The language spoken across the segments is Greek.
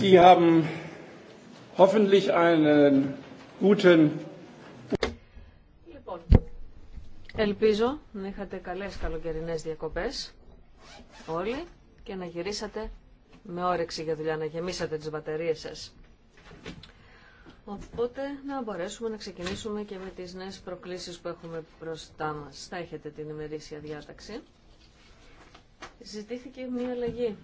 Sie haben hoffentlich einen guten... Λοιπόν, ελπίζω να είχατε καλές καλοκαιρινές διακοπές όλοι και να γυρίσατε με όρεξη για δουλειά, να γεμίσατε τις μπαταρίες σας. Οπότε να μπορέσουμε να ξεκινήσουμε και με τις νέες προκλήσεις που έχουμε μπροστά μας. Θα έχετε την ημερήσια διάταξη. Ζητήθηκε μία αλλαγή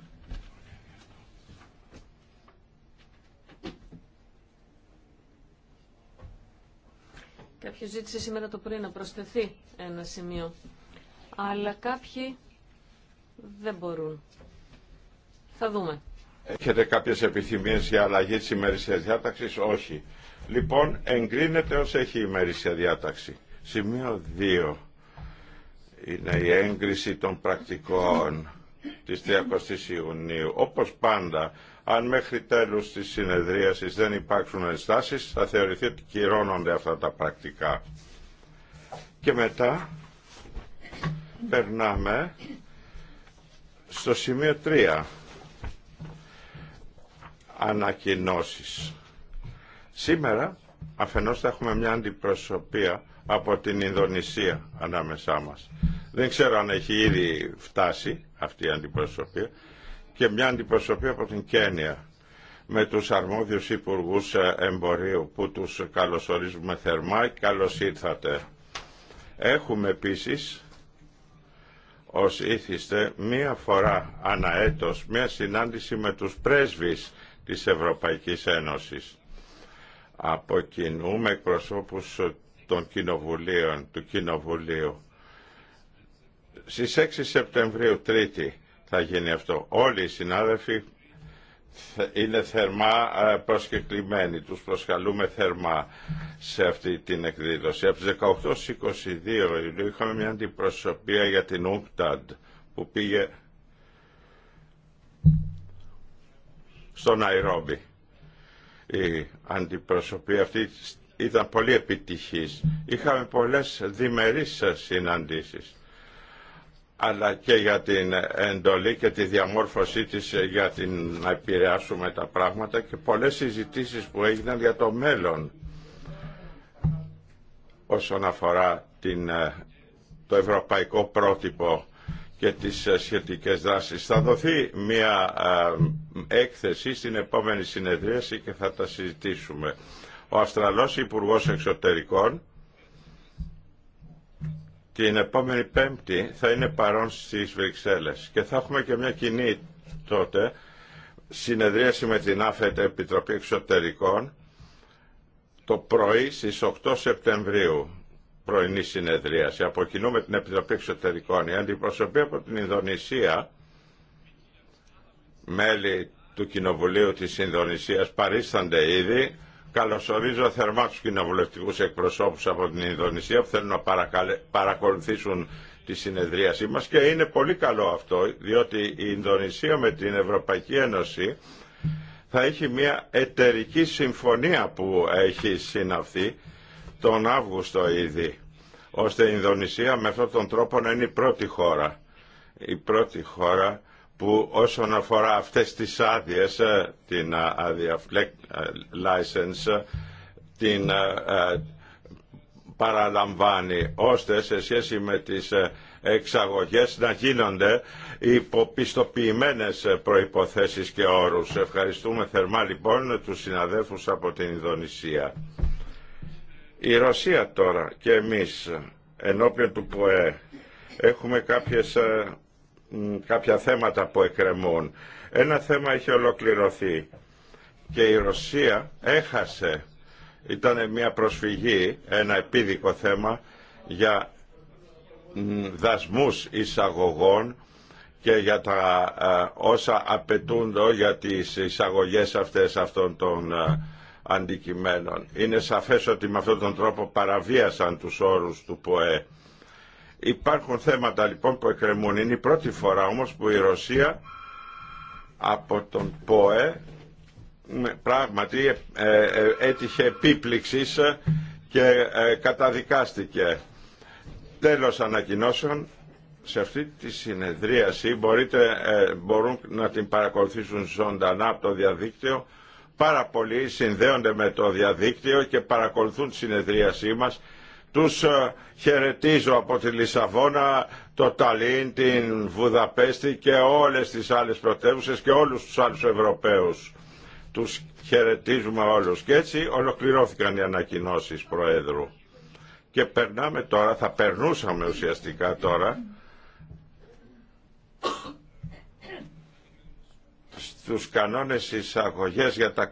Κάποιο ζήτησε σήμερα το πρωί να προσθεθεί ένα σημείο. Αλλά κάποιοι δεν μπορούν. Θα δούμε. Έχετε κάποιε επιθυμίες για αλλαγή τη ημερησία διάταξη, Όχι. Λοιπόν, εγκρίνεται όσο έχει η ημερησία διάταξη. Σημείο 2 είναι η έγκριση των πρακτικών της 30 η Ιουνίου. Όπω πάντα, αν μέχρι τέλους της συνεδρίασης δεν υπάρξουν ενστάσεις, θα θεωρηθεί ότι κυρώνονται αυτά τα πρακτικά. Και μετά περνάμε στο σημείο 3. Ανακοινώσεις. Σήμερα αφενός θα έχουμε μια αντιπροσωπεία από την Ινδονησία ανάμεσά μας. Δεν ξέρω αν έχει ήδη φτάσει αυτή η αντιπροσωπεία και μια αντιπροσωπή από την Κένια με τους αρμόδιους υπουργούς εμπορίου που τους καλωσορίζουμε θερμά και καλώς ήρθατε. Έχουμε επίσης ως ήθιστε μία φορά αναέτος μία συνάντηση με τους πρέσβεις της Ευρωπαϊκής Ένωσης. Αποκινούμε εκπροσώπους των κοινοβουλίων, του Κοινοβουλίου. Στις 6 Σεπτεμβρίου Τρίτη θα γίνει αυτό. Όλοι οι συνάδελφοι είναι θερμά ε, προσκεκλημένοι. Τους προσκαλούμε θερμά σε αυτή την εκδήλωση. Από τις 18 22 Ιουλίου είχαμε μια αντιπροσωπεία για την UNCTAD που πήγε στο Ναϊρόμπι. Η αντιπροσωπεία αυτή ήταν πολύ επιτυχής. Είχαμε πολλές διμερείς συναντήσεις αλλά και για την εντολή και τη διαμόρφωσή της ε, για την, να επηρεάσουμε τα πράγματα και πολλές συζητήσεις που έγιναν για το μέλλον όσον αφορά την, ε, το ευρωπαϊκό πρότυπο και τις ε, σχετικές δράσεις. Θα δοθεί μια έκθεση στην επόμενη συνεδρίαση και θα τα συζητήσουμε. Ο Αυστραλός Υπουργός Εξωτερικών την επόμενη Πέμπτη θα είναι παρόν στις Βρυξέλλες και θα έχουμε και μια κοινή τότε συνεδρίαση με την ΑΦΕΤ Επιτροπή Εξωτερικών το πρωί στις 8 Σεπτεμβρίου πρωινή συνεδρίαση. Από κοινού με την Επιτροπή Εξωτερικών η αντιπροσωπή από την Ινδονησία μέλη του Κοινοβουλίου της Ινδονησίας παρίστανται ήδη Καλωσορίζω θερμά τους κοινοβουλευτικούς εκπροσώπους από την Ινδονησία που θέλουν να παρακολουθήσουν τη συνεδρίασή μας και είναι πολύ καλό αυτό διότι η Ινδονησία με την Ευρωπαϊκή Ένωση θα έχει μια εταιρική συμφωνία που έχει συναυθεί τον Αύγουστο ήδη ώστε η Ινδονησία με αυτόν τον τρόπο να είναι η πρώτη χώρα η πρώτη χώρα που όσον αφορά αυτές τις άδειες, ε, την ε, άδεια ε, license, την παραλαμβάνει ώστε σε σχέση με τις εξαγωγές να γίνονται υποπιστοποιημένες προϋποθέσεις και όρους. Ευχαριστούμε θερμά λοιπόν τους συναδέλφους από την Ινδονησία. Η Ρωσία τώρα και εμείς ενώπιον του ΠΟΕ έχουμε κάποιες κάποια θέματα που εκκρεμούν. Ένα θέμα είχε ολοκληρωθεί και η Ρωσία έχασε, ήταν μια προσφυγή, ένα επίδικο θέμα για δασμούς εισαγωγών και για τα ε, όσα απαιτούνται για τις εισαγωγές αυτές αυτών των ε, αντικειμένων. Είναι σαφές ότι με αυτόν τον τρόπο παραβίασαν τους όρους του ΠΟΕ Υπάρχουν θέματα λοιπόν που εκκρεμούν. Είναι η πρώτη φορά όμως που η Ρωσία από τον ΠΟΕ πράγματι ε, ε, ε, έτυχε επίπληξης και καταδικάστηκε. Τέλος ανακοινώσεων, σε αυτή τη συνεδρίαση μπορείτε, μπορούν να την παρακολουθήσουν ζωντανά από το διαδίκτυο. Πάρα πολλοί συνδέονται με το διαδίκτυο και παρακολουθούν τη συνεδρίασή μας τους ε, χαιρετίζω από τη Λισαβόνα, το Ταλίν, την Βουδαπέστη και όλες τις άλλες πρωτεύουσες και όλους τους άλλους Ευρωπαίους. Τους χαιρετίζουμε όλους. Και έτσι ολοκληρώθηκαν οι ανακοινώσεις Προέδρου. Και περνάμε τώρα, θα περνούσαμε ουσιαστικά τώρα, στους κανόνες εισαγωγές για τα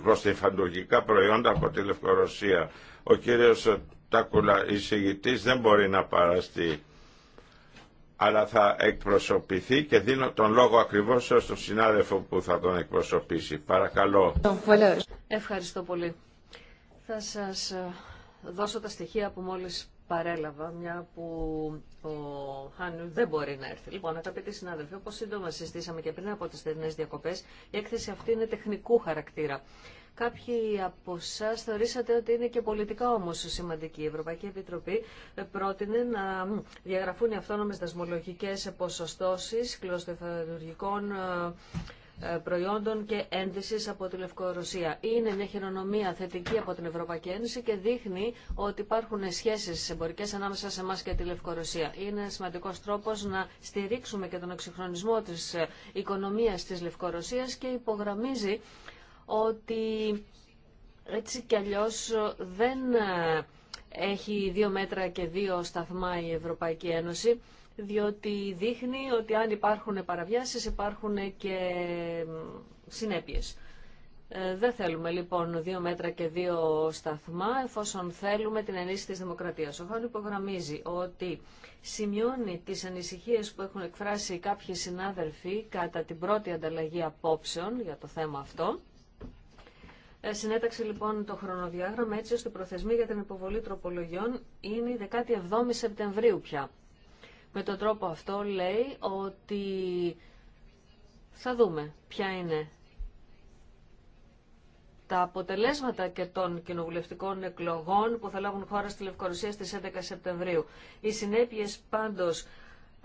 κλωστοϊφαντουργικά προϊόντα από τη Λευκορωσία. Ο κύριος Τάκουλα, εισηγητής, δεν μπορεί να παραστεί αλλά θα εκπροσωπηθεί και δίνω τον λόγο ακριβώς στον συνάδελφο που θα τον εκπροσωπήσει. Παρακαλώ. Ευχαριστώ πολύ. Θα σας ε, δώσω τα στοιχεία που μόλις παρέλαβα, μια που ο Χάνιου δεν μπορεί να έρθει. Λοιπόν, αγαπητοί συνάδελφοι, όπως σύντομα συζητήσαμε και πριν από τις θερινές διακοπές, η έκθεση αυτή είναι τεχνικού χαρακτήρα. Κάποιοι από εσά θεωρήσατε ότι είναι και πολιτικά όμω σημαντική. Η Ευρωπαϊκή Επιτροπή πρότεινε να διαγραφούν οι αυτόνομες δασμολογικέ ποσοστώσει κλωστεφαλουργικών ε, ε, προϊόντων και ένδυση από τη Λευκορωσία. Είναι μια χειρονομία θετική από την Ευρωπαϊκή Ένωση και δείχνει ότι υπάρχουν σχέσεις εμπορικέ ανάμεσα σε εμά και τη Λευκορωσία. Είναι σημαντικό τρόπο να στηρίξουμε και τον εξυγχρονισμό τη ε, οικονομία τη Λευκορωσίας και υπογραμμίζει ότι έτσι κι αλλιώς δεν ε, έχει δύο μέτρα και δύο σταθμά η Ευρωπαϊκή Ένωση, διότι δείχνει ότι αν υπάρχουν παραβιάσεις υπάρχουν και συνέπειες. Ε, δεν θέλουμε λοιπόν δύο μέτρα και δύο σταθμά, εφόσον θέλουμε την ενίσχυση της δημοκρατίας. Ο Χάν υπογραμμίζει ότι σημειώνει τις ανησυχίες που έχουν εκφράσει κάποιοι συνάδελφοι κατά την πρώτη ανταλλαγή απόψεων για το θέμα αυτό ε, συνέταξε λοιπόν το χρονοδιάγραμμα έτσι ώστε η προθεσμία για την υποβολή τροπολογιών είναι η 17η Σεπτεμβρίου πια. Με τον τρόπο αυτό λέει ότι θα δούμε ποια είναι τα αποτελέσματα και των κοινοβουλευτικών εκλογών που θα λάβουν χώρα στη Λευκορωσία στις 11 Σεπτεμβρίου. Οι συνέπειες πάντως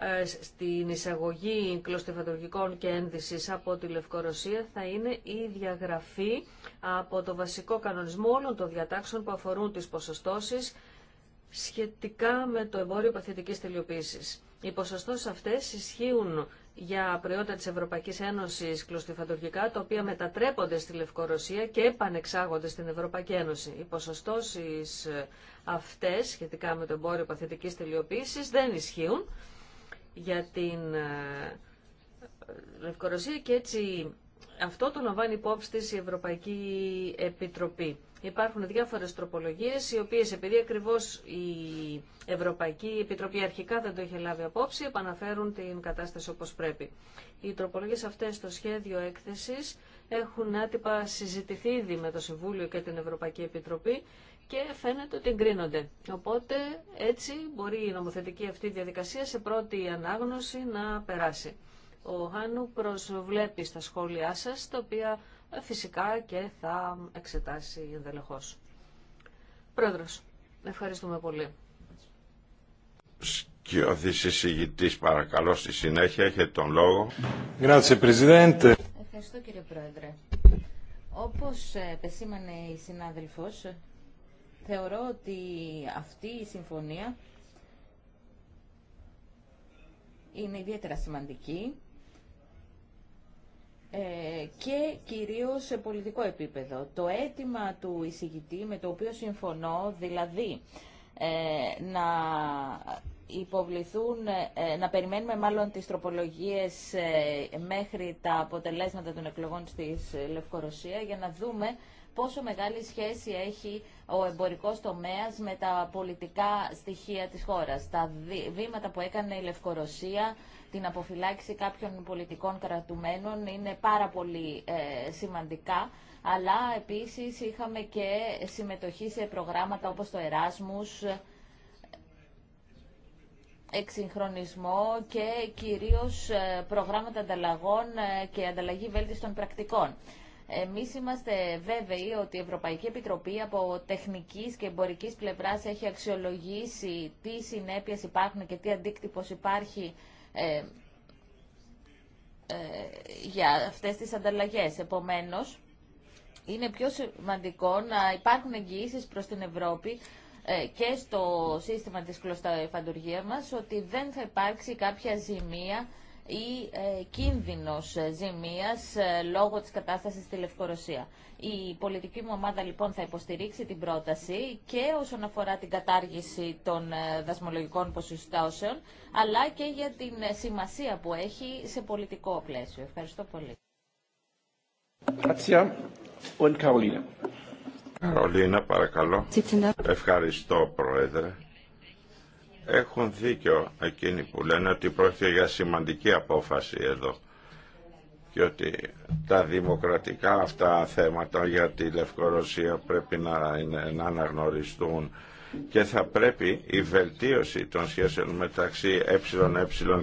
ε, στην εισαγωγή κλωστεφατουργικών και ένδυσης από τη Λευκορωσία θα είναι η διαγραφή από το βασικό κανονισμό όλων των διατάξεων που αφορούν τις ποσοστώσεις σχετικά με το εμπόριο παθητικής τελειοποίησης. Οι ποσοστώσεις αυτές ισχύουν για προϊόντα της Ευρωπαϊκής Ένωσης κλωστιφαντουργικά, τα οποία μετατρέπονται στη Λευκορωσία και επανεξάγονται στην Ευρωπαϊκή Ένωση. Οι ποσοστώσεις αυτές σχετικά με το εμπόριο παθητικής τελειοποίησης δεν ισχύουν για την ε, Λευκορωσία και έτσι αυτό το λαμβάνει υπόψη της η Ευρωπαϊκή Επιτροπή. Υπάρχουν διάφορες τροπολογίες, οι οποίες επειδή ακριβώς η Ευρωπαϊκή Επιτροπή αρχικά δεν το είχε λάβει απόψη, επαναφέρουν την κατάσταση όπως πρέπει. Οι τροπολογίες αυτές στο σχέδιο έκθεσης έχουν άτυπα συζητηθεί ήδη με το Συμβούλιο και την Ευρωπαϊκή Επιτροπή και φαίνεται ότι εγκρίνονται. Οπότε έτσι μπορεί η νομοθετική αυτή διαδικασία σε πρώτη ανάγνωση να περάσει. Ο Χάνου προσβλέπει στα σχόλιά σας, τα οποία ε, φυσικά και θα εξετάσει ενδελεχώς. Πρόεδρος, ευχαριστούμε πολύ. Σκιώδης εισηγητής, παρακαλώ, στη συνέχεια έχετε τον λόγο. Ευχαριστώ κύριε Πρόεδρε. Όπως ε, επεσήμανε η συνάδελφος, θεωρώ ότι αυτή η συμφωνία είναι ιδιαίτερα σημαντική ε, και κυρίως σε πολιτικό επίπεδο. Το αίτημα του εισηγητή με το οποίο συμφωνώ, δηλαδή ε, να υποβληθούν, ε, ε, να περιμένουμε μάλλον τις τροπολογίες ε, μέχρι τα αποτελέσματα των εκλογών στη Λευκορωσία για να δούμε πόσο μεγάλη σχέση έχει ο εμπορικός τομέας με τα πολιτικά στοιχεία της χώρας. Τα βήματα που έκανε η Λευκορωσία, την αποφυλάξη κάποιων πολιτικών κρατουμένων είναι πάρα πολύ σημαντικά, αλλά επίσης είχαμε και συμμετοχή σε προγράμματα όπως το Εράσμους, εξυγχρονισμό και κυρίως ε, προγράμματα ανταλλαγών ε, και ανταλλαγή βέλτιστων πρακτικών. Εμείς είμαστε βέβαιοι ότι η Ευρωπαϊκή Επιτροπή από τεχνικής και εμπορικής πλευράς έχει αξιολογήσει τι συνέπειες υπάρχουν και τι αντίκτυπος υπάρχει ε, ε για αυτές τις ανταλλαγές. Επομένως, είναι πιο σημαντικό να υπάρχουν εγγυήσεις προς την Ευρώπη ε, και στο σύστημα της κλωσταφαντουργίας μας ότι δεν θα υπάρξει κάποια ζημία ή ε, κίνδυνος ζημίας ε, λόγω της κατάστασης στη Λευκορωσία. Η ε κινδυνος ζημιας λογω της καταστασης στη λευκορωσια η πολιτικη μου ομάδα λοιπόν θα υποστηρίξει την πρόταση και όσον αφορά την κατάργηση των ε, δασμολογικών ποσοστάσεων αλλά και για την ε, σημασία που έχει σε πολιτικό πλαίσιο. Ευχαριστώ πολύ. Καρολίνα, παρακαλώ. Ευχαριστώ, Πρόεδρε. Έχουν δίκιο εκείνοι που λένε ότι πρόκειται για σημαντική απόφαση εδώ και ότι τα δημοκρατικά αυτά θέματα για τη Λευκορωσία πρέπει να, είναι, να αναγνωριστούν και θα πρέπει η βελτίωση των σχέσεων μεταξύ ΕΕ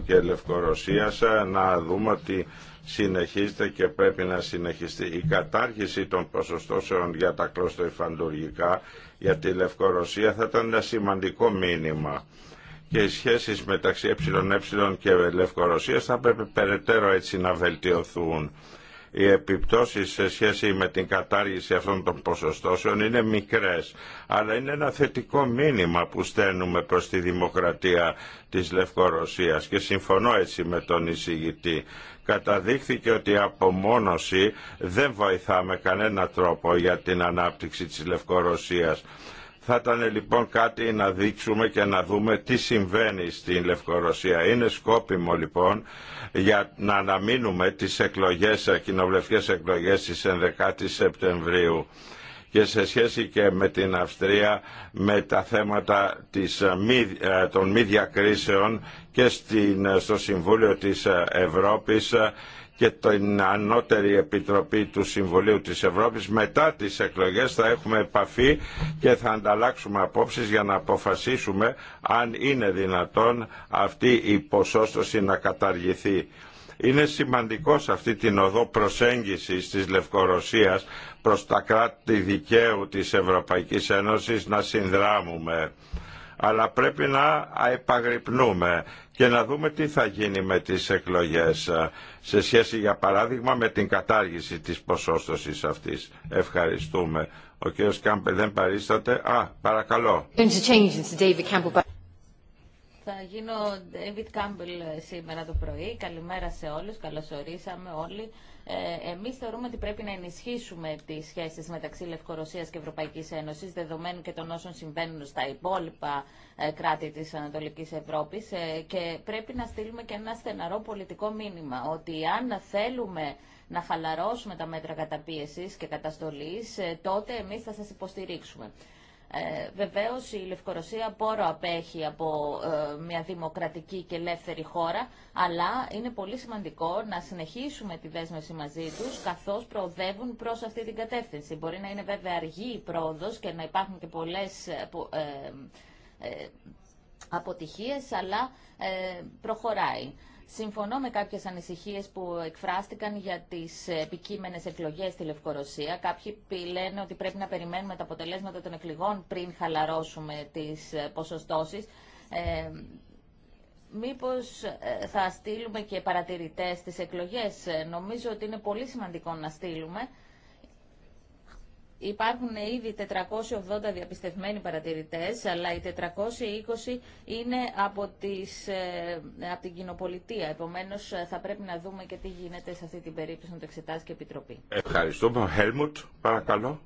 και Λευκορωσίας να δούμε ότι συνεχίζεται και πρέπει να συνεχιστεί. Η κατάργηση των ποσοστώσεων για τα κλωστοϊφαντουργικά για τη Λευκορωσία θα ήταν ένα σημαντικό μήνυμα και οι σχέσεις μεταξύ ΕΕ και Λευκορωσίας θα πρέπει περαιτέρω έτσι να βελτιωθούν. Οι επιπτώσεις σε σχέση με την κατάργηση αυτών των ποσοστώσεων είναι μικρές, αλλά είναι ένα θετικό μήνυμα που στέλνουμε προς τη δημοκρατία της Λευκορωσίας και συμφωνώ έτσι με τον εισηγητή καταδείχθηκε ότι η απομόνωση δεν βοηθά με κανένα τρόπο για την ανάπτυξη της Λευκορωσίας. Θα ήταν λοιπόν κάτι να δείξουμε και να δούμε τι συμβαίνει στην Λευκορωσία. Είναι σκόπιμο λοιπόν για να αναμείνουμε τις εκλογές, κοινοβουλευτικές εκλογές της 11 Σεπτεμβρίου και σε σχέση και με την Αυστρία με τα θέματα της, ε, ε, των μη διακρίσεων και στην, ε, στο Συμβούλιο της Ευρώπης και την Ανώτερη Επιτροπή του Συμβουλίου της Ευρώπης μετά τις εκλογές θα έχουμε επαφή και θα ανταλλάξουμε απόψεις για να αποφασίσουμε αν είναι δυνατόν αυτή η ποσόστοση να καταργηθεί. Είναι σημαντικό σε αυτή την οδό προσέγγισης της Λευκορωσίας προς τα κράτη δικαίου της Ευρωπαϊκής Ένωσης να συνδράμουμε. Αλλά πρέπει να επαγρυπνούμε και να δούμε τι θα γίνει με τις εκλογές ε, σε σχέση για παράδειγμα με την κατάργηση της ποσόστοσης αυτής. Ευχαριστούμε. Ο κ. Κάμπε δεν παρίσταται. Α, παρακαλώ. Θα γίνω David Campbell ε, σήμερα το πρωί. Καλημέρα σε όλους, ορίσαμε όλοι. Ε, εμείς θεωρούμε ότι πρέπει να ενισχύσουμε τις σχέσεις μεταξύ Λευκορωσίας και Ευρωπαϊκής Ένωσης, δεδομένου και των όσων συμβαίνουν στα υπόλοιπα ε, κράτη της Ανατολικής Ευρώπης ε, και πρέπει να στείλουμε και ένα στεναρό πολιτικό μήνυμα, ότι αν θέλουμε να χαλαρώσουμε τα μέτρα καταπίεσης και καταστολής, τότε εμείς θα σας υποστηρίξουμε. Ε, βεβαίως η Λευκορωσία πόρο απέχει από ε, μια δημοκρατική και ελεύθερη χώρα, αλλά είναι πολύ σημαντικό να συνεχίσουμε τη δέσμευση μαζί του καθώς προοδεύουν προς αυτή την κατεύθυνση. Μπορεί να είναι βέβαια αργή η πρόοδος και να υπάρχουν και πολλές ε, ε, ε αποτυχίες, αλλά προχωράει. Συμφωνώ με κάποιες ανησυχίες που εκφράστηκαν για τις επικείμενες εκλογές στη Λευκορωσία. Κάποιοι λένε ότι πρέπει να περιμένουμε τα αποτελέσματα των εκλογών πριν χαλαρώσουμε τις ποσοστώσεις. Ε, μήπως ε, θα στείλουμε και παρατηρητές στις εκλογές. Ε, νομίζω ότι είναι πολύ σημαντικό να στείλουμε Υπάρχουν ήδη 480 διαπιστευμένοι παρατηρητές, αλλά οι 420 είναι από, τις, ε, από την κοινοπολιτεία. Επομένως, ε, θα πρέπει να δούμε και τι γίνεται σε αυτή την περίπτωση να το εξετάσει και η Επιτροπή. Ευχαριστούμε. παρακαλώ.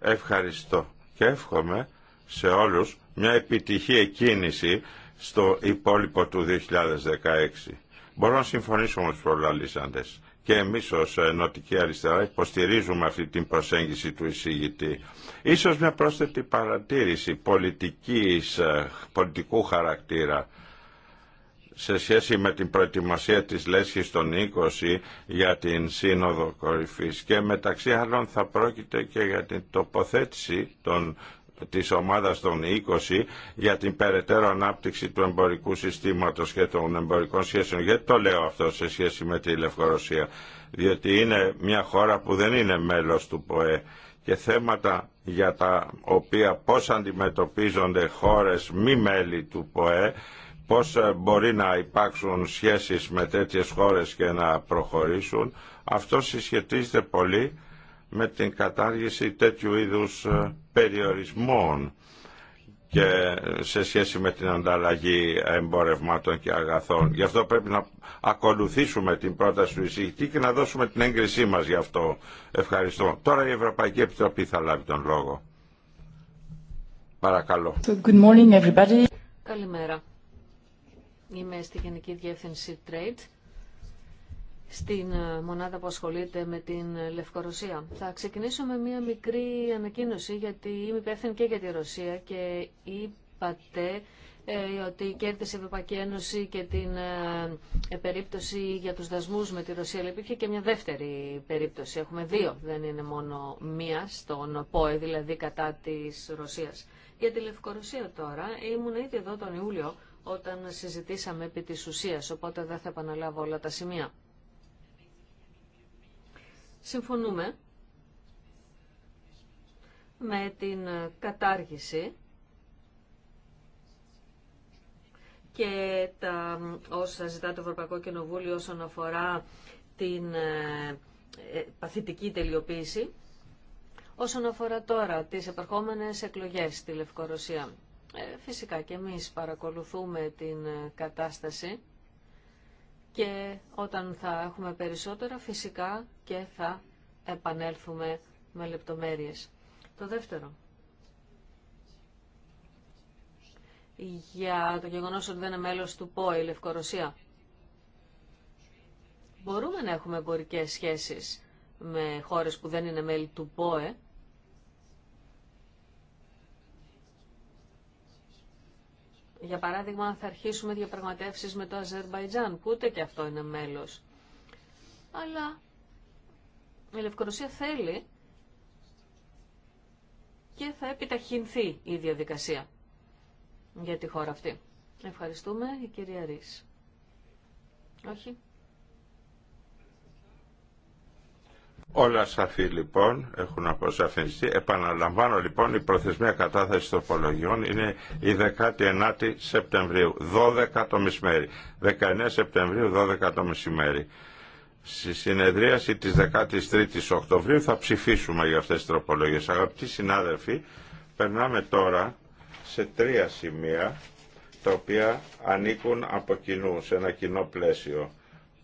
Ευχαριστώ. Και εύχομαι σε όλους μια επιτυχή εκκίνηση στο υπόλοιπο του 2016. Μπορώ να συμφωνήσω με τους προλαλήσαντες και εμείς ως ε, Νοτική Αριστερά υποστηρίζουμε αυτή την προσέγγιση του εισηγητή. Ίσως μια πρόσθετη παρατήρηση πολιτικής, ε, πολιτικού χαρακτήρα σε σχέση με την προετοιμασία της Λέσχης των 20 για την Σύνοδο Κορυφής και μεταξύ άλλων θα πρόκειται και για την τοποθέτηση των της ομάδας των 20 για την περαιτέρω ανάπτυξη του εμπορικού συστήματος και των εμπορικών σχέσεων. Γιατί το λέω αυτό σε σχέση με τη Λευκορωσία. Διότι είναι μια χώρα που δεν είναι μέλος του ΠΟΕ και θέματα για τα οποία πώς αντιμετωπίζονται χώρες μη μέλη του ΠΟΕ πώς ε, μπορεί να υπάρξουν σχέσεις με τέτοιες χώρες και να προχωρήσουν, αυτό συσχετίζεται πολύ με την κατάργηση τέτοιου είδους ε, περιορισμών και ε, σε σχέση με την ανταλλαγή εμπορευμάτων και αγαθών. Γι' αυτό πρέπει να ακολουθήσουμε την πρόταση του εισηγητή και να δώσουμε την έγκρισή μας γι' αυτό. Ευχαριστώ. Τώρα η Ευρωπαϊκή Επιτροπή θα λάβει τον λόγο. Παρακαλώ. Good morning everybody. Καλημέρα. Είμαι στη Γενική Διεύθυνση Trade στην ε, μονάδα που ασχολείται με την Λευκορωσία. Θα ξεκινήσω με μία μικρή ανακοίνωση γιατί είμαι υπεύθυνη και για τη Ρωσία και είπατε ε, ότι κέρδισε η Ευρωπαϊκή Ένωση και την ε, περίπτωση για τους δασμούς με τη Ρωσία. Αλλά υπήρχε και μια δεύτερη περίπτωση. Έχουμε δύο, δεν είναι μόνο μία στον ΠΟΕ, δηλαδή κατά της Ρωσίας. Για τη Λευκορωσία τώρα, ήμουν ήδη εδώ τον Ιούλιο όταν συζητήσαμε επί της ουσίας, οπότε δεν θα επαναλάβω όλα τα σημεία συμφωνούμε με την κατάργηση και τα όσα ζητά το Ευρωπαϊκό Κοινοβούλιο όσον αφορά την ε, ε, παθητική τελειοποίηση. Όσον αφορά τώρα τις επερχόμενες εκλογές στη Λευκορωσία, ε, φυσικά και εμείς παρακολουθούμε την κατάσταση και όταν θα έχουμε περισσότερα φυσικά και θα επανέλθουμε με λεπτομέρειες. Το δεύτερο. Για το γεγονός ότι δεν είναι μέλος του ΠΟΕ η Λευκορωσία. Μπορούμε να έχουμε εμπορικές σχέσεις με χώρες που δεν είναι μέλη του ΠΟΕ, Για παράδειγμα, θα αρχίσουμε διαπραγματεύσεις με το Αζερβαϊτζάν, που ούτε και αυτό είναι μέλος. Αλλά η Λευκορωσία θέλει και θα επιταχυνθεί η διαδικασία για τη χώρα αυτή. Ευχαριστούμε, η κυρία Ρής. Όχι. Όλα σαφή λοιπόν έχουν αποσαφινιστεί. Επαναλαμβάνω λοιπόν η προθεσμία κατάθεση τροπολογιών είναι η 19η Σεπτεμβρίου, 12 το μεσημέρι. 19 Σεπτεμβρίου, 12 το μεσημέρι. Στη συνεδρίαση της 13ης Οκτωβρίου θα ψηφίσουμε για αυτές τις τροπολογίες. Αγαπητοί συνάδελφοι, περνάμε τώρα σε τρία σημεία τα οποία ανήκουν από κοινού σε ένα κοινό πλαίσιο.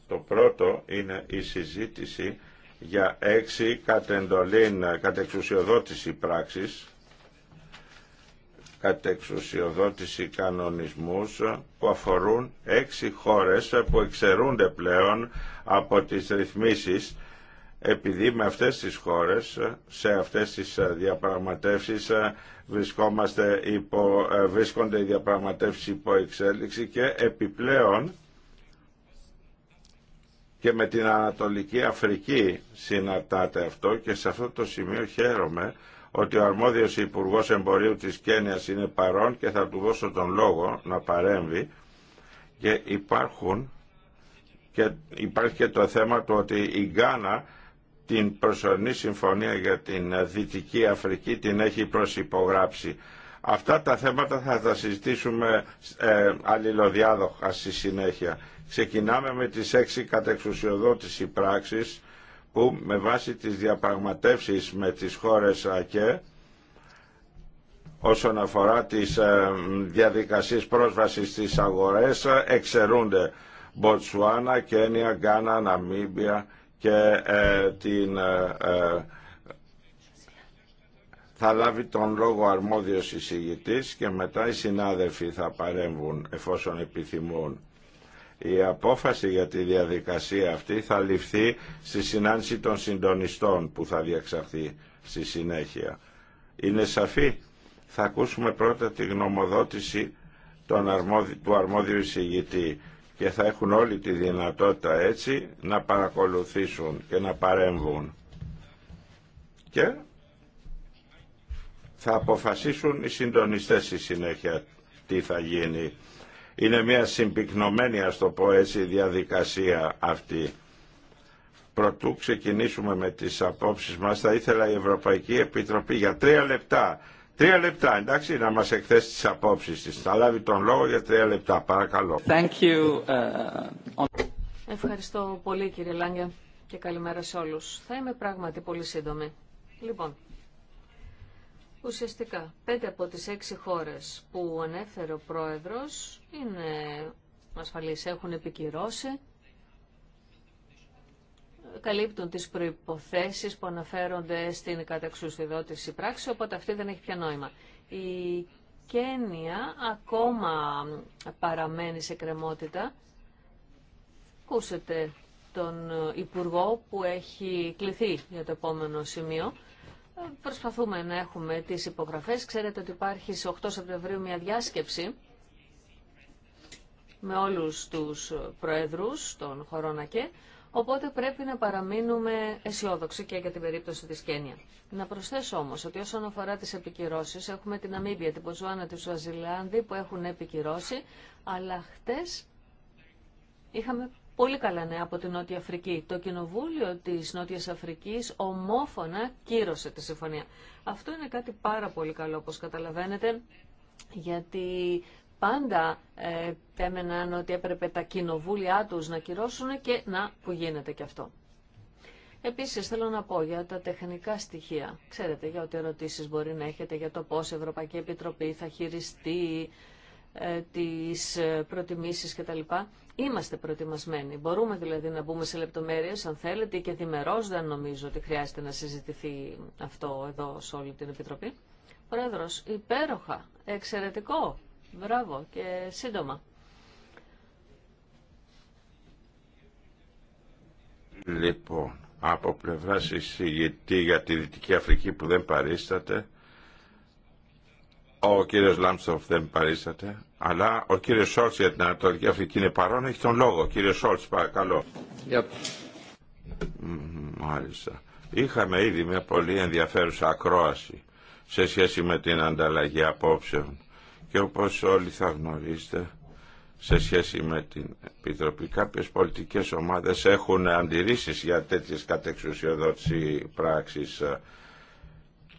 Το πρώτο είναι η συζήτηση για έξι κατεντολήν κατεξουσιοδότηση πράξης κατεξουσιοδότηση κανονισμούς που αφορούν έξι χώρες που εξαιρούνται πλέον από τις ρυθμίσεις επειδή με αυτές τις χώρες, σε αυτές τις διαπραγματεύσεις βρισκόμαστε υπό, βρίσκονται οι διαπραγματεύσεις υπό εξέλιξη και επιπλέον και με την Ανατολική Αφρική συναρτάται αυτό και σε αυτό το σημείο χαίρομαι ότι ο αρμόδιος Υπουργός Εμπορίου της Κένιας είναι παρόν και θα του δώσω τον λόγο να παρέμβει και υπάρχουν και υπάρχει και το θέμα του ότι η Γκάνα την προσωρινή συμφωνία για την Δυτική Αφρική την έχει προσυπογράψει. Αυτά τα θέματα θα τα συζητήσουμε ε, αλληλοδιάδοχα στη συνέχεια. Ξεκινάμε με τις έξι κατεξουσιοδότηση πράξεις που με βάση τις διαπραγματεύσεις με τις χώρες ΑΚΕ όσον αφορά τις ε, διαδικασίες πρόσβασης στις αγορές ε, εξαιρούνται Μποτσουάνα, Κένια, Γκάνα, Ναμίμπια και ε, την θα λάβει τον λόγο αρμόδιος εισηγητής και μετά οι συνάδελφοι θα παρέμβουν εφόσον επιθυμούν. Η απόφαση για τη διαδικασία αυτή θα ληφθεί στη συνάντηση των συντονιστών που θα διεξαχθεί στη συνέχεια. Είναι σαφή. Θα ακούσουμε πρώτα τη γνωμοδότηση του αρμόδιου εισηγητή και θα έχουν όλη τη δυνατότητα έτσι να παρακολουθήσουν και να παρέμβουν. Και θα αποφασίσουν οι συντονιστές στη συνέχεια τι θα γίνει. Είναι μια συμπυκνωμένη, ας το πω έτσι, διαδικασία αυτή. Προτού ξεκινήσουμε με τις απόψεις μας, θα ήθελα η Ευρωπαϊκή Επιτροπή για τρία λεπτά. Τρία λεπτά, εντάξει, να μας εκθέσει τις απόψεις της. Θα λάβει τον λόγο για τρία λεπτά, παρακαλώ. Thank you. Uh, Ευχαριστώ πολύ κύριε Λάγκια και καλημέρα σε όλους. Θα είμαι πράγματι πολύ σύντομη. Λοιπόν, Ουσιαστικά, πέντε από τις έξι χώρες που ανέφερε ο πρόεδρος είναι ασφαλείς, έχουν επικυρώσει, καλύπτουν τις προϋποθέσεις που αναφέρονται στην καταξουσιοδότηση πράξη, οπότε αυτή δεν έχει πια νόημα. Η Κένια ακόμα παραμένει σε κρεμότητα. Ακούσετε τον Υπουργό που έχει κληθεί για το επόμενο σημείο. Προσπαθούμε να έχουμε τις υπογραφές. Ξέρετε ότι υπάρχει σε 8 Σεπτεμβρίου μια διάσκεψη με όλους τους προεδρούς των χωρών ΑΚΕ, οπότε πρέπει να παραμείνουμε αισιόδοξοι και για την περίπτωση της Κένια. Να προσθέσω όμως ότι όσον αφορά τις επικυρώσεις, έχουμε την Αμήβια, την Ποζουάνα, τη Σουαζιλάνδη που έχουν επικυρώσει, αλλά χτες είχαμε πολύ καλά νέα από την Νότια Αφρική. Το Κοινοβούλιο της Νότιας Αφρικής ομόφωνα κύρωσε τη συμφωνία. Αυτό είναι κάτι πάρα πολύ καλό, όπως καταλαβαίνετε, γιατί πάντα ε, έμεναν ότι έπρεπε τα κοινοβούλια τους να κυρώσουν και να που γίνεται και αυτό. Επίσης θέλω να πω για τα τεχνικά στοιχεία. Ξέρετε για ό,τι ερωτήσεις μπορεί να έχετε για το πώς η Ευρωπαϊκή Επιτροπή θα χειριστεί ε, τις ε, προτιμήσεις κτλ. Είμαστε προετοιμασμένοι. Μπορούμε δηλαδή να μπούμε σε λεπτομέρειες αν θέλετε και διμερώς δεν νομίζω ότι χρειάζεται να συζητηθεί αυτό εδώ σε όλη την Επιτροπή. Πρόεδρος, υπέροχα, εξαιρετικό, μπράβο και σύντομα. Λοιπόν, από πλευρά εισηγητή για τη Δυτική Αφρική που δεν παρίσταται, ο κύριο Λάμψοφ δεν παρήσατε, αλλά ο κύριο Σόλτ για την Ανατολική Αφρική είναι παρόν, έχει τον λόγο. Κύριε Σόλτ, παρακαλώ. Yep. Μάλιστα. Είχαμε ήδη μια πολύ ενδιαφέρουσα ακρόαση σε σχέση με την ανταλλαγή απόψεων και όπως όλοι θα γνωρίζετε σε σχέση με την Επιτροπή κάποιες πολιτικές ομάδες έχουν αντιρρήσεις για τέτοιες κατεξουσιοδότηση πράξεις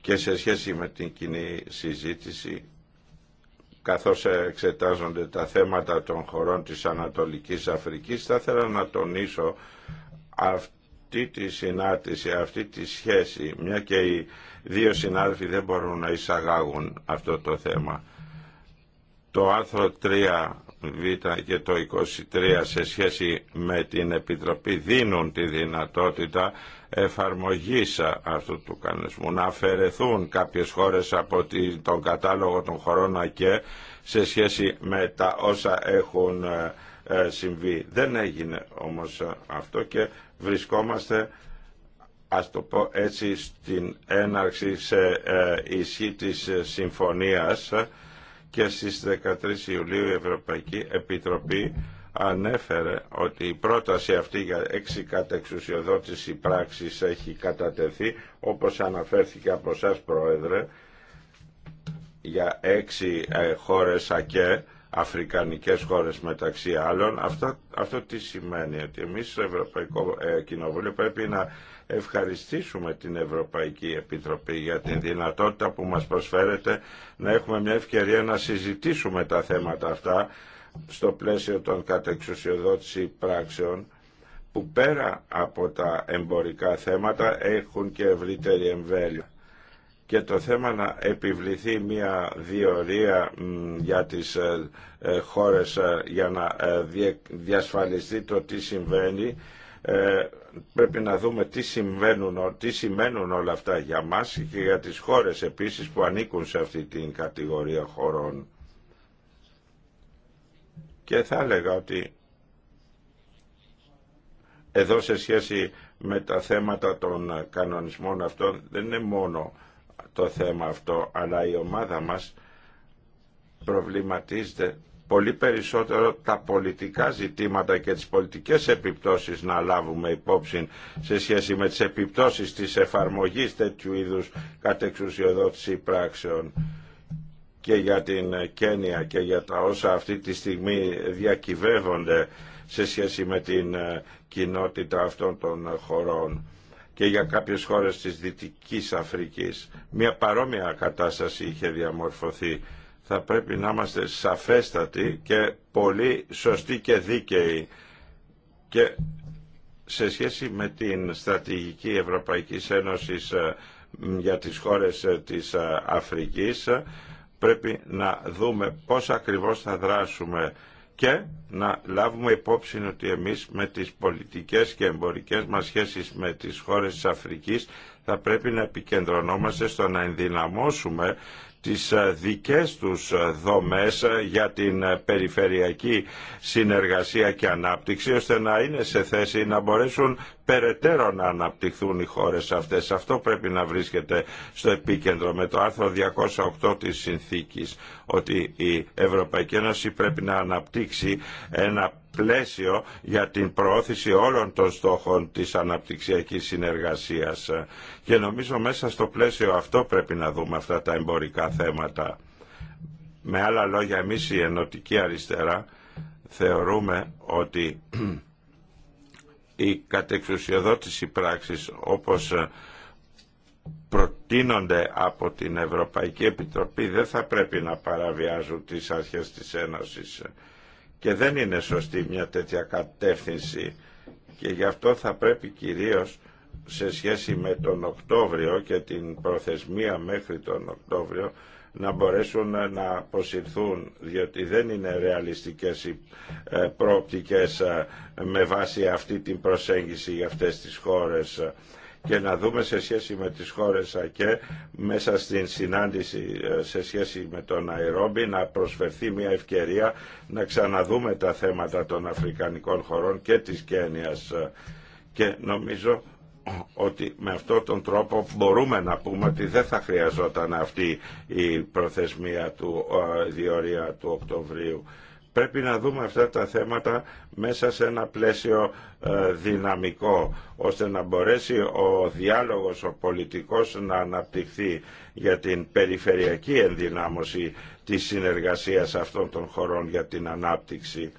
και σε σχέση με την κοινή συζήτηση καθώς εξετάζονται τα θέματα των χωρών της Ανατολικής Αφρικής θα ήθελα να τονίσω αυτή τη συνάντηση, αυτή τη σχέση μια και οι δύο συνάδελφοι δεν μπορούν να εισαγάγουν αυτό το θέμα. Το άρθρο 3 Β και το 23 σε σχέση με την Επιτροπή δίνουν τη δυνατότητα εφαρμογής αυτού του κανονισμού να αφαιρεθούν κάποιες χώρες από τον κατάλογο των χωρών και σε σχέση με τα όσα έχουν ε, ε, συμβεί. Δεν έγινε όμως αυτό και βρισκόμαστε ας το πω έτσι στην έναρξη σε ε, ισχύ της συμφωνίας και στις 13 Ιουλίου η Ευρωπαϊκή Επιτροπή ανέφερε ότι η πρόταση αυτή για έξι κατεξουσιοδότηση πράξης έχει κατατεθεί όπως αναφέρθηκε από εσά Πρόεδρε για έξι ε, χώρες ΑΚΕ αφρικανικές χώρες μεταξύ άλλων. Αυτό, αυτό τι σημαίνει, ότι εμείς στο Ευρωπαϊκό ε, Κοινοβούλιο πρέπει να ευχαριστήσουμε την Ευρωπαϊκή Επιτροπή για την δυνατότητα που μας προσφέρεται να έχουμε μια ευκαιρία να συζητήσουμε τα θέματα αυτά στο πλαίσιο των κατεξουσιοδότηση πράξεων που πέρα από τα εμπορικά θέματα έχουν και ευρύτερη εμβέλεια και το θέμα να επιβληθεί μια διορία για τις ε, ε, χώρες ε, για να διασφαλιστεί το τι συμβαίνει ε, πρέπει να δούμε τι, συμβαίνουν, τι σημαίνουν όλα αυτά για μας και για τις χώρες επίσης που ανήκουν σε αυτή την κατηγορία χωρών. Και θα έλεγα ότι εδώ σε σχέση με τα θέματα των κανονισμών αυτών δεν είναι μόνο το θέμα αυτό, αλλά η ομάδα μας προβληματίζεται πολύ περισσότερο τα πολιτικά ζητήματα και τις πολιτικές επιπτώσεις να λάβουμε υπόψη σε σχέση με τις επιπτώσεις της εφαρμογής τέτοιου είδους κατεξουσιοδότηση πράξεων και για την Κένια και για τα όσα αυτή τη στιγμή διακυβεύονται σε σχέση με την ε, κοινότητα αυτών των χωρών και για κάποιες χώρες της Δυτικής Αφρικής. Μια παρόμοια κατάσταση είχε διαμορφωθεί θα πρέπει να είμαστε σαφέστατοι και πολύ σωστοί και δίκαιοι. Και σε σχέση με την στρατηγική Ευρωπαϊκής Ένωσης ε, για τις χώρες ε, της ε, Αφρικής, πρέπει να δούμε πώς ακριβώς θα δράσουμε και να λάβουμε υπόψη ότι εμείς με τις πολιτικές και εμπορικές μας σχέσεις με τις χώρες της Αφρικής θα πρέπει να επικεντρωνόμαστε στο να ενδυναμώσουμε τις ε, δικές τους ε, δομές ε, για την περιφερειακή συνεργασία και ανάπτυξη ώστε να είναι σε θέση να μπορέσουν περαιτέρω να αναπτυχθούν οι χώρες αυτές. Αυτό πρέπει να βρίσκεται στο επίκεντρο με το άρθρο 208 της συνθήκης ότι η Ευρωπαϊκή Ένωση πρέπει να αναπτύξει ένα πλαίσιο για την προώθηση όλων των στόχων της αναπτυξιακής συνεργασίας. Και νομίζω μέσα στο πλαίσιο αυτό πρέπει να δούμε αυτά τα εμπορικά θέματα. Με άλλα λόγια, εμείς η Ενωτική Αριστερά θεωρούμε ότι η κατεξουσιοδότηση πράξης όπως ε, προτείνονται από την Ευρωπαϊκή Επιτροπή δεν θα πρέπει να παραβιάζουν τις αρχές της Ένωσης και δεν είναι σωστή μια τέτοια κατεύθυνση και γι' αυτό θα πρέπει κυρίως σε σχέση με τον Οκτώβριο και την προθεσμία μέχρι τον Οκτώβριο να μπορέσουν να αποσυρθούν διότι δεν είναι ρεαλιστικές οι ε, προοπτικές ε, με βάση αυτή την προσέγγιση για αυτές τις χώρες και να δούμε σε σχέση με τις χώρες ΑΚΕ μέσα στην συνάντηση ε, σε σχέση με τον Αϊρόμπι να προσφερθεί μια ευκαιρία να ξαναδούμε τα θέματα των Αφρικανικών χωρών και της Κένιας και νομίζω ότι με αυτόν τον τρόπο μπορούμε να πούμε ότι δεν θα χρειαζόταν αυτή η προθεσμία του ε, διορία του Οκτωβρίου. Πρέπει να δούμε αυτά τα θέματα μέσα σε ένα πλαίσιο ε, δυναμικό, ώστε να μπορέσει ο διάλογος, ο πολιτικός να αναπτυχθεί για την περιφερειακή ενδυνάμωση της συνεργασίας αυτών των χωρών για την ανάπτυξη.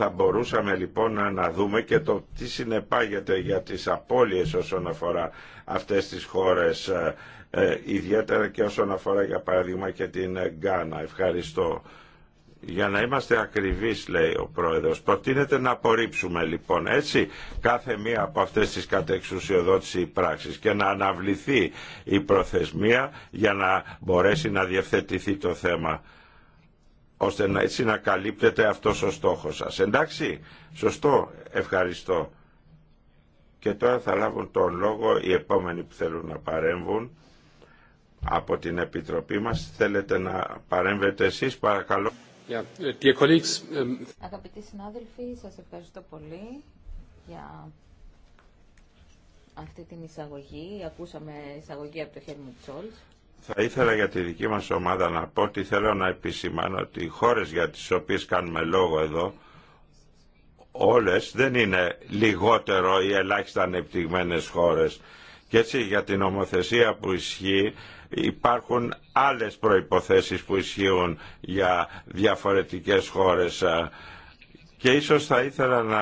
Θα μπορούσαμε λοιπόν να δούμε και το τι συνεπάγεται για τις απώλειες όσον αφορά αυτές τις χώρες, ε, ε, ιδιαίτερα και όσον αφορά για παράδειγμα και την Γκάνα. Ευχαριστώ. Για να είμαστε ακριβείς, λέει ο Πρόεδρος, προτείνεται να απορρίψουμε λοιπόν έτσι κάθε μία από αυτές τις κατεξουσιοδότηση πράξεις και να αναβληθεί η προθεσμία για να μπορέσει να διευθετηθεί το θέμα ώστε να έτσι να καλύπτεται αυτός ο στόχος σας. Εντάξει, σωστό, ευχαριστώ. Και τώρα θα λάβουν τον λόγο οι επόμενοι που θέλουν να παρέμβουν από την Επιτροπή μας. Θέλετε να παρέμβετε εσείς, παρακαλώ. Yeah. Um, Αγαπητοί συνάδελφοι, σας ευχαριστώ πολύ για αυτή την εισαγωγή. Ακούσαμε εισαγωγή από το μου θα ήθελα για τη δική μας ομάδα να πω ότι θέλω να επισημάνω ότι οι χώρες για τις οποίες κάνουμε λόγο εδώ όλες δεν είναι λιγότερο ή ελάχιστα ανεπτυγμένες χώρες. Και έτσι για την ομοθεσία που ισχύει υπάρχουν άλλες προϋποθέσεις που ισχύουν για διαφορετικές χώρες ε, και ίσως θα ήθελα να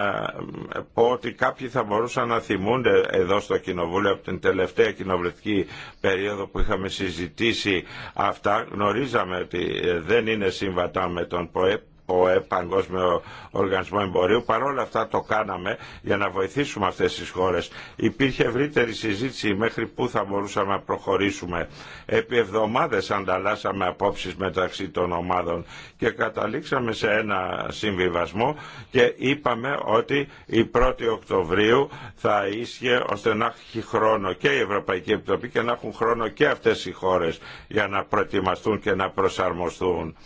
ε, πω ότι κάποιοι θα μπορούσαν να θυμούνται εδώ στο Κοινοβούλιο από την τελευταία κοινοβουλευτική περίοδο που είχαμε συζητήσει αυτά. Γνωρίζαμε ότι ε, δεν είναι συμβατά με τον ΠΟΕΠ ο Παγκόσμιο Οργανισμό Εμπορίου. Παρόλα αυτά το κάναμε για να βοηθήσουμε αυτές τις χώρες. Υπήρχε ευρύτερη συζήτηση μέχρι πού θα μπορούσαμε να προχωρήσουμε. Επί εβδομάδες ανταλλάσσαμε απόψεις μεταξύ των ομάδων και καταλήξαμε σε ένα συμβιβασμό και είπαμε ότι η 1η Οκτωβρίου θα ίσχυε ώστε να έχει χρόνο και η Ευρωπαϊκή Επιτροπή και να έχουν χρόνο και αυτές οι χώρες για να προετοιμαστούν και να προσαρμοστούν.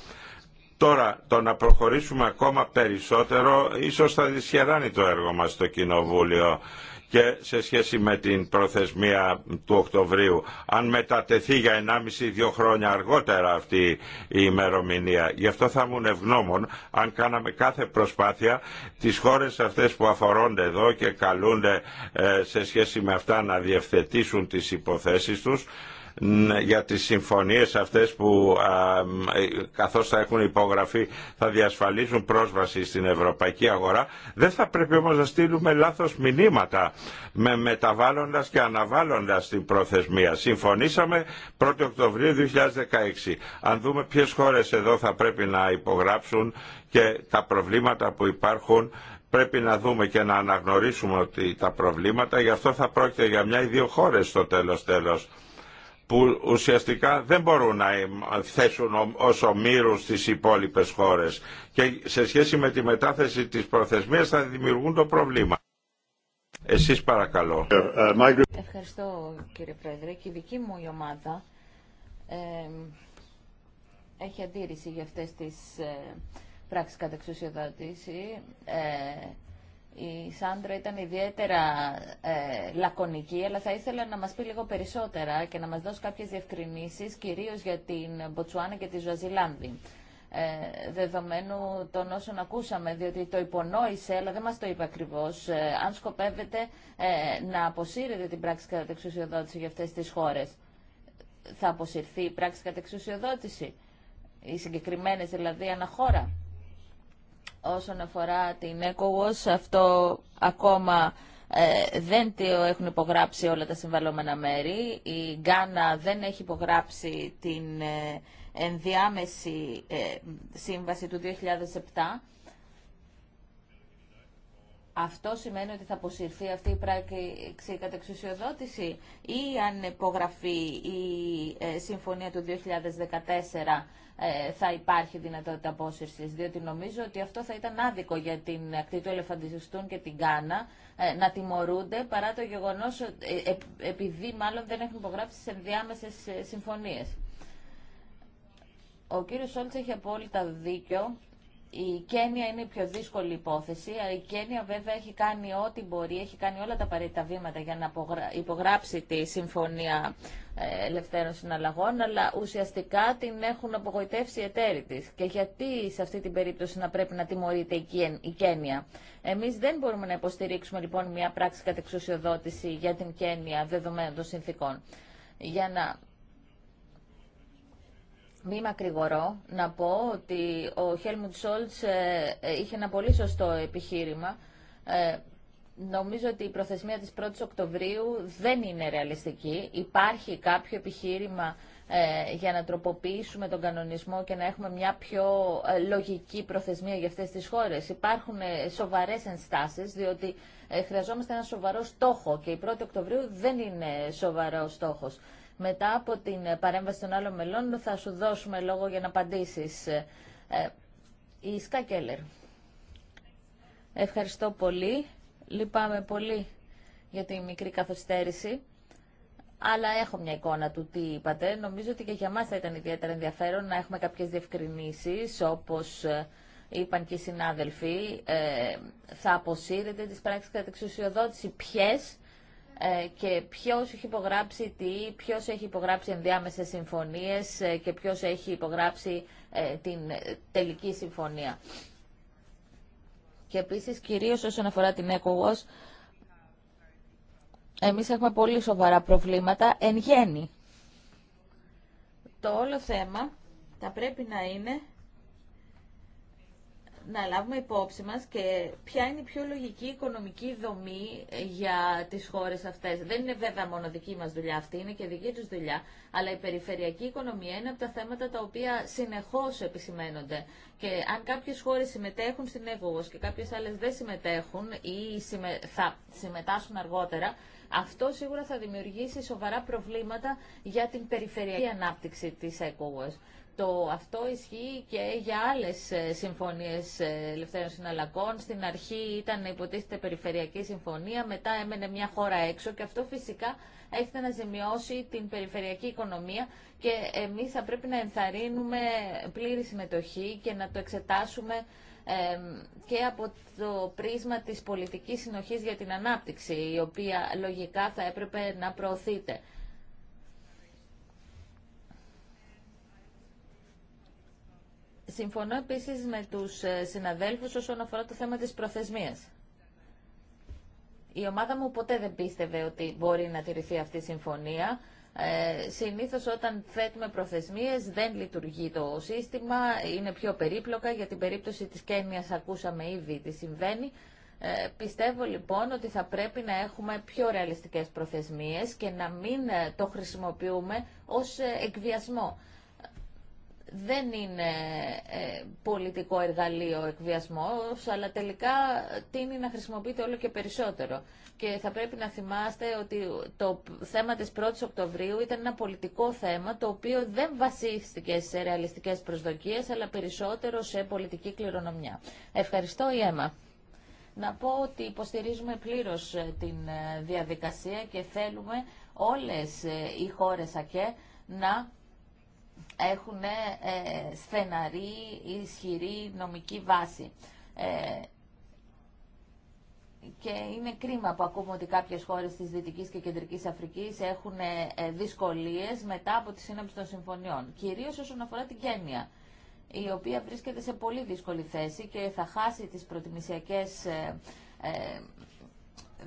Τώρα το να προχωρήσουμε ακόμα περισσότερο ίσως θα δυσχεράνει το έργο μας στο Κοινοβούλιο και σε σχέση με την προθεσμία του Οκτωβρίου αν μετατεθεί για 1,5-2 χρόνια αργότερα αυτή η ημερομηνία. Γι' αυτό θα ήμουν ευγνώμων αν κάναμε κάθε προσπάθεια τις χώρες αυτές που αφορώνται εδώ και καλούνται ε, σε σχέση με αυτά να διευθετήσουν τις υποθέσεις τους ναι, για τις συμφωνίες αυτές που ε, καθώς θα έχουν υπογραφεί θα διασφαλίζουν πρόσβαση στην ευρωπαϊκή αγορά. Δεν θα πρέπει όμως να στείλουμε λάθος μηνύματα με μεταβάλλοντας και αναβάλλοντας την προθεσμία. Συμφωνήσαμε 1η Οκτωβρίου 2016. Αν δούμε ποιες χώρες εδώ θα πρέπει να υπογράψουν και τα προβλήματα που υπάρχουν πρέπει να δούμε και να αναγνωρίσουμε ότι τα προβλήματα γι' αυτό θα πρόκειται για μια ή δύο χώρες στο τέλος τέλος που ουσιαστικά δεν μπορούν να ε, θέσουν όσο ομήρους στις υπόλοιπες χώρες και σε σχέση με τη μετάθεση της προθεσμίας θα δημιουργούν το πρόβλημα. Εσείς παρακαλώ. Ευχαριστώ κύριε Πρόεδρε και η δική μου η ομάδα έχει αντίρρηση για αυτές τις ε, πράξεις κατεξουσιοδότηση. Ε, η Σάντρα ήταν ιδιαίτερα ε, λακωνική, αλλά θα ήθελα να μας πει λίγο περισσότερα και να μας δώσει κάποιες διευκρινήσεις, κυρίως για την Μποτσουάνα και τη Ζουαζιλάνδη. Ε, δεδομένου των όσων ακούσαμε, διότι το υπονόησε, αλλά δεν μας το είπε ακριβώς, ε, αν σκοπεύετε ε, να αποσύρετε την πράξη κατά εξουσιοδότηση για αυτές τις χώρες. Θα αποσυρθεί η πράξη εξουσιοδότηση, οι συγκεκριμένες δηλαδή αναχώρα. Όσον αφορά την ECOWAS, αυτό ακόμα ε, δεν το έχουν υπογράψει όλα τα συμβαλόμενα μέρη. Η Γκάνα δεν έχει υπογράψει την ε, ενδιάμεση ε, σύμβαση του 2007 αυτό σημαίνει ότι θα αποσυρθεί αυτή η πράξη κατά εξουσιοδότηση ή αν υπογραφεί η ε, συμφωνία του 2014 ε, θα υπάρχει δυνατότητα απόσυρσης, διότι νομίζω ότι αυτό θα ήταν άδικο για την ακτή του Ελεφαντιστούν και την Κάνα ε, να τιμωρούνται παρά το γεγονός επειδή μάλλον δεν έχουν υπογράψει σε διάμεσες συμφωνίες. Ο κύριος Σόλτς έχει απόλυτα δίκιο η Κένια είναι η πιο δύσκολη υπόθεση. Η Κένια βέβαια έχει κάνει ό,τι μπορεί, έχει κάνει όλα τα απαραίτητα βήματα για να υπογράψει τη Συμφωνία ε, Ελευθέρων Συναλλαγών, αλλά ουσιαστικά την έχουν απογοητεύσει οι εταίροι της. Και γιατί σε αυτή την περίπτωση να πρέπει να τιμωρείται η Κένια. Εμείς δεν μπορούμε να υποστηρίξουμε λοιπόν μια πράξη κατεξουσιοδότηση για την Κένια δεδομένων των συνθήκων. Για να μη μακρηγορώ να πω ότι ο Χέλμουντ Σόλτς ε, ε, είχε ένα πολύ σωστό επιχείρημα. Ε, νομίζω ότι η προθεσμία της 1ης Οκτωβρίου δεν είναι ρεαλιστική. Υπάρχει κάποιο επιχείρημα για να τροποποιήσουμε τον κανονισμό και να έχουμε μια πιο λογική προθεσμία για αυτές τις χώρες. Υπάρχουν σοβαρές ενστάσεις, διότι χρειαζόμαστε ένα σοβαρό στόχο και η 1η Οκτωβρίου δεν είναι σοβαρό στόχος. Μετά από την ε, παρέμβαση των άλλων μελών θα σου δώσουμε λόγο για να απαντήσεις. Ε, η Σκακέλερ. Ευχαριστώ πολύ. Λυπάμαι πολύ για τη μικρή καθυστέρηση. Αλλά έχω μια εικόνα του τι είπατε. Νομίζω ότι και για μας θα ήταν ιδιαίτερα ενδιαφέρον να έχουμε κάποιες διευκρινήσεις, όπως ε, είπαν και οι συνάδελφοι. θα αποσύρετε τις πράξεις κατά εξουσιοδότηση. Ποιες ε, και ποιος έχει υπογράψει τι, ποιος έχει υπογράψει ενδιάμεσες συμφωνίες ε, και ποιος έχει υπογράψει ε, την τελική συμφωνία. Και επίσης κυρίως όσον αφορά την ECOWAS, εμείς έχουμε πολύ σοβαρά προβλήματα εν γέννη. Το όλο θέμα θα πρέπει να είναι να λάβουμε υπόψη μας και ποια είναι η πιο λογική οικονομική δομή ε, για τις χώρες αυτές. Δεν είναι βέβαια μόνο δική μας δουλειά αυτή, είναι και δική τους δουλειά, αλλά η περιφερειακή οικονομία είναι από τα θέματα τα οποία συνεχώς επισημαίνονται. Και αν κάποιες χώρες συμμετέχουν στην ΕΚΟΓΟΣ και κάποιες άλλες δεν συμμετέχουν ή θα συμμετάσχουν αργότερα, αυτό σίγουρα θα δημιουργήσει σοβαρά προβλήματα για την περιφερειακή ανάπτυξη της ΕΚΟΓΟΣ. Το αυτό ισχύει και για άλλες ε, συμφωνίες ε, ελευθέρων συναλλακών. Στην αρχή ήταν υποτίθεται περιφερειακή συμφωνία, μετά έμενε μια χώρα έξω και αυτό φυσικά έχετε να ζημιώσει την περιφερειακή οικονομία και εμείς θα πρέπει να ενθαρρύνουμε πλήρη συμμετοχή και να το εξετάσουμε και από το πρίσμα της πολιτικής συνοχής για την ανάπτυξη, η οποία λογικά θα έπρεπε να προωθείται. Συμφωνώ επίσης με τους ε, συναδέλφους όσον αφορά το θέμα της προθεσμίας. Η ομάδα μου ποτέ δεν πίστευε ότι μπορεί να τηρηθεί αυτή η συμφωνία. Ε, συνήθως όταν θέτουμε προθεσμίες δεν λειτουργεί το σύστημα, είναι πιο περίπλοκα. Για την περίπτωση της Κένιας ακούσαμε ήδη τι συμβαίνει. Ε, πιστεύω λοιπόν ότι θα πρέπει να έχουμε πιο ρεαλιστικές προθεσμίες και να μην ε, το χρησιμοποιούμε ως ε, εκβιασμό δεν είναι ε, πολιτικό εργαλείο εκβιασμός, αλλά τελικά τίνει να χρησιμοποιείται όλο και περισσότερο. Και θα πρέπει να θυμάστε ότι το θέμα της 1ης Οκτωβρίου ήταν ένα πολιτικό θέμα, το οποίο δεν βασίστηκε σε ρεαλιστικές προσδοκίες, αλλά περισσότερο σε πολιτική κληρονομιά. Ευχαριστώ, η Έμα. Να πω ότι υποστηρίζουμε πλήρως ε, την ε, διαδικασία και θέλουμε όλες οι χώρες ΑΚΕ να έχουν ε, στεναρή, ισχυρή νομική βάση. Ε, και είναι κρίμα που ακούμε ότι κάποιες χώρες της Δυτικής και Κεντρικής Αφρικής έχουν ε, δυσκολίες μετά από τη σύναψη των συμφωνιών, κυρίως όσον αφορά την Κένια η οποία βρίσκεται σε πολύ δύσκολη θέση και θα χάσει τις προτιμησιακές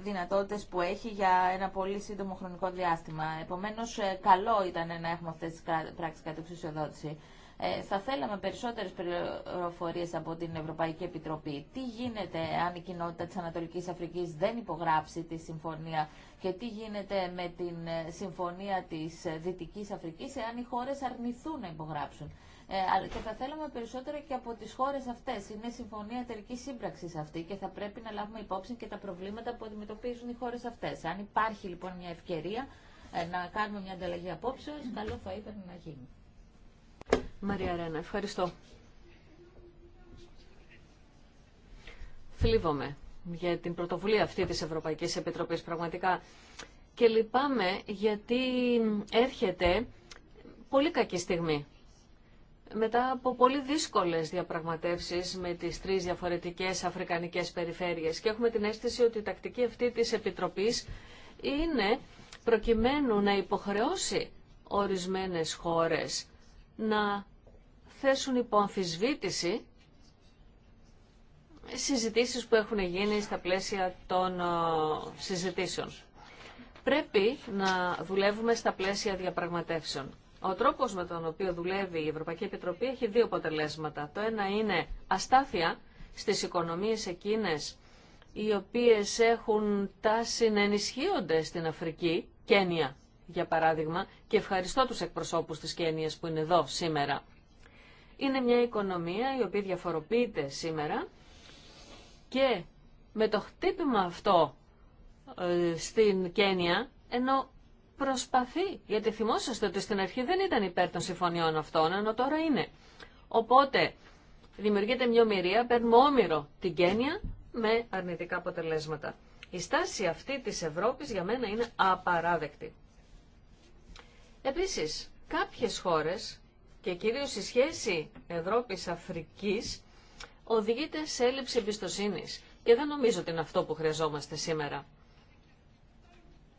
δυνατότητες που έχει για ένα πολύ σύντομο χρονικό διάστημα. Επομένως, ε, καλό ήταν να έχουμε αυτές τις πράξεις εξουσιοδότηση. Ε, θα θέλαμε περισσότερες πληροφορίες από την Ευρωπαϊκή Επιτροπή. Τι γίνεται αν η κοινότητα της Ανατολικής Αφρικής δεν υπογράψει τη συμφωνία και τι γίνεται με την ε, συμφωνία της ε, Δυτικής Αφρικής εάν οι χώρες αρνηθούν να υπογράψουν. Ε, και θα θέλαμε περισσότερα και από τις χώρες αυτές. Είναι συμφωνία εταιρική σύμπραξη αυτή και θα πρέπει να λάβουμε υπόψη και τα προβλήματα που αντιμετωπίζουν οι χώρες αυτές. Αν υπάρχει λοιπόν μια ευκαιρία ε, να κάνουμε μια ανταλλαγή απόψεω. καλό θα ήταν να γίνει. Μαρία Ρένα, ευχαριστώ. Θλίβομαι για την πρωτοβουλία αυτή της Ευρωπαϊκής Επιτροπής πραγματικά και λυπάμαι γιατί έρχεται πολύ κακή στιγμή μετά από πολύ δύσκολες διαπραγματεύσεις με τις τρεις διαφορετικές αφρικανικές περιφέρειες και έχουμε την αίσθηση ότι η τακτική αυτή της Επιτροπής είναι προκειμένου να υποχρεώσει ορισμένες χώρες να θέσουν υπό αμφισβήτηση συζητήσεις που έχουν γίνει στα πλαίσια των συζητήσεων. Πρέπει να δουλεύουμε στα πλαίσια διαπραγματεύσεων. Ο τρόπο με τον οποίο δουλεύει η Ευρωπαϊκή Επιτροπή έχει δύο αποτελέσματα. Το ένα είναι αστάθεια στις οικονομίες εκείνες οι οποίε έχουν τάση να ενισχύονται στην Αφρική, Κένια για παράδειγμα, και ευχαριστώ τους εκπροσώπους της Κένιας που είναι εδώ σήμερα. Είναι μια οικονομία η οποία διαφοροποιείται σήμερα και με το χτύπημα αυτό ε, στην Κένια, ενώ προσπαθεί. Γιατί θυμόσαστε ότι στην αρχή δεν ήταν υπέρ των συμφωνιών αυτών, ενώ τώρα είναι. Οπότε δημιουργείται μια ομοιρία, παίρνουμε όμοιρο την Κένια με αρνητικά αποτελέσματα. Η στάση αυτή της Ευρώπης για μένα είναι απαράδεκτη. Επίσης, κάποιες χώρες και κυρίως η σχέση Ευρώπης-Αφρικής οδηγείται σε έλλειψη εμπιστοσύνη. και δεν νομίζω ότι είναι αυτό που χρειαζόμαστε σήμερα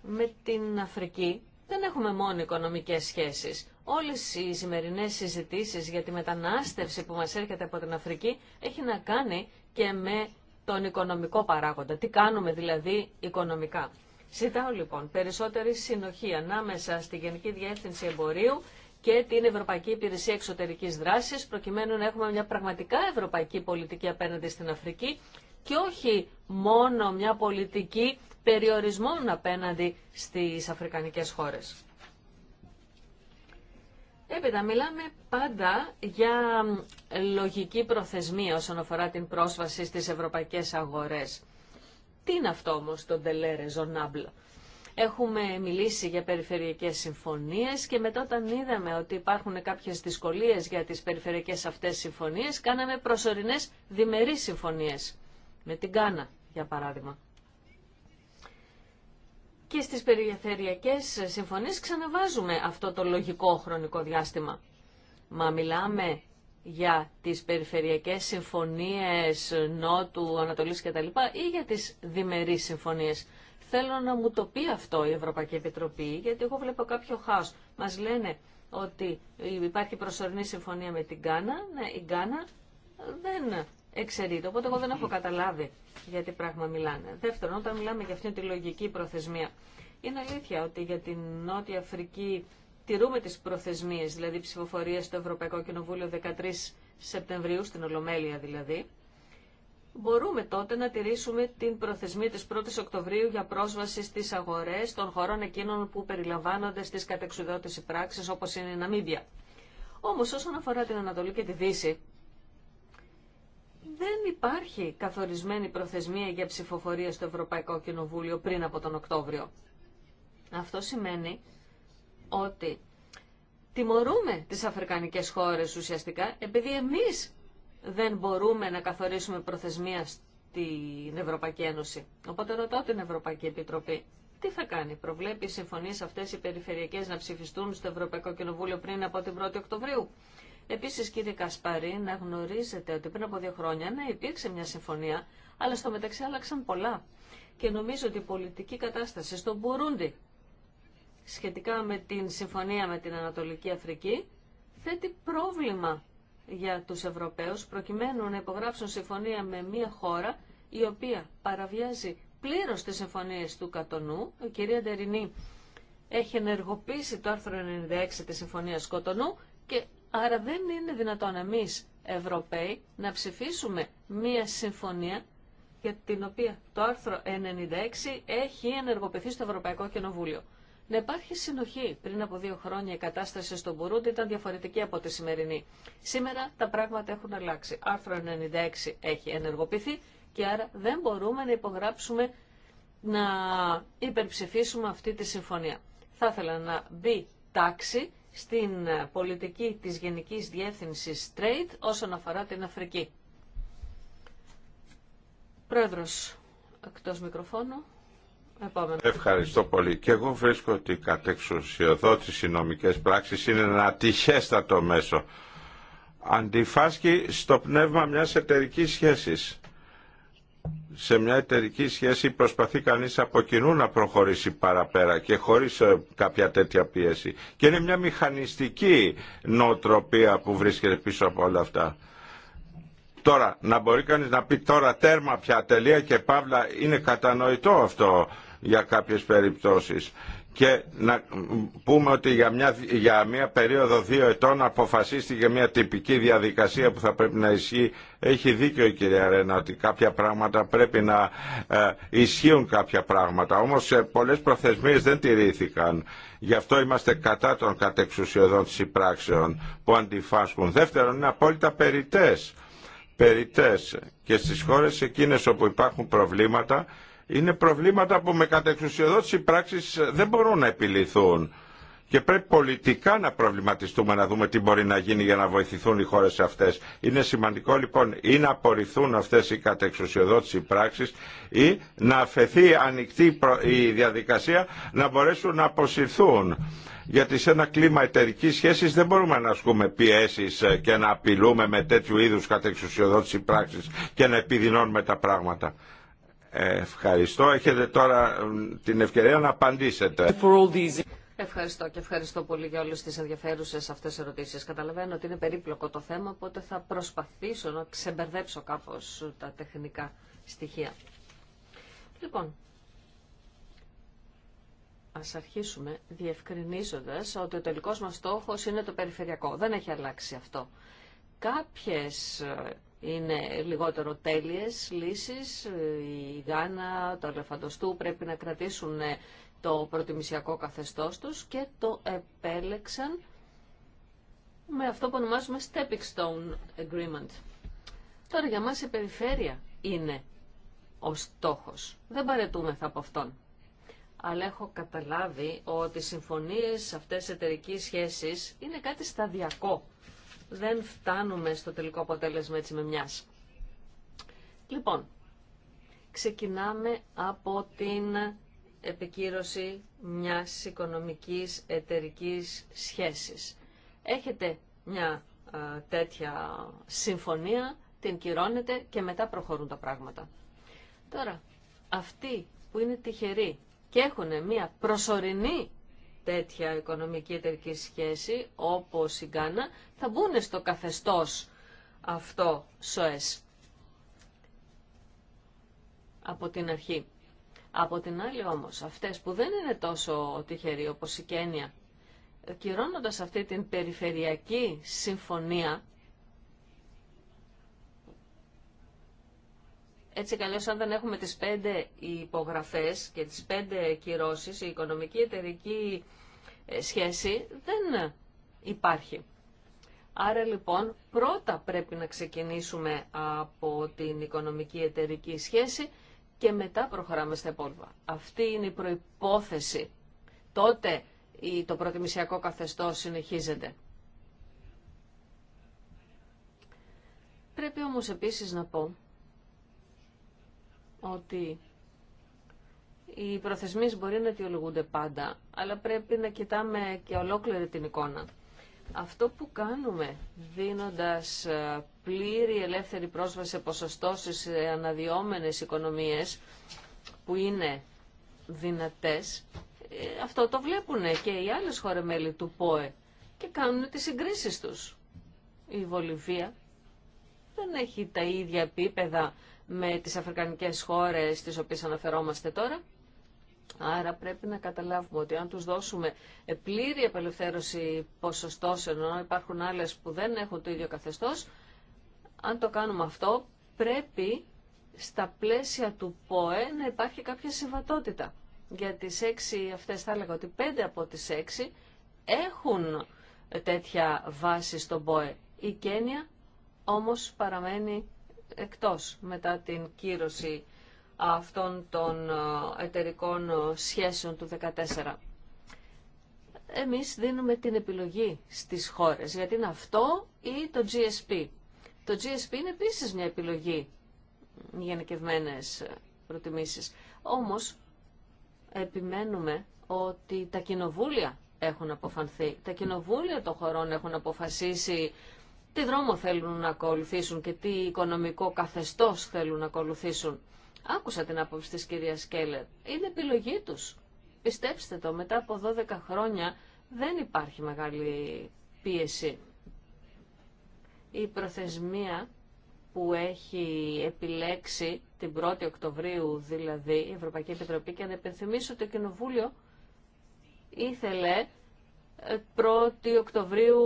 με την Αφρική δεν έχουμε μόνο οικονομικές σχέσεις. Όλες οι σημερινές συζητήσεις για τη μετανάστευση που μας έρχεται από την Αφρική έχει να κάνει και με τον οικονομικό παράγοντα. Τι κάνουμε δηλαδή οικονομικά. Ζητάω λοιπόν περισσότερη συνοχή ανάμεσα στη Γενική Διεύθυνση Εμπορίου και την Ευρωπαϊκή Υπηρεσία Εξωτερικής Δράσης προκειμένου να έχουμε μια πραγματικά ευρωπαϊκή πολιτική απέναντι στην Αφρική και όχι μόνο μια πολιτική περιορισμών απέναντι στις αφρικανικές χώρες. Έπειτα μιλάμε πάντα για λογική προθεσμία όσον αφορά την πρόσβαση στις ευρωπαϊκές αγορές. Τι είναι αυτό όμως το Ντελέρε Έχουμε μιλήσει για περιφερειακές συμφωνίες και μετά όταν είδαμε ότι υπάρχουν κάποιες δυσκολίες για τις περιφερειακές αυτές συμφωνίες, κάναμε προσωρινές διμερείς συμφωνίες με την Κάνα, για παράδειγμα. Και στις περιφερειακές συμφωνίες ξαναβάζουμε αυτό το λογικό χρονικό διάστημα. Μα μιλάμε για τις περιφερειακές συμφωνίες Νότου, Ανατολής κτλ. ή για τις διμερείς συμφωνίες. Θέλω να μου το πει αυτό η Ευρωπαϊκή Επιτροπή, γιατί εγώ βλέπω κάποιο χάος. Μας λένε ότι υπάρχει προσωρινή συμφωνία με την Γκάνα. Ναι, η Γκάνα δεν εξαιρείται. Οπότε εγώ δεν έχω καταλάβει για τι πράγμα μιλάνε. Δεύτερον, όταν μιλάμε για αυτήν τη λογική προθεσμία, είναι αλήθεια ότι για την Νότια Αφρική τηρούμε τις προθεσμίες, δηλαδή ψηφοφορία στο Ευρωπαϊκό Κοινοβούλιο 13 Σεπτεμβρίου, στην Ολομέλεια δηλαδή, μπορούμε τότε να τηρήσουμε την προθεσμία της 1ης Οκτωβρίου για πρόσβαση στις αγορές των χωρών εκείνων που περιλαμβάνονται στις κατεξουδότηση πράξεις όπως είναι η Ναμίδια. Όμως όσον αφορά την Ανατολή και τη Δύση, δεν υπάρχει καθορισμένη προθεσμία για ψηφοφορία στο Ευρωπαϊκό Κοινοβούλιο πριν από τον Οκτώβριο. Αυτό σημαίνει ότι τιμωρούμε τις αφρικανικές χώρες ουσιαστικά επειδή εμείς δεν μπορούμε να καθορίσουμε προθεσμία στην Ευρωπαϊκή Ένωση. Οπότε ρωτάω την Ευρωπαϊκή Επιτροπή. Τι θα κάνει, προβλέπει οι συμφωνίε αυτέ οι περιφερειακέ να ψηφιστούν στο Ευρωπαϊκό Κοινοβούλιο πριν από την 1η Οκτωβρίου. Επίσης κύριε Κασπαρή να γνωρίζετε ότι πριν από δύο χρόνια ναι, υπήρξε μια συμφωνία, αλλά στο μεταξύ άλλαξαν πολλά. Και νομίζω ότι η πολιτική κατάσταση στον Μπουρούντι σχετικά με την συμφωνία με την Ανατολική Αφρική θέτει πρόβλημα για τους Ευρωπαίους προκειμένου να υπογράψουν συμφωνία με μια χώρα η οποία παραβιάζει πλήρως τις συμφωνίες του Κατονού. Η κυρία Ντερινή έχει ενεργοποιήσει το άρθρο 96 της Συμφωνίας Κοτονού και Άρα δεν είναι δυνατόν εμείς Ευρωπαίοι να ψηφίσουμε μία συμφωνία για την οποία το άρθρο 96 έχει ενεργοποιηθεί στο Ευρωπαϊκό Κοινοβούλιο. Να υπάρχει συνοχή. Πριν από δύο χρόνια η κατάσταση στον Μπουρούντι ήταν διαφορετική από τη σημερινή. Σήμερα τα πράγματα έχουν αλλάξει. Άρθρο 96 έχει ενεργοποιηθεί και άρα δεν μπορούμε να υπογράψουμε, να υπερψηφίσουμε αυτή τη συμφωνία. Θα ήθελα να μπει τάξη στην πολιτική της Γενικής Διεύθυνσης Trade όσον αφορά την Αφρική. Πρόεδρος, εκτός μικροφώνου. Επόμενο. Ευχαριστώ πολύ. Και εγώ βρίσκω ότι η κατεξουσιοδότηση νομικές πράξεις είναι ένα τυχέστατο μέσο. Αντιφάσκει στο πνεύμα μιας εταιρικής σχέσης σε μια εταιρική σχέση προσπαθεί κανείς από κοινού να προχωρήσει παραπέρα και χωρίς ε, κάποια τέτοια πίεση. Και είναι μια μηχανιστική νοοτροπία που βρίσκεται πίσω από όλα αυτά. Τώρα, να μπορεί κανείς να πει τώρα τέρμα πια τελεία και παύλα είναι κατανοητό αυτό για κάποιες περιπτώσεις και να πούμε ότι για μια, για μια περίοδο δύο ετών αποφασίστηκε μια τυπική διαδικασία που θα πρέπει να ισχύει. Έχει δίκιο η κυρία Ρένα ότι κάποια πράγματα πρέπει να ε, ισχύουν κάποια πράγματα. Όμως σε πολλές προθεσμίες δεν τηρήθηκαν. Γι' αυτό είμαστε κατά των κατεξουσιοδών της υπράξεων που αντιφάσκουν. Δεύτερον, είναι απόλυτα περιτές. Περιτές και στις χώρες εκείνες όπου υπάρχουν προβλήματα είναι προβλήματα που με κατεξουσιοδότηση πράξη ε, δεν μπορούν να επιληθούν. Και πρέπει πολιτικά να προβληματιστούμε να δούμε τι μπορεί να γίνει για να βοηθηθούν οι χώρες αυτές. Είναι σημαντικό λοιπόν ή να απορριφθούν αυτές οι κατεξουσιοδότηση πράξεις ή να αφαιθεί ανοιχτή η διαδικασία να απορριθουν αυτες οι κατεξουσιοδοτηση πραξεις η να αποσυρθούν. Γιατί σε ένα κλίμα εταιρική σχέση δεν μπορούμε να ασκούμε πιέσει ε, και να απειλούμε με τέτοιου είδου κατεξουσιοδότηση πράξη και να επιδεινώνουμε τα πράγματα. Ευχαριστώ. Έχετε τώρα την ευκαιρία να απαντήσετε. Ευχαριστώ και ευχαριστώ πολύ για όλες τις ενδιαφέρουσες αυτές ερωτήσεις. Καταλαβαίνω ότι είναι περίπλοκο το θέμα, οπότε θα προσπαθήσω να ξεμπερδέψω κάπως τα τεχνικά στοιχεία. Λοιπόν, ας αρχίσουμε διευκρινίζοντας ότι ο τελικός μας στόχος είναι το περιφερειακό. Δεν έχει αλλάξει αυτό. Κάποιες ε, είναι λιγότερο τέλειες λύσεις. Η Γάνα, το αλεφαντοστού πρέπει να κρατήσουν το προτιμησιακό καθεστώς τους και το επέλεξαν με αυτό που ονομάζουμε Stepping Stone Agreement. Τώρα για μας η περιφέρεια είναι ο στόχος. Δεν παρετούμεθα από αυτόν. Αλλά έχω καταλάβει ότι οι συμφωνίες αυτές εταιρικές σχέσης είναι κάτι σταδιακό δεν φτάνουμε στο τελικό αποτέλεσμα έτσι με μιας. Λοιπόν, ξεκινάμε από την επικύρωση μιας οικονομικής εταιρικής σχέσης. Έχετε μια ε, τέτοια συμφωνία, την κυρώνετε και μετά προχωρούν τα πράγματα. Τώρα, αυτοί που είναι τυχεροί και έχουν μια προσωρινή τέτοια οικονομική εταιρική σχέση, όπως η Γκάνα, θα μπουν στο καθεστώς αυτό ΣΟΕΣ. Από την αρχή. Από την άλλη όμως, αυτές που δεν είναι τόσο τυχεροί όπως η Κένια, κυρώνοντας αυτή την περιφερειακή συμφωνία, Έτσι καλώς αν έχουμε τις πέντε υπογραφές και τις πέντε κυρώσεις, η οικονομική εταιρική ε, σχέση δεν υπάρχει. Άρα λοιπόν πρώτα πρέπει να ξεκινήσουμε από την οικονομική εταιρική σχέση και μετά προχωράμε στα υπόλοιπα. Αυτή είναι η προϋπόθεση. Τότε το προτιμησιακό καθεστώς συνεχίζεται. Πρέπει όμως επίσης να πω ότι οι προθεσμίες μπορεί να αιτιολογούνται πάντα, αλλά πρέπει να κοιτάμε και ολόκληρη την εικόνα. Αυτό που κάνουμε δίνοντας ε, πλήρη ελεύθερη πρόσβαση σε ποσοστώσεις σε αναδυόμενες οικονομίες που είναι δυνατές, ε, αυτό το βλέπουν και οι άλλες χώρες μέλη του ΠΟΕ και κάνουν τις συγκρίσεις τους. Η Βολιβία δεν έχει τα ίδια επίπεδα με τις αφρικανικές χώρες τις οποίες αναφερόμαστε τώρα. Άρα πρέπει να καταλάβουμε ότι αν τους δώσουμε πλήρη απελευθέρωση ποσοστώσεων, ενώ υπάρχουν άλλες που δεν έχουν το ίδιο καθεστώς, αν το κάνουμε αυτό πρέπει στα πλαίσια του ΠΟΕ να υπάρχει κάποια συμβατότητα. Για τις έξι αυτές θα έλεγα ότι πέντε από τις έξι έχουν τέτοια βάση στον ΠΟΕ. Η Κένια όμως παραμένει εκτός μετά την κύρωση αυτών των ε, εταιρικών ε, σχέσεων του 2014. Εμείς δίνουμε την επιλογή στις χώρες, γιατί είναι αυτό ή το GSP. Το GSP είναι επίσης μια επιλογή γενικευμένες ε, προτιμήσεις. Όμως επιμένουμε ότι τα κοινοβούλια έχουν αποφανθεί. Τα κοινοβούλια των χωρών έχουν αποφασίσει τι δρόμο θέλουν να ακολουθήσουν και τι οικονομικό καθεστώς θέλουν να ακολουθήσουν. Άκουσα την άποψη της κυρίας Κέλλερ. Είναι επιλογή τους. Πιστέψτε το, μετά από 12 χρόνια δεν υπάρχει μεγάλη πίεση. Η προθεσμία που έχει επιλέξει την 1η Οκτωβρίου δηλαδή η Ευρωπαϊκή Επιτροπή και αν επενθυμίσω το Κοινοβούλιο ήθελε 1η ε, Οκτωβρίου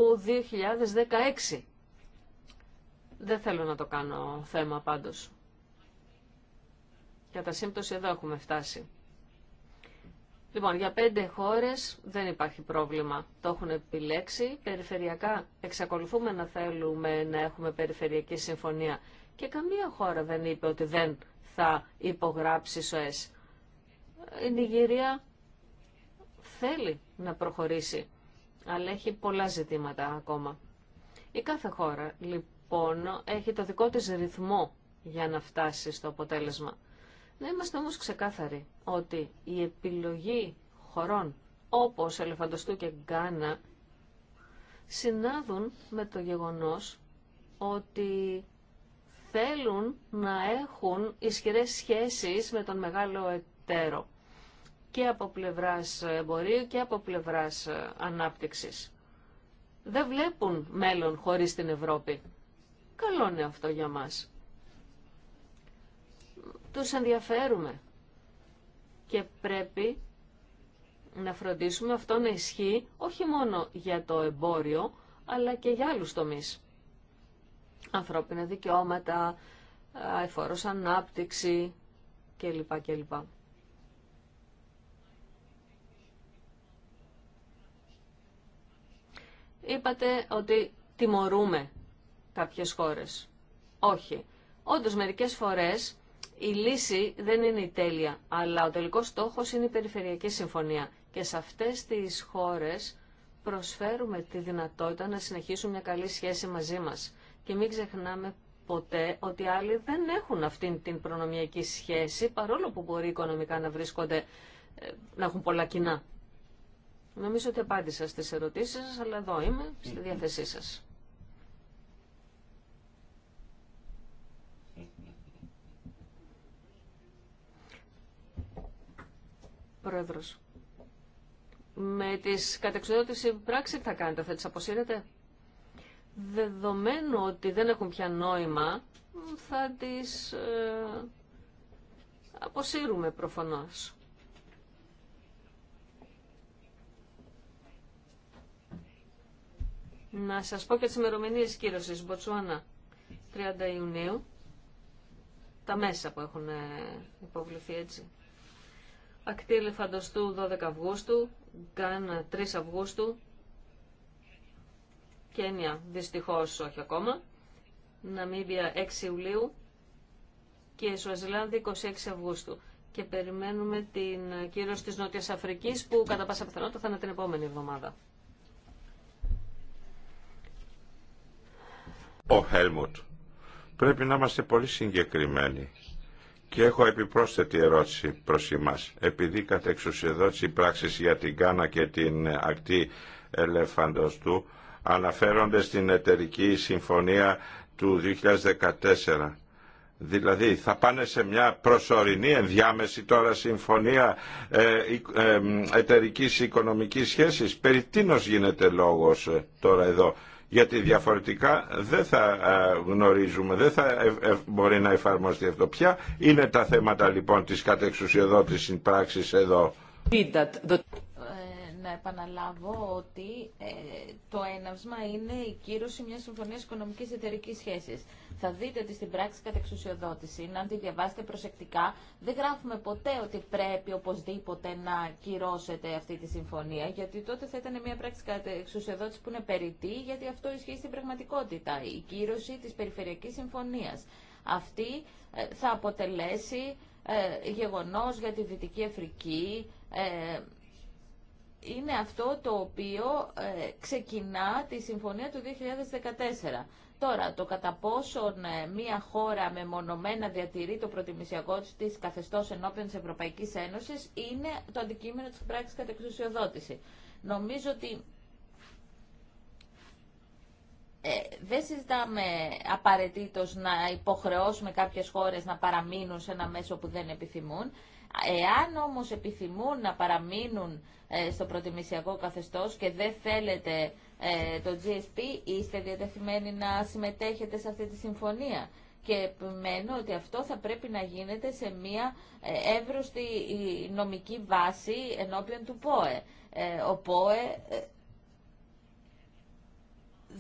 2016. Δεν θέλω να το κάνω θέμα πάντως. Κατά σύμπτωση εδώ έχουμε φτάσει. Λοιπόν, για πέντε χώρες δεν υπάρχει πρόβλημα. Το έχουν επιλέξει. Περιφερειακά εξακολουθούμε να θέλουμε να έχουμε περιφερειακή συμφωνία. Και καμία χώρα δεν είπε ότι δεν θα υπογράψει ΣΟΕΣ. Η Νιγηρία θέλει να προχωρήσει, αλλά έχει πολλά ζητήματα ακόμα. Η κάθε χώρα, λοιπόν, λοιπόν έχει το δικό της ρυθμό για να φτάσει στο αποτέλεσμα. Να είμαστε όμως ξεκάθαροι ότι η επιλογή χωρών όπως Ελεφαντοστού και Γκάνα συνάδουν με το γεγονός ότι θέλουν να έχουν ισχυρές σχέσεις με τον μεγάλο εταίρο και από πλευράς εμπορίου και από πλευράς ανάπτυξης. Δεν βλέπουν μέλλον χωρίς την Ευρώπη. Καλό είναι αυτό για μας. Τους ενδιαφέρουμε. Και πρέπει να φροντίσουμε αυτό να ισχύει όχι μόνο για το εμπόριο, αλλά και για άλλους τομείς. Ανθρώπινα δικαιώματα, εφόρος ανάπτυξη κλπ. κλπ. Είπατε ότι τιμωρούμε κάποιες χώρες. Όχι. Όντως μερικές φορές η λύση δεν είναι η τέλεια, αλλά ο τελικός στόχος είναι η περιφερειακή συμφωνία. Και σε αυτές τις χώρες προσφέρουμε τη δυνατότητα να συνεχίσουν μια καλή σχέση μαζί μας. Και μην ξεχνάμε ποτέ ότι άλλοι δεν έχουν αυτήν την προνομιακή σχέση, παρόλο που μπορεί οικονομικά να βρίσκονται, ε, να έχουν πολλά κοινά. Νομίζω ότι απάντησα στις ερωτήσεις σας, αλλά εδώ είμαι, στη διάθεσή σας. Πρόεδρος. Με τις κατεξοδότηση πράξη θα κάνετε, θα τις αποσύρετε. Δεδομένου ότι δεν έχουν πια νόημα, θα τις ε, αποσύρουμε προφανώς. Να σας πω και τις ημερομηνίες κύρωσης Μποτσουάνα 30 Ιουνίου. Τα μέσα που έχουν ε, υποβληθεί έτσι. Ακτή Ελεφαντοστού 12 Αυγούστου, Γκάν 3 Αυγούστου, Κένια δυστυχώς όχι ακόμα, Ναμίβια 6 Ιουλίου και Σουαζιλάνδη 26 Αυγούστου. Και περιμένουμε την κύρωση της Νότιας Αφρικής που κατά πάσα πιθανότητα θα είναι την επόμενη εβδομάδα. Ο Χέλμουτ. Πρέπει να είμαστε πολύ συγκεκριμένοι και έχω επιπρόσθετη ερώτηση προς εμάς. Επειδή κατ' εξουσιοδότηση πράξεις για την Κάνα και την ακτή ελεφάντος του αναφέρονται στην εταιρική συμφωνία του 2014. Δηλαδή θα πάνε σε μια προσωρινή ενδιάμεση τώρα συμφωνία ε, ε, ε εταιρικής οικονομικής σχέσης. Περί τίνος γίνεται λόγος ε, τώρα εδώ γιατί διαφορετικά δεν θα ε, γνωρίζουμε, δεν θα ε, ε, μπορεί να εφαρμοστεί αυτό. Ποια είναι τα θέματα λοιπόν της κατεξουσιοδότησης πράξης εδώ να επαναλάβω ότι ε, το έναυσμα είναι η κύρωση μιας συμφωνίας οικονομικής εταιρικής σχέσης. Θα δείτε ότι στην πράξη κατά εξουσιοδότηση, να τη διαβάσετε προσεκτικά, δεν γράφουμε ποτέ ότι πρέπει οπωσδήποτε να κυρώσετε αυτή τη συμφωνία, γιατί τότε θα ήταν μια πράξη κατά που είναι περιττή, γιατί αυτό ισχύει στην πραγματικότητα, η κύρωση της περιφερειακής συμφωνίας. Αυτή ε, θα αποτελέσει ε, γεγονός για τη Δυτική Αφρική, ε, είναι αυτό το οποίο ε, ξεκινά τη συμφωνία του 2014. Τώρα, το κατά πόσον ε, μία χώρα μεμονωμένα διατηρεί το προτιμησιακό της καθεστώς ενώπιον της Ευρωπαϊκής Ένωσης είναι το αντικείμενο της πράξης κατά εξουσιοδότηση. Νομίζω ότι ε, δεν συζητάμε απαραίτητο να υποχρεώσουμε κάποιες χώρες να παραμείνουν σε ένα μέσο που δεν επιθυμούν. Εάν όμως επιθυμούν να παραμείνουν ε, στο προτιμησιακό καθεστώς και δεν θέλετε ε, το GSP, είστε διατεθειμένοι να συμμετέχετε σε αυτή τη συμφωνία. Και επιμένω ότι αυτό θα πρέπει να γίνεται σε μια ε, εύρωστη νομική βάση ενώπιον του ΠΟΕ. Ο ΠΟΕ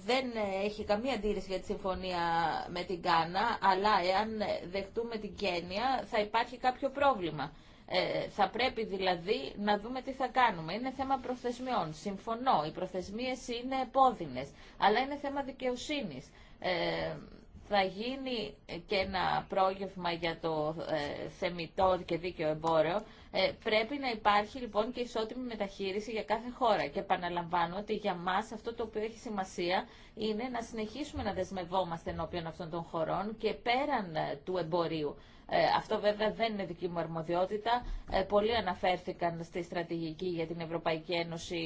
δεν έχει καμία αντίρρηση για τη συμφωνία με την Κάνα, αλλά εάν δεχτούμε την Κένια θα υπάρχει κάποιο πρόβλημα. Ε, θα πρέπει δηλαδή να δούμε τι θα κάνουμε. Είναι θέμα προθεσμιών. Συμφωνώ, οι προθεσμίες είναι επώδυνες, αλλά είναι θέμα δικαιοσύνης. Ε, θα γίνει και ένα πρόγευμα για το ε, θεμητό και δίκαιο εμπόριο. Ε, πρέπει να υπάρχει λοιπόν και ισότιμη μεταχείριση για κάθε χώρα. Και επαναλαμβάνω ότι για μα αυτό το οποίο έχει σημασία είναι να συνεχίσουμε να δεσμευόμαστε ενώπιον αυτών των χωρών και πέραν ε, του εμπορίου. Ε, αυτό βέβαια δεν είναι δική μου αρμοδιότητα. Ε, πολλοί αναφέρθηκαν στη στρατηγική για την Ευρωπαϊκή Ένωση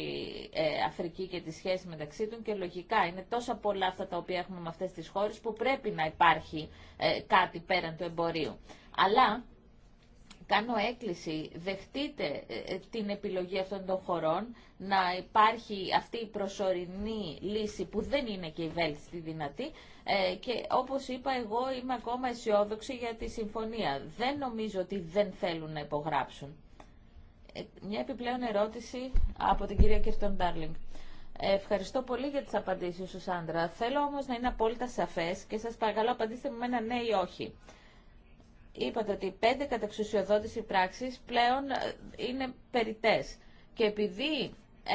ε, Αφρική και τη σχέση μεταξύ των και λογικά είναι τόσα πολλά αυτά τα οποία έχουμε με αυτές τις χώρες που πρέπει να υπάρχει κάτι πέραν του εμπορίου. Αλλά κάνω έκκληση, δεχτείτε ε, ε, την επιλογή αυτών των χωρών να υπάρχει αυτή η προσωρινή λύση που δεν είναι και η βέλτιστη δυνατή ε, και όπως είπα εγώ είμαι ακόμα αισιόδοξη για τη συμφωνία. Δεν νομίζω ότι δεν θέλουν να υπογράψουν. Μια επιπλέον ερώτηση από την κυρία Κερτον Ντάρλινγκ. Ευχαριστώ πολύ για τις απαντήσεις σου, Σάντρα. Θέλω όμως να είναι απόλυτα σαφές και σας παρακαλώ απαντήστε με ένα ναι ή όχι είπατε ότι οι πέντε καταξουσιοδότηση πράξεις πλέον ε, είναι περιτές. Και επειδή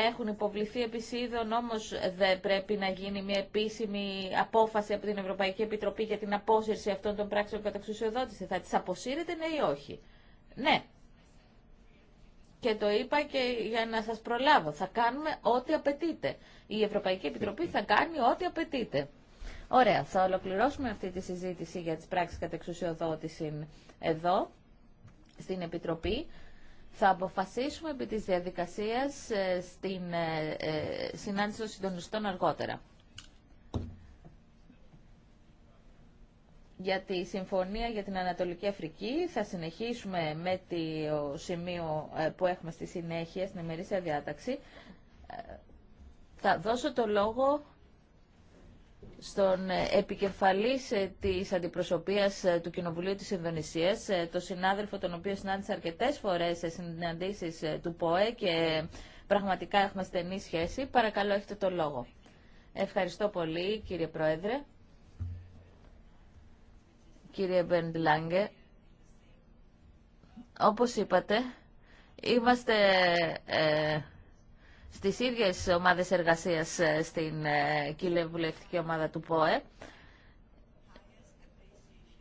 έχουν υποβληθεί επισίδων, όμως δεν πρέπει να γίνει μια επίσημη απόφαση από την Ευρωπαϊκή Επιτροπή για την απόσυρση αυτών των πράξεων καταξουσιοδότηση. Θα τις αποσύρετε, ναι ή όχι. Ναι. Και το είπα και για να σας προλάβω. Θα κάνουμε ό,τι απαιτείται. Η Ευρωπαϊκή Επιτροπή θα κάνει ό,τι απαιτείται. Ωραία, θα ολοκληρώσουμε αυτή τη συζήτηση για τις πράξεις κατεξουσιοδότησης εδώ, στην Επιτροπή. Θα αποφασίσουμε επί της διαδικασίας ε, στην ε, ε, συνάντηση των συντονιστών αργότερα. για τη Συμφωνία για την Ανατολική Αφρική. Θα συνεχίσουμε με το σημείο που έχουμε στη συνέχεια, στην ημερήσια διάταξη. Θα δώσω το λόγο στον επικεφαλής ε, της αντιπροσωπείας ε, του Κοινοβουλίου της Ινδονησίας, ε, το συνάδελφο τον οποίο συνάντησε αρκετές φορές σε συναντήσεις του ΠΟΕ και πραγματικά έχουμε στενή σχέση. Παρακαλώ, έχετε το λόγο. Ευχαριστώ πολύ, κύριε Πρόεδρε. Κύριε Μπέντ Λάγκε, όπως είπατε, είμαστε στις ίδιες ομάδες εργασίας ε, στην ε, κοινοβουλευτική ομάδα του ΠΟΕ.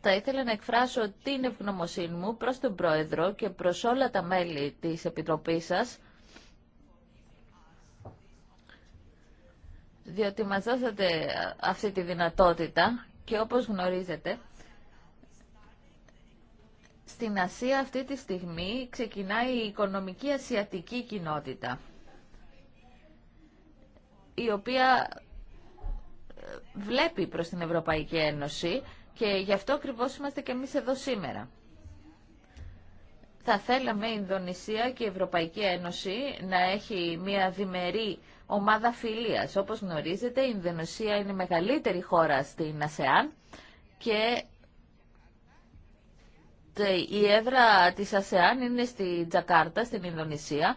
Θα ήθελα να εκφράσω την ευγνωμοσύνη μου προς τον Πρόεδρο και προς όλα τα μέλη της Επιτροπής σας, διότι μας δώσατε αυτή τη δυνατότητα και όπως γνωρίζετε, στην Ασία αυτή τη στιγμή ξεκινάει η οικονομική ασιατική κοινότητα η οποία ε, βλέπει προς την Ευρωπαϊκή Ένωση και γι' αυτό ακριβώ είμαστε και εμείς εδώ σήμερα. Θα θέλαμε η Ινδονησία και η Ευρωπαϊκή Ένωση να έχει μια διμερή ομάδα φιλίας. Όπως γνωρίζετε, η Ινδονησία είναι η μεγαλύτερη χώρα στην ΑΣΕΑΝ και η έδρα της ΑΣΕΑΝ είναι στη Τζακάρτα, στην Ινδονησία.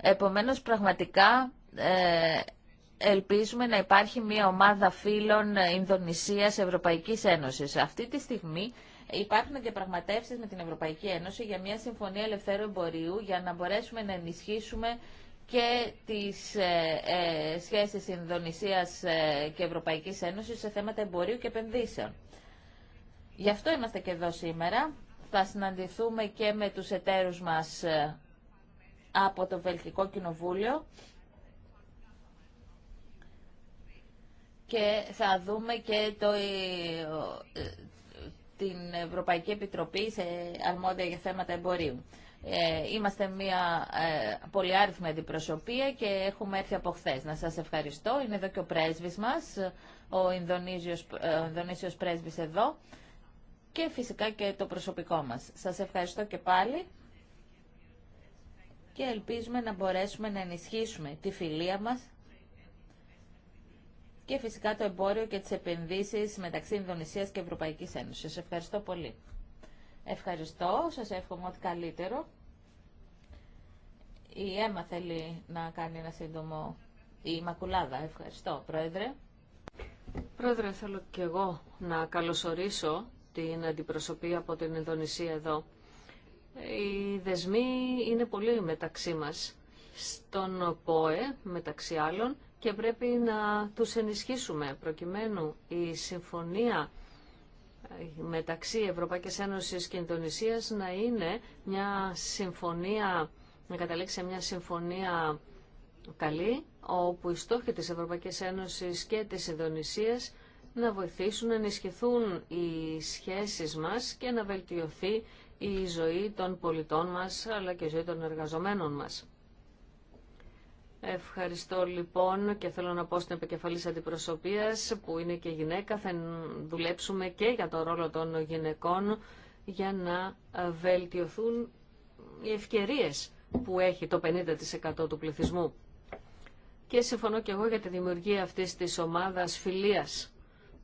Επομένως, πραγματικά ε, ελπίζουμε να υπάρχει μια ομάδα φίλων Ινδονησίας Ευρωπαϊκής Ένωσης. Αυτή τη στιγμή υπάρχουν διαπραγματεύσει με την Ευρωπαϊκή Ένωση για μια συμφωνία ελευθέρου εμπορίου για να μπορέσουμε να ενισχύσουμε και τις ε, ε, σχέσεις Ινδονησίας ε, και Ευρωπαϊκής Ένωσης σε θέματα εμπορίου και επενδύσεων. Γι' αυτό είμαστε και εδώ σήμερα. Θα συναντηθούμε και με τους εταίρους μας ε, από το Βελγικό Κοινοβούλιο και θα δούμε και το, ε, ε, την Ευρωπαϊκή Επιτροπή σε αρμόδια για θέματα εμπορίου. Ε, είμαστε μια ε, πολυάριθμη αντιπροσωπεία και έχουμε έρθει από χθε. Να σας ευχαριστώ. Είναι εδώ και ο πρέσβης μας, ο Ινδονήσιος, ο Ινδονήσιος πρέσβης εδώ και φυσικά και το προσωπικό μας. Σας ευχαριστώ και πάλι και ελπίζουμε να μπορέσουμε να ενισχύσουμε τη φιλία μας και φυσικά το εμπόριο και τις επενδύσεις μεταξύ Ινδονησίας και Ευρωπαϊκής Ένωσης. Σας ευχαριστώ πολύ. Ευχαριστώ, σας εύχομαι ό,τι καλύτερο. Η Έμα θέλει να κάνει ένα σύντομο... Η Μακουλάδα, ευχαριστώ, Πρόεδρε. Πρόεδρε, θέλω και εγώ να καλωσορίσω την αντιπροσωπή από την Ινδονησία εδώ. Οι δεσμοί είναι πολλοί μεταξύ μας. Στον ΠΟΕ, μεταξύ άλλων, και πρέπει να τους ενισχύσουμε προκειμένου η συμφωνία ε, μεταξύ Ευρωπαϊκής Ένωσης και Ινδονησίας να είναι μια συμφωνία, να καταλήξει μια συμφωνία καλή, όπου οι στόχοι της Ευρωπαϊκής Ένωσης και της Ινδονησίας να βοηθήσουν να ενισχυθούν οι σχέσεις μας και να βελτιωθεί η ζωή των πολιτών μας αλλά και η ζωή των εργαζομένων μας. Ευχαριστώ λοιπόν και θέλω να πω στην επικεφαλής αντιπροσωπείας που είναι και γυναίκα. Θα δουλέψουμε και για τον ρόλο των γυναικών για να βελτιωθούν οι ευκαιρίες που έχει το 50% του πληθυσμού. Και συμφωνώ και εγώ για τη δημιουργία αυτής της ομάδας φιλίας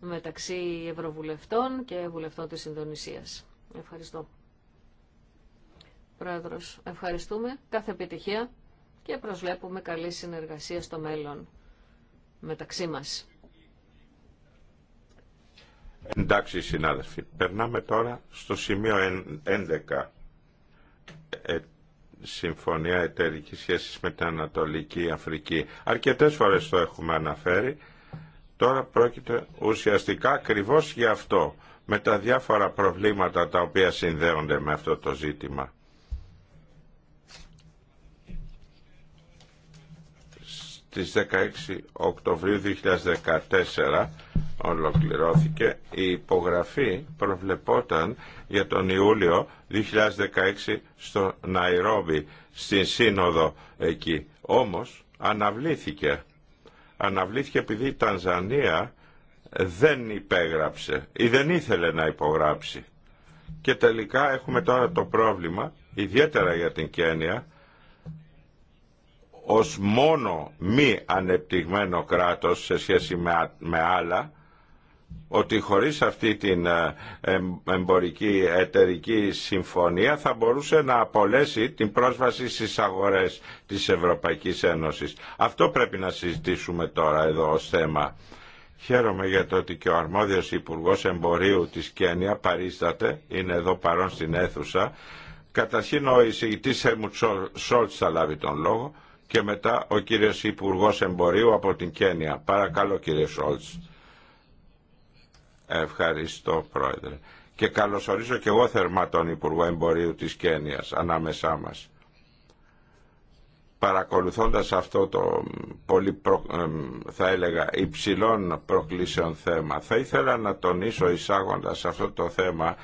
μεταξύ Ευρωβουλευτών και Βουλευτών της Ινδονησίας. Ευχαριστώ. Πρόεδρος, ευχαριστούμε. Κάθε επιτυχία και προσβλέπουμε καλή συνεργασία στο μέλλον μεταξύ μας. Εντάξει συνάδελφοι, περνάμε τώρα στο σημείο 11. Ε, συμφωνία εταιρικής σχέσης με την Ανατολική Αφρική. Αρκετές φορές το έχουμε αναφέρει. Τώρα πρόκειται ουσιαστικά ακριβώ για αυτό, με τα διάφορα προβλήματα τα οποία συνδέονται με αυτό το ζήτημα. στις 16 Οκτωβρίου 2014 ολοκληρώθηκε η υπογραφή προβλεπόταν για τον Ιούλιο 2016 στο Ναϊρόμπι στην Σύνοδο εκεί όμως αναβλήθηκε αναβλήθηκε επειδή η Τανζανία δεν υπέγραψε ή δεν ήθελε να υπογράψει και τελικά έχουμε τώρα το πρόβλημα ιδιαίτερα για την Κένια ως μόνο μη ανεπτυγμένο κράτος σε σχέση με άλλα ότι χωρίς αυτή την ε, εμπορική εταιρική συμφωνία θα μπορούσε να απολέσει την πρόσβαση στις αγορές της Ευρωπαϊκής Ένωσης. Αυτό πρέπει να συζητήσουμε τώρα εδώ ως θέμα. Χαίρομαι για το ότι και ο αρμόδιος Υπουργός Εμπορίου της Κένια παρίσταται, είναι εδώ παρόν στην αίθουσα. Καταρχήν ο εισηγητής Σόλτς θα λάβει τον λόγο και μετά ο κύριος Υπουργός Εμπορίου από την Κένια. Παρακαλώ κύριε Σόλτς. Ευχαριστώ πρόεδρε. Και καλωσορίζω και εγώ θερμά τον Υπουργό Εμπορίου της Κένιας ανάμεσά μας. Παρακολουθώντας αυτό το πολύ θα έλεγα υψηλών προκλήσεων θέμα θα ήθελα να τονίσω εισάγοντας αυτό το θέμα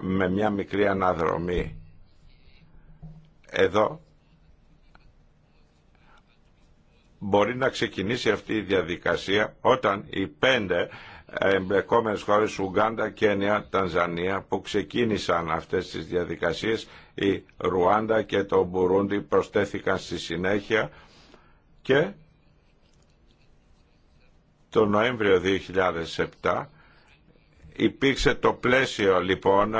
με μια μικρή αναδρομή. Εδώ μπορεί να ξεκινήσει αυτή η διαδικασία όταν οι πέντε εμπλεκόμενες χώρες Ουγγάντα, Κένια, Τανζανία που ξεκίνησαν αυτές τις διαδικασίες η Ρουάντα και το Μπουρούντι προστέθηκαν στη συνέχεια και το Νοέμβριο 2007 υπήρξε το πλαίσιο λοιπόν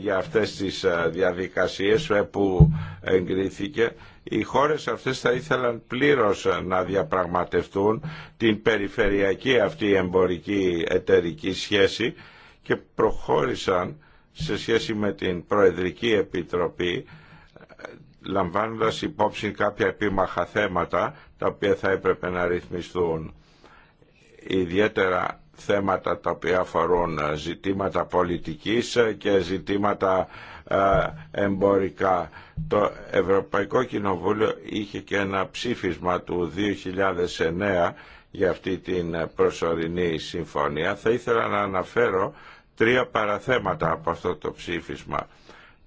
για αυτές τις διαδικασίες ε, που εγκρίθηκε. Οι χώρες αυτές θα ήθελαν πλήρως να διαπραγματευτούν την περιφερειακή αυτή εμπορική εταιρική σχέση και προχώρησαν σε σχέση με την Προεδρική Επιτροπή ε, λαμβάνοντας υπόψη κάποια επίμαχα θέματα τα οποία θα έπρεπε να ρυθμιστούν ιδιαίτερα θέματα τα οποία αφορούν ε, ζητήματα πολιτικής ε, και ζητήματα ε, εμπορικά. Το Ευρωπαϊκό Κοινοβούλιο είχε και ένα ψήφισμα του 2009 για αυτή την προσωρινή συμφωνία. Θα ήθελα να αναφέρω τρία παραθέματα από αυτό το ψήφισμα.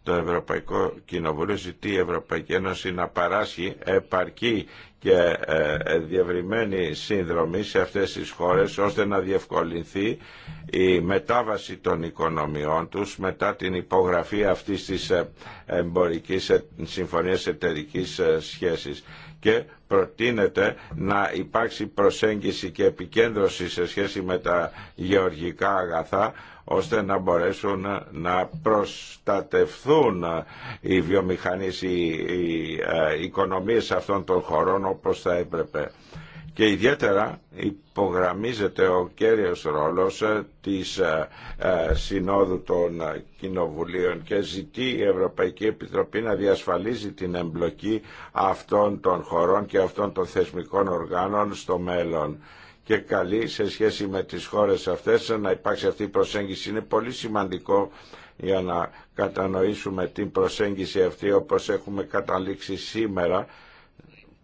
Το Ευρωπαϊκό Κοινοβούλιο ζητεί η Ευρωπαϊκή Ένωση να παράσχει επαρκή και ε, ε, διευρυμένη σύνδρομη σε αυτές τις χώρες ώστε να διευκολυνθεί η μετάβαση των οικονομιών τους μετά την υπογραφή αυτής της ε, εμπορικής συμφωνίας εταιρικής σχέσης και προτείνεται να υπάρξει προσέγγιση και επικέντρωση σε σχέση με τα γεωργικά αγαθά ώστε να μπορέσουν να προστατευθούν οι βιομηχανίες, οι ε, οικονομίες αυτών των χωρών όπως θα έπρεπε. Και ιδιαίτερα υπογραμμίζεται ο κέριος ρόλος ε, της ε, Συνόδου των Κοινοβουλίων και ζητεί η Ευρωπαϊκή Επιτροπή να διασφαλίζει την εμπλοκή αυτών των χωρών και αυτών των θεσμικών οργάνων στο μέλλον και καλή σε σχέση με τις χώρες αυτές να υπάρξει αυτή η προσέγγιση. Είναι πολύ σημαντικό για να κατανοήσουμε την προσέγγιση αυτή όπως έχουμε καταλήξει σήμερα,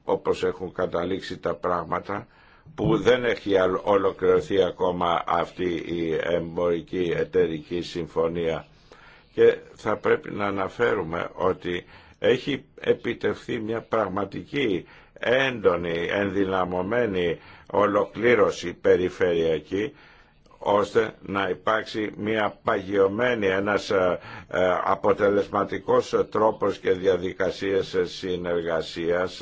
όπως έχουν καταλήξει τα πράγματα, που δεν έχει ολοκληρωθεί ακόμα αυτή η εμπορική εταιρική συμφωνία. Και θα πρέπει να αναφέρουμε ότι έχει επιτευχθεί μια πραγματική έντονη, ενδυναμωμένη ολοκλήρωση περιφερειακή ώστε να υπάρξει μια παγιωμένη, ένας ε, ε, αποτελεσματικός τρόπος και διαδικασίες συνεργασίας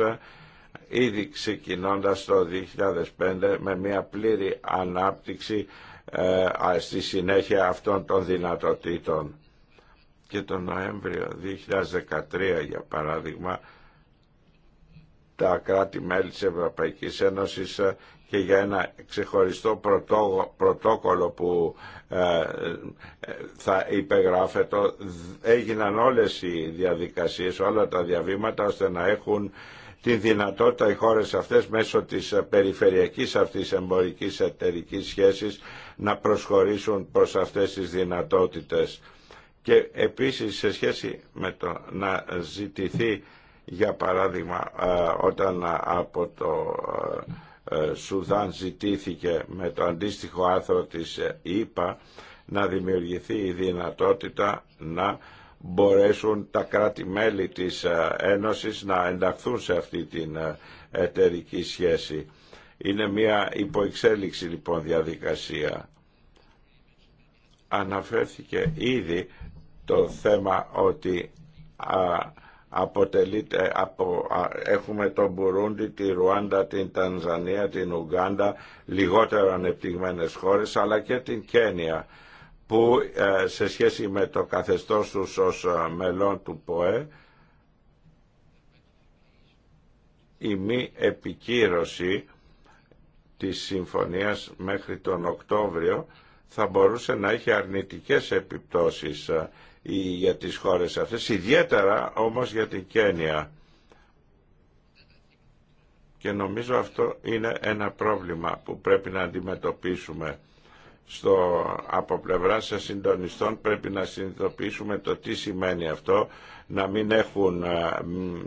ήδη ξεκινώντας το 2005 με μια πλήρη ανάπτυξη ε, στη συνέχεια αυτών των δυνατοτήτων. Και τον Νοέμβριο 2013 για παράδειγμα τα κράτη-μέλη της Ευρωπαϊκής Ένωσης ε, και για ένα ξεχωριστό πρωτόκολλο που ε, ε, θα υπεγράφεται. έγιναν όλες οι διαδικασίες, όλα τα διαβήματα ώστε να έχουν τη δυνατότητα οι χώρες αυτές μέσω της περιφερειακής αυτής εμπορικής εταιρικής σχέσης να προσχωρήσουν προς αυτές τις δυνατότητες. Και επίσης σε σχέση με το να ζητηθεί για παράδειγμα ε, όταν από το ε, ε, Σουδάν ζητήθηκε με το αντίστοιχο άρθρο της ΙΠΑ να δημιουργηθεί η δυνατότητα να μπορέσουν τα κράτη-μέλη της Ένωσης να ενταχθούν σε αυτή την εταιρική σχέση. Είναι μια υποεξέλιξη λοιπόν διαδικασία. Αναφέρθηκε ήδη το θέμα ότι αποτελείται από, έχουμε τον Μπουρούντι, τη Ρουάντα, την Τανζανία, την Ουγκάντα, λιγότερο ανεπτυγμένες χώρες, αλλά και την Κένια, που ε, σε σχέση με το καθεστώς τους ως ε, μελών του ΠΟΕ, η μη επικύρωση της συμφωνίας μέχρι τον Οκτώβριο θα μπορούσε να έχει αρνητικές επιπτώσεις ε, για τις χώρες αυτές, ιδιαίτερα όμως για την Κένια. Και νομίζω αυτό είναι ένα πρόβλημα που πρέπει να αντιμετωπίσουμε. Στο, από πλευρά σας συντονιστών πρέπει να συνειδητοποιήσουμε το τι σημαίνει αυτό να μην έχουν ε,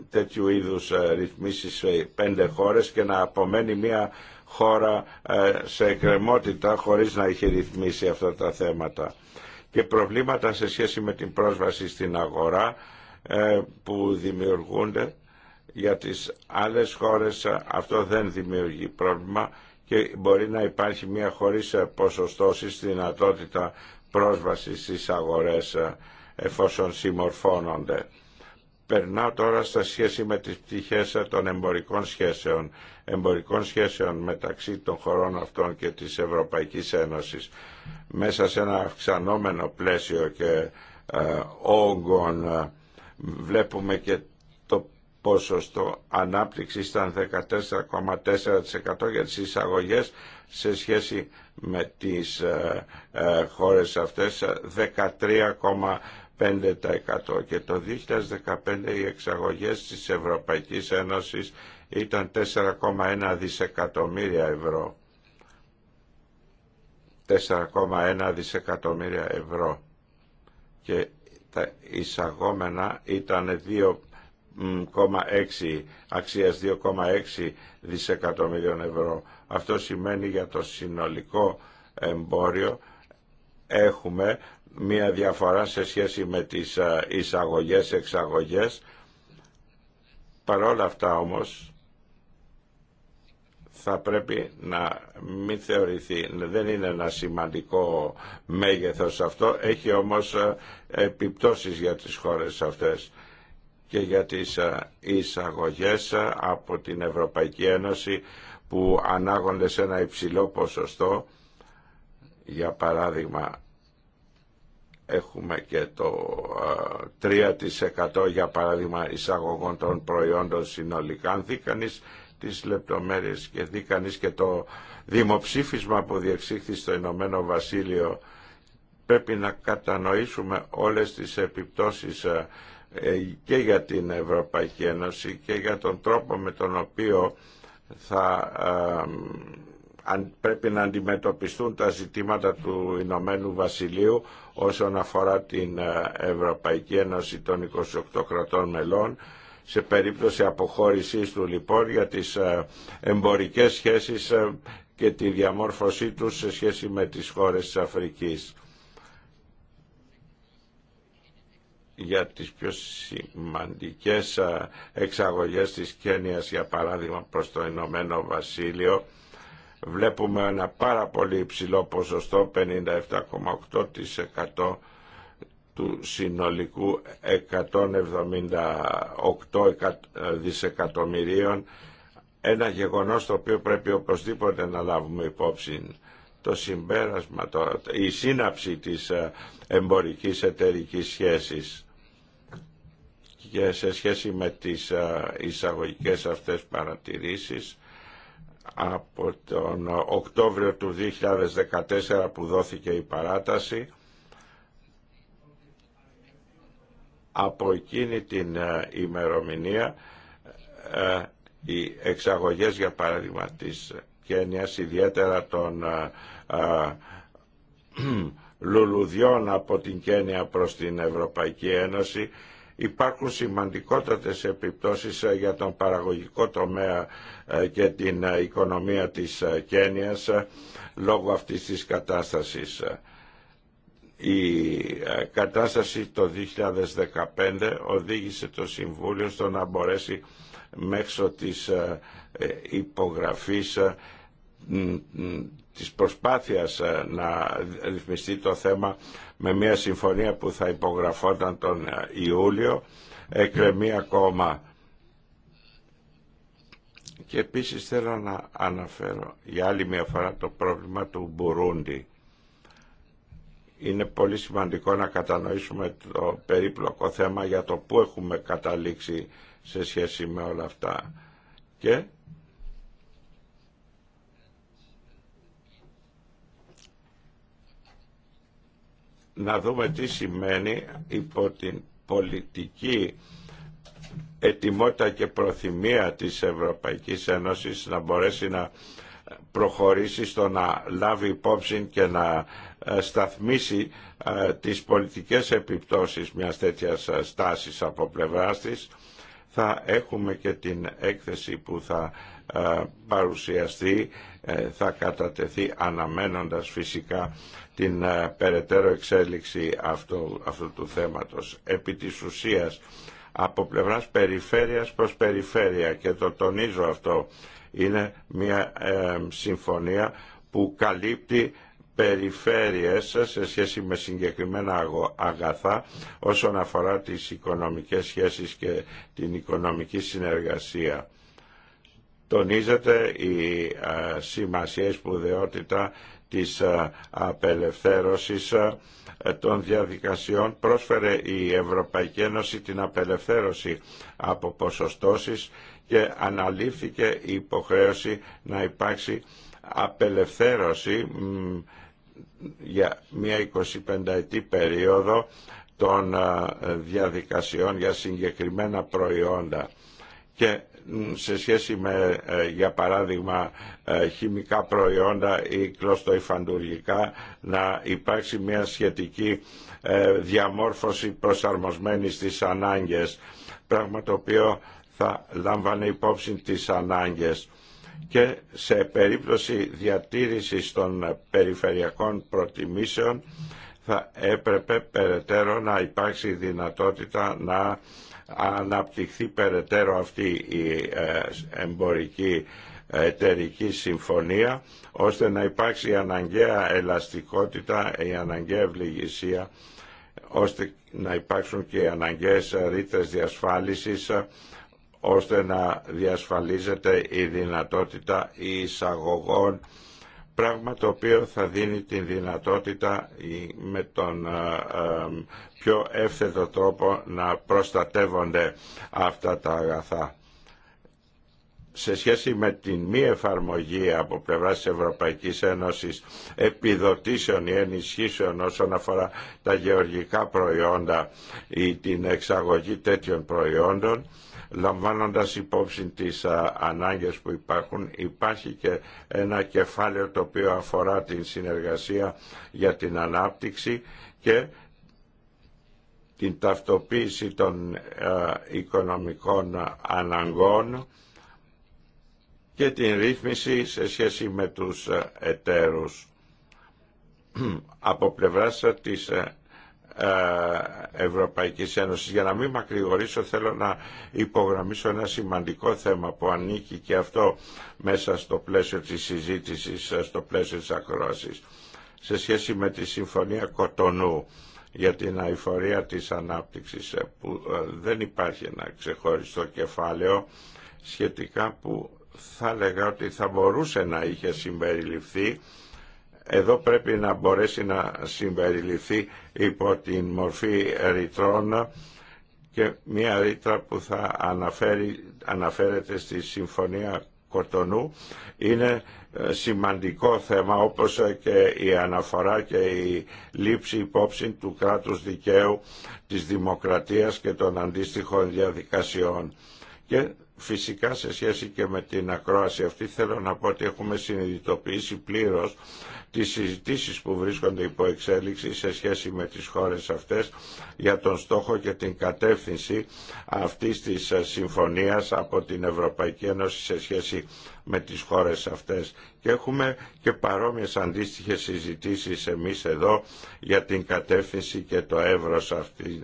τέτοιου είδους ε, ρυθμίσεις σε πέντε χώρες και να απομένει μια χώρα ε, σε εκκρεμότητα χωρίς να έχει ρυθμίσει αυτά τα θέματα και προβλήματα σε σχέση με την πρόσβαση στην αγορά ε, που δημιουργούνται για τις άλλες χώρες αυτό δεν δημιουργεί πρόβλημα και μπορεί να υπάρχει μια χωρίς ποσοστώσεις δυνατότητα πρόσβασης στις αγορές ε, εφόσον συμμορφώνονται. Περνάω τώρα στα σχέση με τις πτυχές των εμπορικών σχέσεων, εμπορικών σχέσεων μεταξύ των χωρών αυτών και της Ευρωπαϊκής Ένωσης μέσα σε ένα αυξανόμενο πλαίσιο και ε, όγκων ε, βλέπουμε και το ποσοστό ανάπτυξη ήταν 14,4% για τις εισαγωγές σε σχέση με τις ε, ε, χώρες αυτές 5% και το 2015 οι εξαγωγές της Ευρωπαϊκής Ένωσης ήταν 4,1 δισεκατομμύρια ευρώ. 4,1 δισεκατομμύρια ευρώ και τα εισαγόμενα ήταν 2,6 αξίας 2,6 δισεκατομμύριων ευρώ. Αυτό σημαίνει για το συνολικό εμπόριο έχουμε μία διαφορά σε σχέση με τις εισαγωγές-εξαγωγές. Παρόλα αυτά όμως θα πρέπει να μην θεωρηθεί, δεν είναι ένα σημαντικό μέγεθος αυτό, έχει όμως επιπτώσεις για τις χώρες αυτές και για τις εισαγωγές από την Ευρωπαϊκή Ένωση που ανάγονται σε ένα υψηλό ποσοστό, για παράδειγμα έχουμε και το 3% ε, για παράδειγμα εισαγωγών των προϊόντων συνολικά. Αν δει τις λεπτομέρειες και δει κανείς και το δημοψήφισμα που διεξήχθη στο Ηνωμένο Βασίλειο πρέπει να κατανοήσουμε όλες τις επιπτώσεις ε, ε, και για την Ευρωπαϊκή Ένωση και για τον τρόπο με τον οποίο θα πρέπει να αντιμετωπιστούν τα ζητήματα του Ηνωμένου Βασιλείου όσον αφορά την ε, Ευρωπαϊκή Ένωση των 28 κρατών μελών σε περίπτωση αποχώρησής του λοιπόν για τις ε, εμπορικές σχέσεις ε, και τη διαμόρφωσή τους σε σχέση με τις χώρες της Αφρικής. για τις πιο σημαντικές εξαγωγές της Κένιας για παράδειγμα προς το Ηνωμένο Βασίλειο βλέπουμε ένα πάρα πολύ υψηλό ποσοστό 57,8% του συνολικού 178 δισεκατομμυρίων ένα γεγονός το οποίο πρέπει οπωσδήποτε να λάβουμε υπόψη το συμπέρασμα, το, η σύναψη της ε, εμπορικής εταιρικής σχέσης και σε σχέση με τις ε, εισαγωγικές αυτές παρατηρήσεις από τον Οκτώβριο του 2014 που δόθηκε η παράταση από εκείνη την ε, ημερομηνία ε, ε, οι εξαγωγές για παράδειγμα της Κένιας ιδιαίτερα των λουλουδιών από την Κένια προς την Ευρωπαϊκή Ένωση υπάρχουν σημαντικότατες επιπτώσεις ε, για τον παραγωγικό τομέα ε, και την ε, οικονομία της Κένιας λόγω αυτής της κατάστασης. Η κατάσταση το 2015 οδήγησε το Συμβούλιο στο να μπορέσει μέσω της υπογραφής της προσπάθειας ε, να ρυθμιστεί το θέμα με μια συμφωνία που θα υπογραφόταν τον ε, Ιούλιο εκκρεμεί ακόμα και επίσης θέλω να αναφέρω για άλλη μια φορά το πρόβλημα του Μπουρούντι είναι πολύ σημαντικό να κατανοήσουμε το περίπλοκο θέμα για το που έχουμε καταλήξει σε σχέση με όλα αυτά και να δούμε τι σημαίνει υπό την πολιτική ετοιμότητα και προθυμία της Ευρωπαϊκής Ένωσης να μπορέσει να προχωρήσει στο να λάβει υπόψη και να ε, σταθμίσει ε, τις πολιτικές επιπτώσεις μιας τέτοιας ε, στάσης από πλευράς της θα έχουμε και την έκθεση που θα ε, παρουσιαστεί, ε, θα κατατεθεί αναμένοντας φυσικά την ε, περαιτέρω εξέλιξη αυτού, αυτού του θέματος. Επί της ουσίας, από πλευράς περιφέρειας προς περιφέρεια και το τονίζω αυτό, είναι μια συμφωνία που καλύπτει περιφέρειες σε σχέση με συγκεκριμένα αγαθά όσον αφορά τις οικονομικές σχέσεις και την οικονομική συνεργασία. Τονίζεται η σημασία, η σπουδαιότητα της απελευθέρωσης των διαδικασιών πρόσφερε η Ευρωπαϊκή Ένωση την απελευθέρωση από ποσοστώσεις και αναλήφθηκε η υποχρέωση να υπάρξει απελευθέρωση για μια 25 ετή περίοδο των ε, διαδικασιών για συγκεκριμένα προϊόντα και σε σχέση με ε, για παράδειγμα ε, χημικά προϊόντα ή κλωστοϊφαντουργικά να υπάρξει μια σχετική διαμόρφωση προσαρμοσμένη στις ανάγκες πράγμα το οποίο θα λάμβανε υπόψη τις ανάγκες και σε περίπτωση διατήρησης των περιφερειακών προτιμήσεων θα έπρεπε περαιτέρω να υπάρξει δυνατότητα να αναπτυχθεί περαιτέρω αυτή η ε, εμπορική εταιρική συμφωνία ώστε να υπάρξει η αναγκαία ελαστικότητα, η αναγκαία ευληγησία ώστε να υπάρξουν και οι αναγκαίες ρήτρες διασφάλισης ώστε να διασφαλίζεται η δυνατότητα εισαγωγών πράγμα το οποίο θα δίνει την δυνατότητα με τον ε, πιο εύθετο τρόπο να προστατεύονται αυτά τα αγαθά. Σε σχέση με την μη εφαρμογή από πλευρά της Ευρωπαϊκής Ένωσης επιδοτήσεων ή ενισχύσεων όσον αφορά τα γεωργικά προϊόντα ή την εξαγωγή τέτοιων προϊόντων, λαμβάνοντας υπόψη τις ανάγκες που υπάρχουν υπάρχει και ένα κεφάλαιο το οποίο αφορά την συνεργασία για την ανάπτυξη και την ταυτοποίηση των οικονομικών αναγκών και την ρύθμιση σε σχέση με τους εταίρους. Από πλευράς της ε, Ευρωπαϊκής Ένωσης. Για να μην μακρηγορήσω θέλω να υπογραμμίσω ένα σημαντικό θέμα που ανήκει και αυτό μέσα στο πλαίσιο της συζήτησης, ε, στο πλαίσιο της ακρόασης. Σε σχέση με τη Συμφωνία Κοτονού για την αηφορία της ανάπτυξης ε, που δεν υπάρχει ένα ξεχωριστό κεφάλαιο σχετικά που θα λέγα ότι θα μπορούσε να είχε συμπεριληφθεί εδώ πρέπει να μπορέσει να συμπεριληφθεί υπό την μορφή ρητρών και μια ρήτρα που θα αναφέρει, αναφέρεται στη Συμφωνία Κορτονού είναι ε, σημαντικό θέμα όπως και η αναφορά και η λήψη υπόψη του κράτους δικαίου, της δημοκρατίας και των αντίστοιχων διαδικασιών. Και Φυσικά σε σχέση και με την ακρόαση αυτή θέλω να πω ότι έχουμε συνειδητοποιήσει πλήρως τις συζητήσεις που βρίσκονται υπό εξέλιξη σε σχέση με τις χώρες αυτές για τον στόχο και την κατεύθυνση αυτής της συμφωνίας από την Ευρωπαϊκή Ένωση σε σχέση με τις χώρες αυτές. Και έχουμε και παρόμοιες αντίστοιχες συζητήσεις εμείς εδώ για την κατεύθυνση και το εύρος αυτών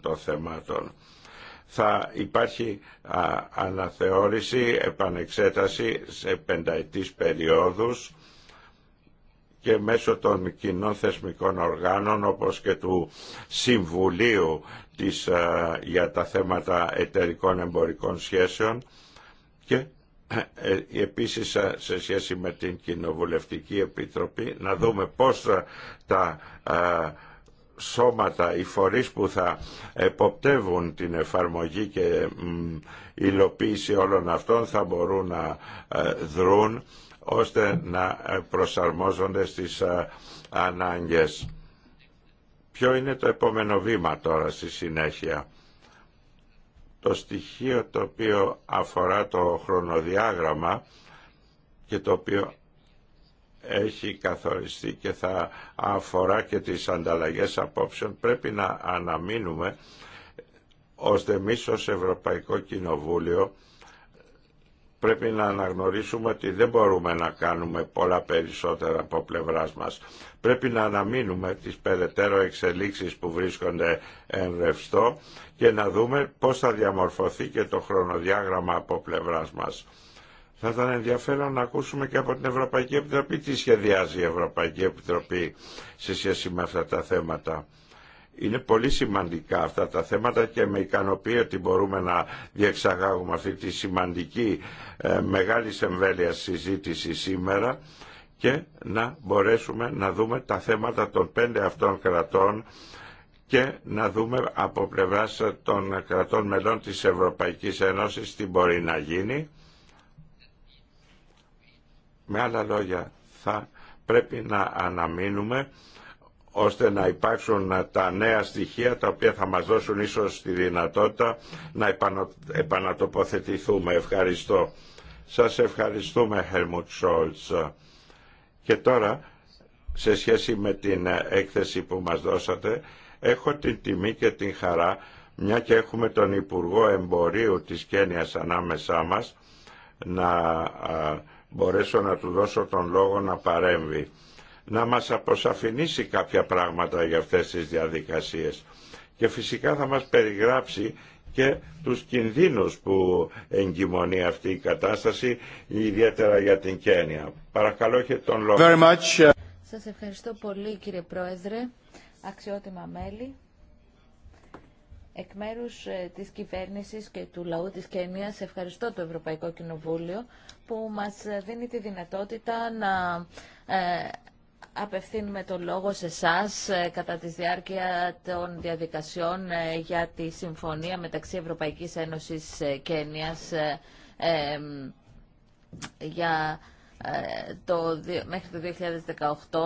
των θεμάτων θα υπάρχει αναθεώρηση, επανεξέταση σε πενταετής περιόδους και μέσω των κοινών θεσμικών οργάνων όπως και του Συμβουλίου της, για τα θέματα εταιρικών εμπορικών σχέσεων και ε, ε, επίσης σε σχέση με την Κοινοβουλευτική Επιτροπή να δούμε πώς τα σώματα, οι φορείς που θα εποπτεύουν την εφαρμογή και υλοποίηση όλων αυτών θα μπορούν να ε, δρούν ώστε να ε, προσαρμόζονται στις ε, ανάγκες. Ποιο είναι το επόμενο βήμα τώρα στη συνέχεια. Το στοιχείο το οποίο αφορά το χρονοδιάγραμμα και το οποίο έχει καθοριστεί και θα αφορά και τις ανταλλαγές απόψεων πρέπει να αναμείνουμε ώστε εμεί ω Ευρωπαϊκό Κοινοβούλιο πρέπει να αναγνωρίσουμε ότι δεν μπορούμε να κάνουμε πολλά περισσότερα από πλευράς μας. Πρέπει να αναμείνουμε τις περαιτέρω εξελίξεις που βρίσκονται εν ρευστό και να δούμε πώς θα διαμορφωθεί και το χρονοδιάγραμμα από πλευράς μας. Θα ήταν ενδιαφέρον να ακούσουμε και από την Ευρωπαϊκή Επιτροπή τι σχεδιάζει η Ευρωπαϊκή Επιτροπή σε σχέση με αυτά τα θέματα. Είναι πολύ σημαντικά αυτά τα θέματα και με ικανοποιεί ότι μπορούμε να διεξαγάγουμε αυτή τη σημαντική ε, μεγάλη εμβέλεια συζήτηση σήμερα και να μπορέσουμε να δούμε τα θέματα των πέντε αυτών κρατών και να δούμε από πλευράς των κρατών μελών της Ευρωπαϊκής Ένωσης τι μπορεί να γίνει με άλλα λόγια, θα πρέπει να αναμείνουμε ώστε να υπάρξουν τα νέα στοιχεία τα οποία θα μας δώσουν ίσως τη δυνατότητα να επανατοποθετηθούμε. Ευχαριστώ. Σας ευχαριστούμε, Helmut Σόλτς. Και τώρα, σε σχέση με την έκθεση που μας δώσατε, έχω την τιμή και την χαρά, μια και έχουμε τον Υπουργό Εμπορίου της Κένιας ανάμεσά μας, να μπορέσω να του δώσω τον λόγο να παρέμβει. Να μας αποσαφηνίσει κάποια πράγματα για αυτές τις διαδικασίες. Και φυσικά θα μας περιγράψει και τους κινδύνους που εγκυμονεί αυτή η κατάσταση, ιδιαίτερα για την Κένια. Παρακαλώ, και τον λόγο. Very Σας ευχαριστώ πολύ κύριε Πρόεδρε, αξιότιμα μέλη. Εκ μέρου ε, της κυβέρνηση και του λαού της Κένιας ευχαριστώ το Ευρωπαϊκό Κοινοβούλιο που μας ε, δίνει τη δυνατότητα να ε, απευθύνουμε το λόγο σε εσά κατά τη διάρκεια των διαδικασιών για τη συμφωνία μεταξύ Ευρωπαϊκής Ένωσης Κένιας ε, για το, μέχρι το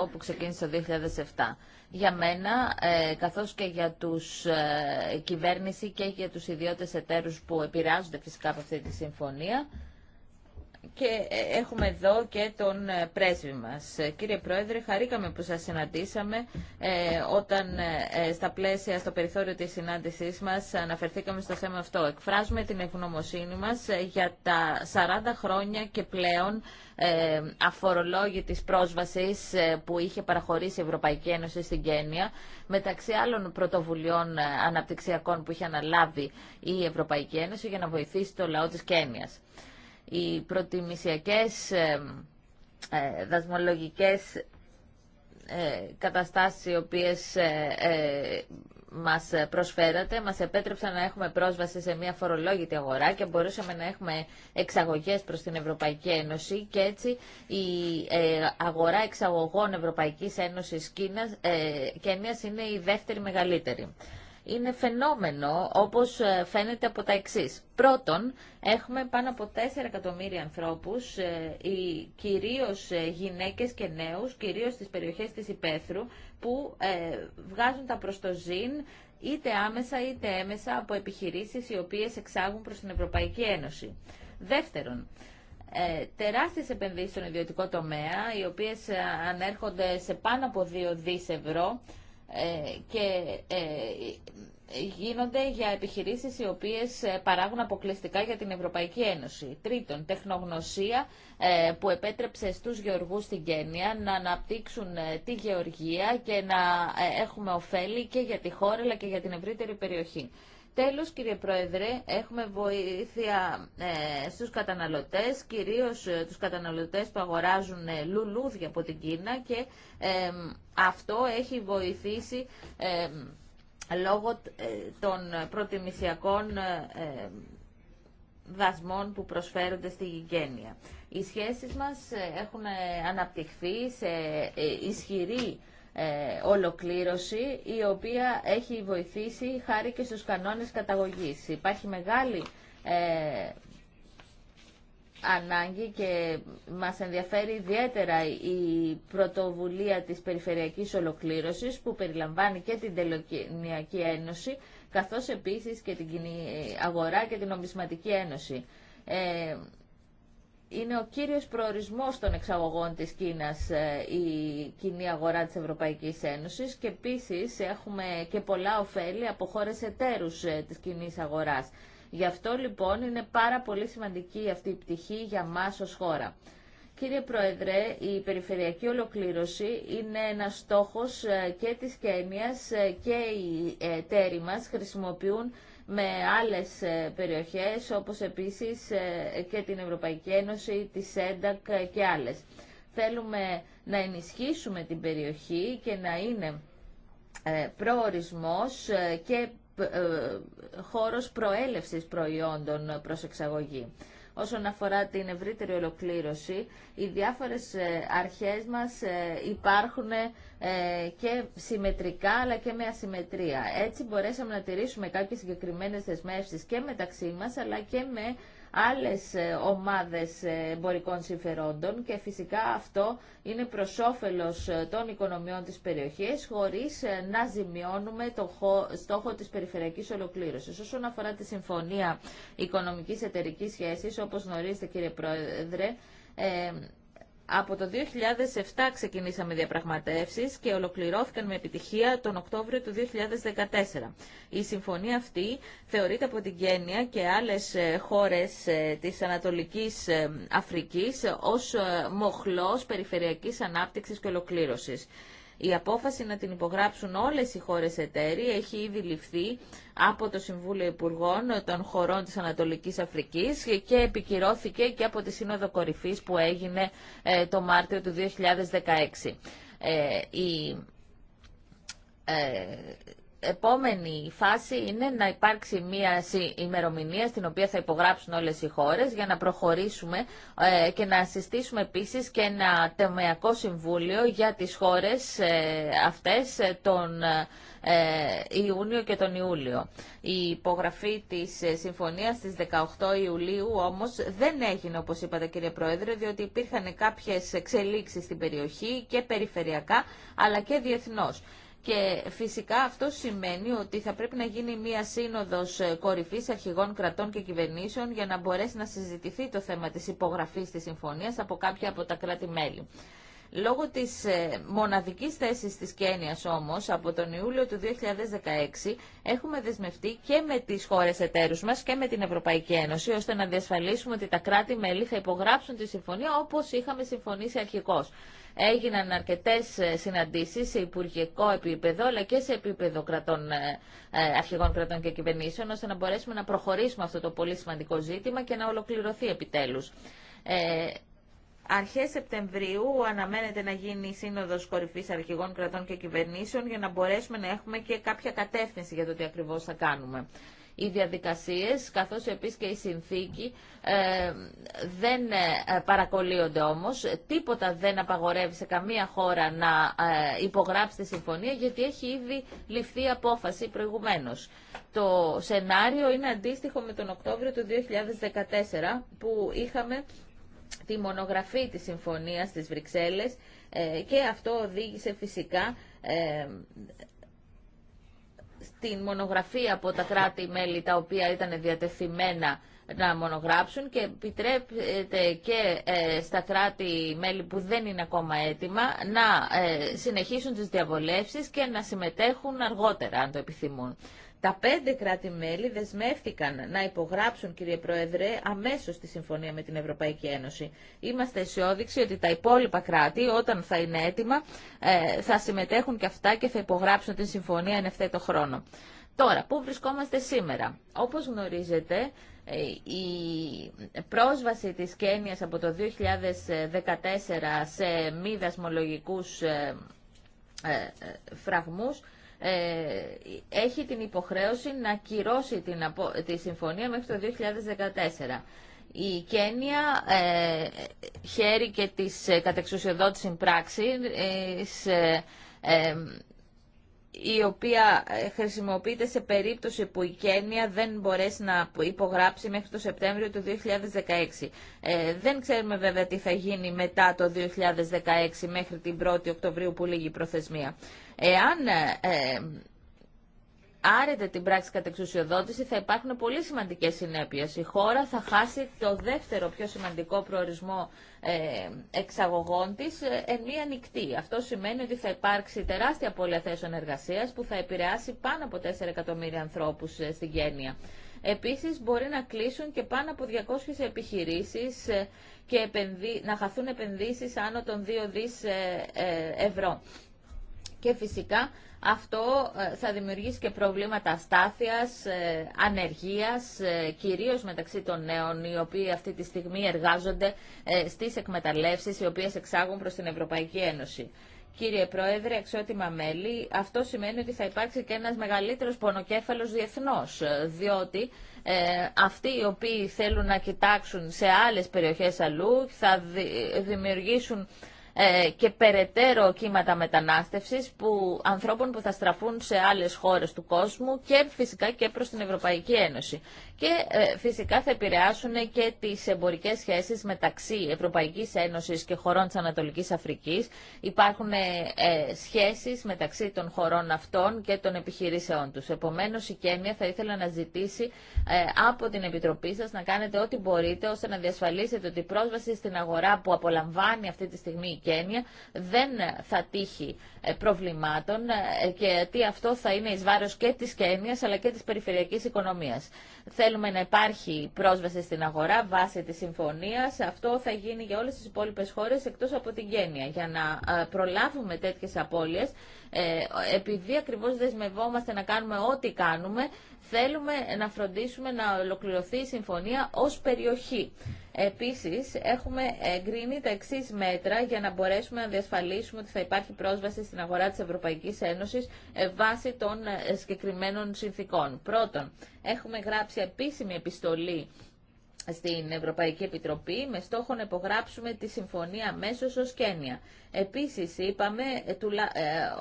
2018 που ξεκίνησε το 2007 για μένα, ε, καθώς και για τους ε, κυβέρνηση και για τους ιδιώτες εταίρους που επηρεάζονται φυσικά από αυτή τη συμφωνία, και ε, έχουμε εδώ και τον ε, πρέσβη μας. Ε, κύριε Πρόεδρε, χαρήκαμε που σας συναντήσαμε όταν στα πλαίσια, στο περιθώριο της συνάντησής μας αναφερθήκαμε στο θέμα αυτό. Εκφράζουμε την ευγνωμοσύνη μας για τα 40 χρόνια και πλέον ε, αφορολόγητης πρόσβασης που είχε παραχωρήσει η Ευρωπαϊκή Ένωση στην Κένια μεταξύ άλλων πρωτοβουλειών αναπτυξιακών που είχε αναλάβει η Ευρωπαϊκή Ένωση για να βοηθήσει το λαό της Κένιας. Οι προτιμησιακές ε, δασμολογικές ε, καταστάσεις οι οποίες ε, μας προσφέρατε, μας επέτρεψαν να έχουμε πρόσβαση σε μια φορολόγητη αγορά και μπορούσαμε να έχουμε εξαγωγές προς την Ευρωπαϊκή Ένωση και έτσι η αγορά εξαγωγών Ευρωπαϊκής Ένωσης Κίνας, ε, είναι η δεύτερη μεγαλύτερη είναι φαινόμενο όπως ε, φαίνεται από τα εξής. Πρώτον, έχουμε πάνω από 4 εκατομμύρια ανθρώπους, ε, οι, κυρίως ε, γυναίκες και νέους, κυρίως στις περιοχές της Υπέθρου, που βγάζουν τα προστοζήν είτε άμεσα είτε έμεσα από επιχειρήσεις οι οποίες εξάγουν προς την Ευρωπαϊκή Ένωση. Δεύτερον, ε, τεράστιες επενδύσεις στον ιδιωτικό τομέα, οι οποίες ανέρχονται σε πάνω από 2 δις ευρώ, ε, και ε, γίνονται για επιχειρήσεις οι οποίες ε, παράγουν αποκλειστικά για την Ευρωπαϊκή Ένωση. Τρίτον, τεχνογνωσία που επέτρεψε στους γεωργούς στην Κένια να αναπτύξουν τη γεωργία και να έχουμε ωφέλη και για τη χώρα αλλά και για την ευρύτερη περιοχή. Τέλος, κύριε Πρόεδρε, έχουμε βοήθεια ε, στους καταναλωτές, κυρίως ε, τους καταναλωτές που αγοράζουν ε, λουλούδια από την Κίνα και ε, αυτό έχει βοηθήσει ε, λόγω των προτιμησιακών δασμών που προσφέρονται στη γηγένεια. Οι σχέσεις μας έχουν αναπτυχθεί σε ισχυρή ε, ολοκλήρωση η οποία έχει βοηθήσει χάρη και στους κανόνες καταγωγής. Υπάρχει μεγάλη ε, ανάγκη και μας ενδιαφέρει ιδιαίτερα η πρωτοβουλία της περιφερειακής ολοκλήρωσης που περιλαμβάνει και την Τελωνιακή Ένωση καθώς επίσης και την Κοινή Αγορά και την Νομισματική Ένωση. Ε, είναι ο κύριος προορισμός των εξαγωγών της Κίνας ε, η κοινή αγορά της Ευρωπαϊκής Ένωσης και επίση έχουμε και πολλά ωφέλη από χώρες εταίρους ε, της κοινή αγοράς. Γι' αυτό λοιπόν είναι πάρα πολύ σημαντική αυτή η πτυχή για μας ως χώρα. Κύριε Πρόεδρε, η περιφερειακή ολοκλήρωση είναι ένας στόχος ε, και της Κένιας και οι εταίροι μας χρησιμοποιούν με άλλες ε, περιοχές, όπως επίσης ε, και την Ευρωπαϊκή Ένωση, τη ΣΕΝΤΑΚ ε, και άλλες. Θέλουμε να ενισχύσουμε την περιοχή και να είναι προορισμός και χώρος προέλευσης προϊόντων προς εξαγωγή όσον αφορά την ευρύτερη ολοκλήρωση. Οι διάφορες ε, αρχές μας ε, υπάρχουν ε, και συμμετρικά αλλά και με ασυμμετρία. Έτσι μπορέσαμε να τηρήσουμε κάποιες συγκεκριμένες δεσμεύσεις και μεταξύ μας αλλά και με άλλες ε, ομάδες ε, εμπορικών συμφερόντων και φυσικά αυτό είναι προσόφελος όφελος ε, των οικονομιών της περιοχής χωρίς να ζημιώνουμε το στόχο της περιφερειακής ολοκλήρωσης. Όσον αφορά τη Συμφωνία Οικονομικής Εταιρικής Σχέσης, όπως γνωρίζετε κύριε Πρόεδρε, από το 2007 ξεκινήσαμε διαπραγματεύσεις και ολοκληρώθηκαν με επιτυχία τον Οκτώβριο του 2014. Η συμφωνία αυτή θεωρείται από την Κένια και άλλες ε, χώρες ε, της Ανατολικής ε, Αφρικής ως μοχλός περιφερειακής ανάπτυξης και ολοκλήρωσης. Η απόφαση να την υπογράψουν όλες οι χώρες εταίροι έχει ήδη ληφθεί από το Συμβούλιο Υπουργών των χωρών της Ανατολικής Αφρικής και επικυρώθηκε και από τη Σύνοδο Κορυφής που έγινε ε, το Μάρτιο του 2016. Ε, η ε, επόμενη φάση είναι να υπάρξει μια ημερομηνία στην οποία θα υπογράψουν όλες οι χώρες για να προχωρήσουμε ε, και να συστήσουμε επίσης και ένα τεμεακό συμβούλιο για τις χώρες ε, αυτές ε, τον Ιούνιο και τον Ιούλιο. Η υπογραφή της συμφωνίας στις 18 Ιουλίου όμως δεν έγινε όπως είπατε κύριε Πρόεδρε διότι υπήρχαν κάποιες εξελίξεις στην περιοχή και περιφερειακά αλλά και διεθνώς. Και φυσικά αυτό σημαίνει ότι θα πρέπει να γίνει μία σύνοδος ε, κορυφής αρχηγών κρατών και κυβερνήσεων για να μπορέσει να συζητηθεί το θέμα της υπογραφής της συμφωνίας από κάποια από τα κράτη-μέλη. Λόγω της ε, μοναδικής θέσης της Κένιας όμως, από τον Ιούλιο του 2016, έχουμε δεσμευτεί και με τις χώρες εταίρους μας και με την Ευρωπαϊκή Ένωση, ώστε να διασφαλίσουμε ότι τα κράτη-μέλη θα υπογράψουν τη συμφωνία όπως είχαμε συμφωνήσει αρχικώς. Έγιναν αρκετές ε, συναντήσεις σε υπουργικό επίπεδο αλλά και σε επίπεδο κρατών, ε, ε, αρχηγών κρατών και κυβερνήσεων ώστε να μπορέσουμε να προχωρήσουμε αυτό το πολύ σημαντικό ζήτημα και να ολοκληρωθεί επιτέλους. Αρχές Σεπτεμβρίου αναμένεται να γίνει η Σύνοδος Κορυφής Αρχηγών Κρατών και Κυβερνήσεων για να μπορέσουμε να έχουμε και κάποια κατεύθυνση για το τι ακριβώς θα κάνουμε οι διαδικασίες καθώς επίσης και η συνθήκη ε, δεν ε, παρακολύονται όμως. Τίποτα δεν απαγορεύει σε καμία χώρα να ε, υπογράψει τη συμφωνία γιατί έχει ήδη ληφθεί απόφαση προηγουμένως. Το σενάριο είναι αντίστοιχο με τον Οκτώβριο του 2014 που είχαμε τη μονογραφή της συμφωνίας στις Βρυξέλλες και αυτό οδήγησε φυσικά την μονογραφία από τα κράτη-μέλη τα οποία ήταν διατεθειμένα να μονογράψουν και επιτρέπεται και ε, στα κράτη-μέλη που δεν είναι ακόμα έτοιμα να ε, συνεχίσουν τις διαβολεύσεις και να συμμετέχουν αργότερα αν το επιθυμούν. Τα πέντε κράτη-μέλη δεσμεύτηκαν να υπογράψουν, κύριε Πρόεδρε, αμέσως τη συμφωνία με την Ευρωπαϊκή Ένωση. Είμαστε αισιόδοξοι ότι τα υπόλοιπα κράτη, όταν θα είναι έτοιμα, ε, θα συμμετέχουν και αυτά και θα υπογράψουν την συμφωνία εν ευθέτω χρόνο. Τώρα, πού βρισκόμαστε σήμερα. Όπως γνωρίζετε, ε, η πρόσβαση της Κένιας από το 2014 σε μη δασμολογικούς ε, φραγμούς ε, έχει την υποχρέωση να κυρώσει την τη συμφωνία μέχρι το 2014. Η Κένια ε, χαίρει και της ε, κατεξουσιοδότησης πράξης, ε, ε η οποία ε, χρησιμοποιείται σε περίπτωση που η Κένια δεν μπορέσει να υπογράψει μέχρι το Σεπτέμβριο του 2016. Ε, δεν ξέρουμε βέβαια τι θα γίνει μετά το 2016 μέχρι την 1η Οκτωβρίου που λύγει η προθεσμία. Εάν ε, ε άρετε την πράξη εξουσιοδότηση θα υπάρχουν πολύ σημαντικές συνέπειες. Η χώρα θα χάσει το δεύτερο πιο σημαντικό προορισμό ε, εξαγωγών της ε, εν μία νυχτή. Αυτό σημαίνει ότι θα υπάρξει τεράστια πόλια θέσεων εργασίας που θα επηρεάσει πάνω από 4 εκατομμύρια ανθρώπους στην γένεια. Επίσης μπορεί να κλείσουν και πάνω από 200 επιχειρήσεις και να χαθούν επενδύσεις άνω των 2 δις ευρώ. Και φυσικά αυτό ε, θα δημιουργήσει και προβλήματα αστάθειας, ε, ανεργίας, ε, κυρίως μεταξύ των νέων, οι οποίοι αυτή τη στιγμή εργάζονται στις εκμεταλλεύσεις οι οποίες εξάγουν προς την Ευρωπαϊκή Ένωση. Κύριε Πρόεδρε, εξότιμα μέλη, αυτό σημαίνει ότι θα υπάρξει και ένας μεγαλύτερος πονοκέφαλος διεθνώς, διότι αυτοί οι οποίοι θέλουν να κοιτάξουν σε άλλες περιοχές αλλού θα δημιουργήσουν ε, και περαιτέρω κύματα μετανάστευσης που, ανθρώπων που θα στραφούν σε άλλες χώρες του κόσμου και φυσικά και προς την Ευρωπαϊκή Ένωση και ε, φυσικά θα επηρεάσουν και τις εμπορικές σχέσεις μεταξύ Ευρωπαϊκής Ένωσης και χωρών της Ανατολικής Αφρικής. Υπάρχουν ε, ε, σχέσεις μεταξύ των χωρών αυτών και των επιχειρήσεών τους. Επομένως η Κένια θα ήθελα να ζητήσει από την Επιτροπή σας να κάνετε ό,τι μπορείτε ώστε να διασφαλίσετε ότι η πρόσβαση στην αγορά που απολαμβάνει αυτή τη στιγμή η Κένια δεν θα τύχει προβλημάτων και ότι αυτό θα είναι εις βάρος και τη Κένιας αλλά και τη περιφερειακή οικονομία θέλουμε να υπάρχει πρόσβαση στην αγορά βάσει της συμφωνίας, αυτό θα γίνει για όλες τις υπόλοιπες χώρες εκτός από την Κένια. Για να ε, προλάβουμε τέτοιες απώλειες, ε, επειδή ακριβώς δεσμευόμαστε να κάνουμε ό,τι κάνουμε, θέλουμε να φροντίσουμε να ολοκληρωθεί η συμφωνία ως περιοχή. Επίσης, έχουμε εγκρίνει τα εξή μέτρα για να μπορέσουμε να διασφαλίσουμε ότι θα υπάρχει πρόσβαση στην αγορά της Ευρωπαϊκής Ένωσης ε, βάσει των ε, συγκεκριμένων συνθήκων. Πρώτον, έχουμε γράψει επίσημη επιστολή στην Ευρωπαϊκή Επιτροπή με στόχο να υπογράψουμε τη συμφωνία αμέσω ω Κένια. Επίσης είπαμε ε,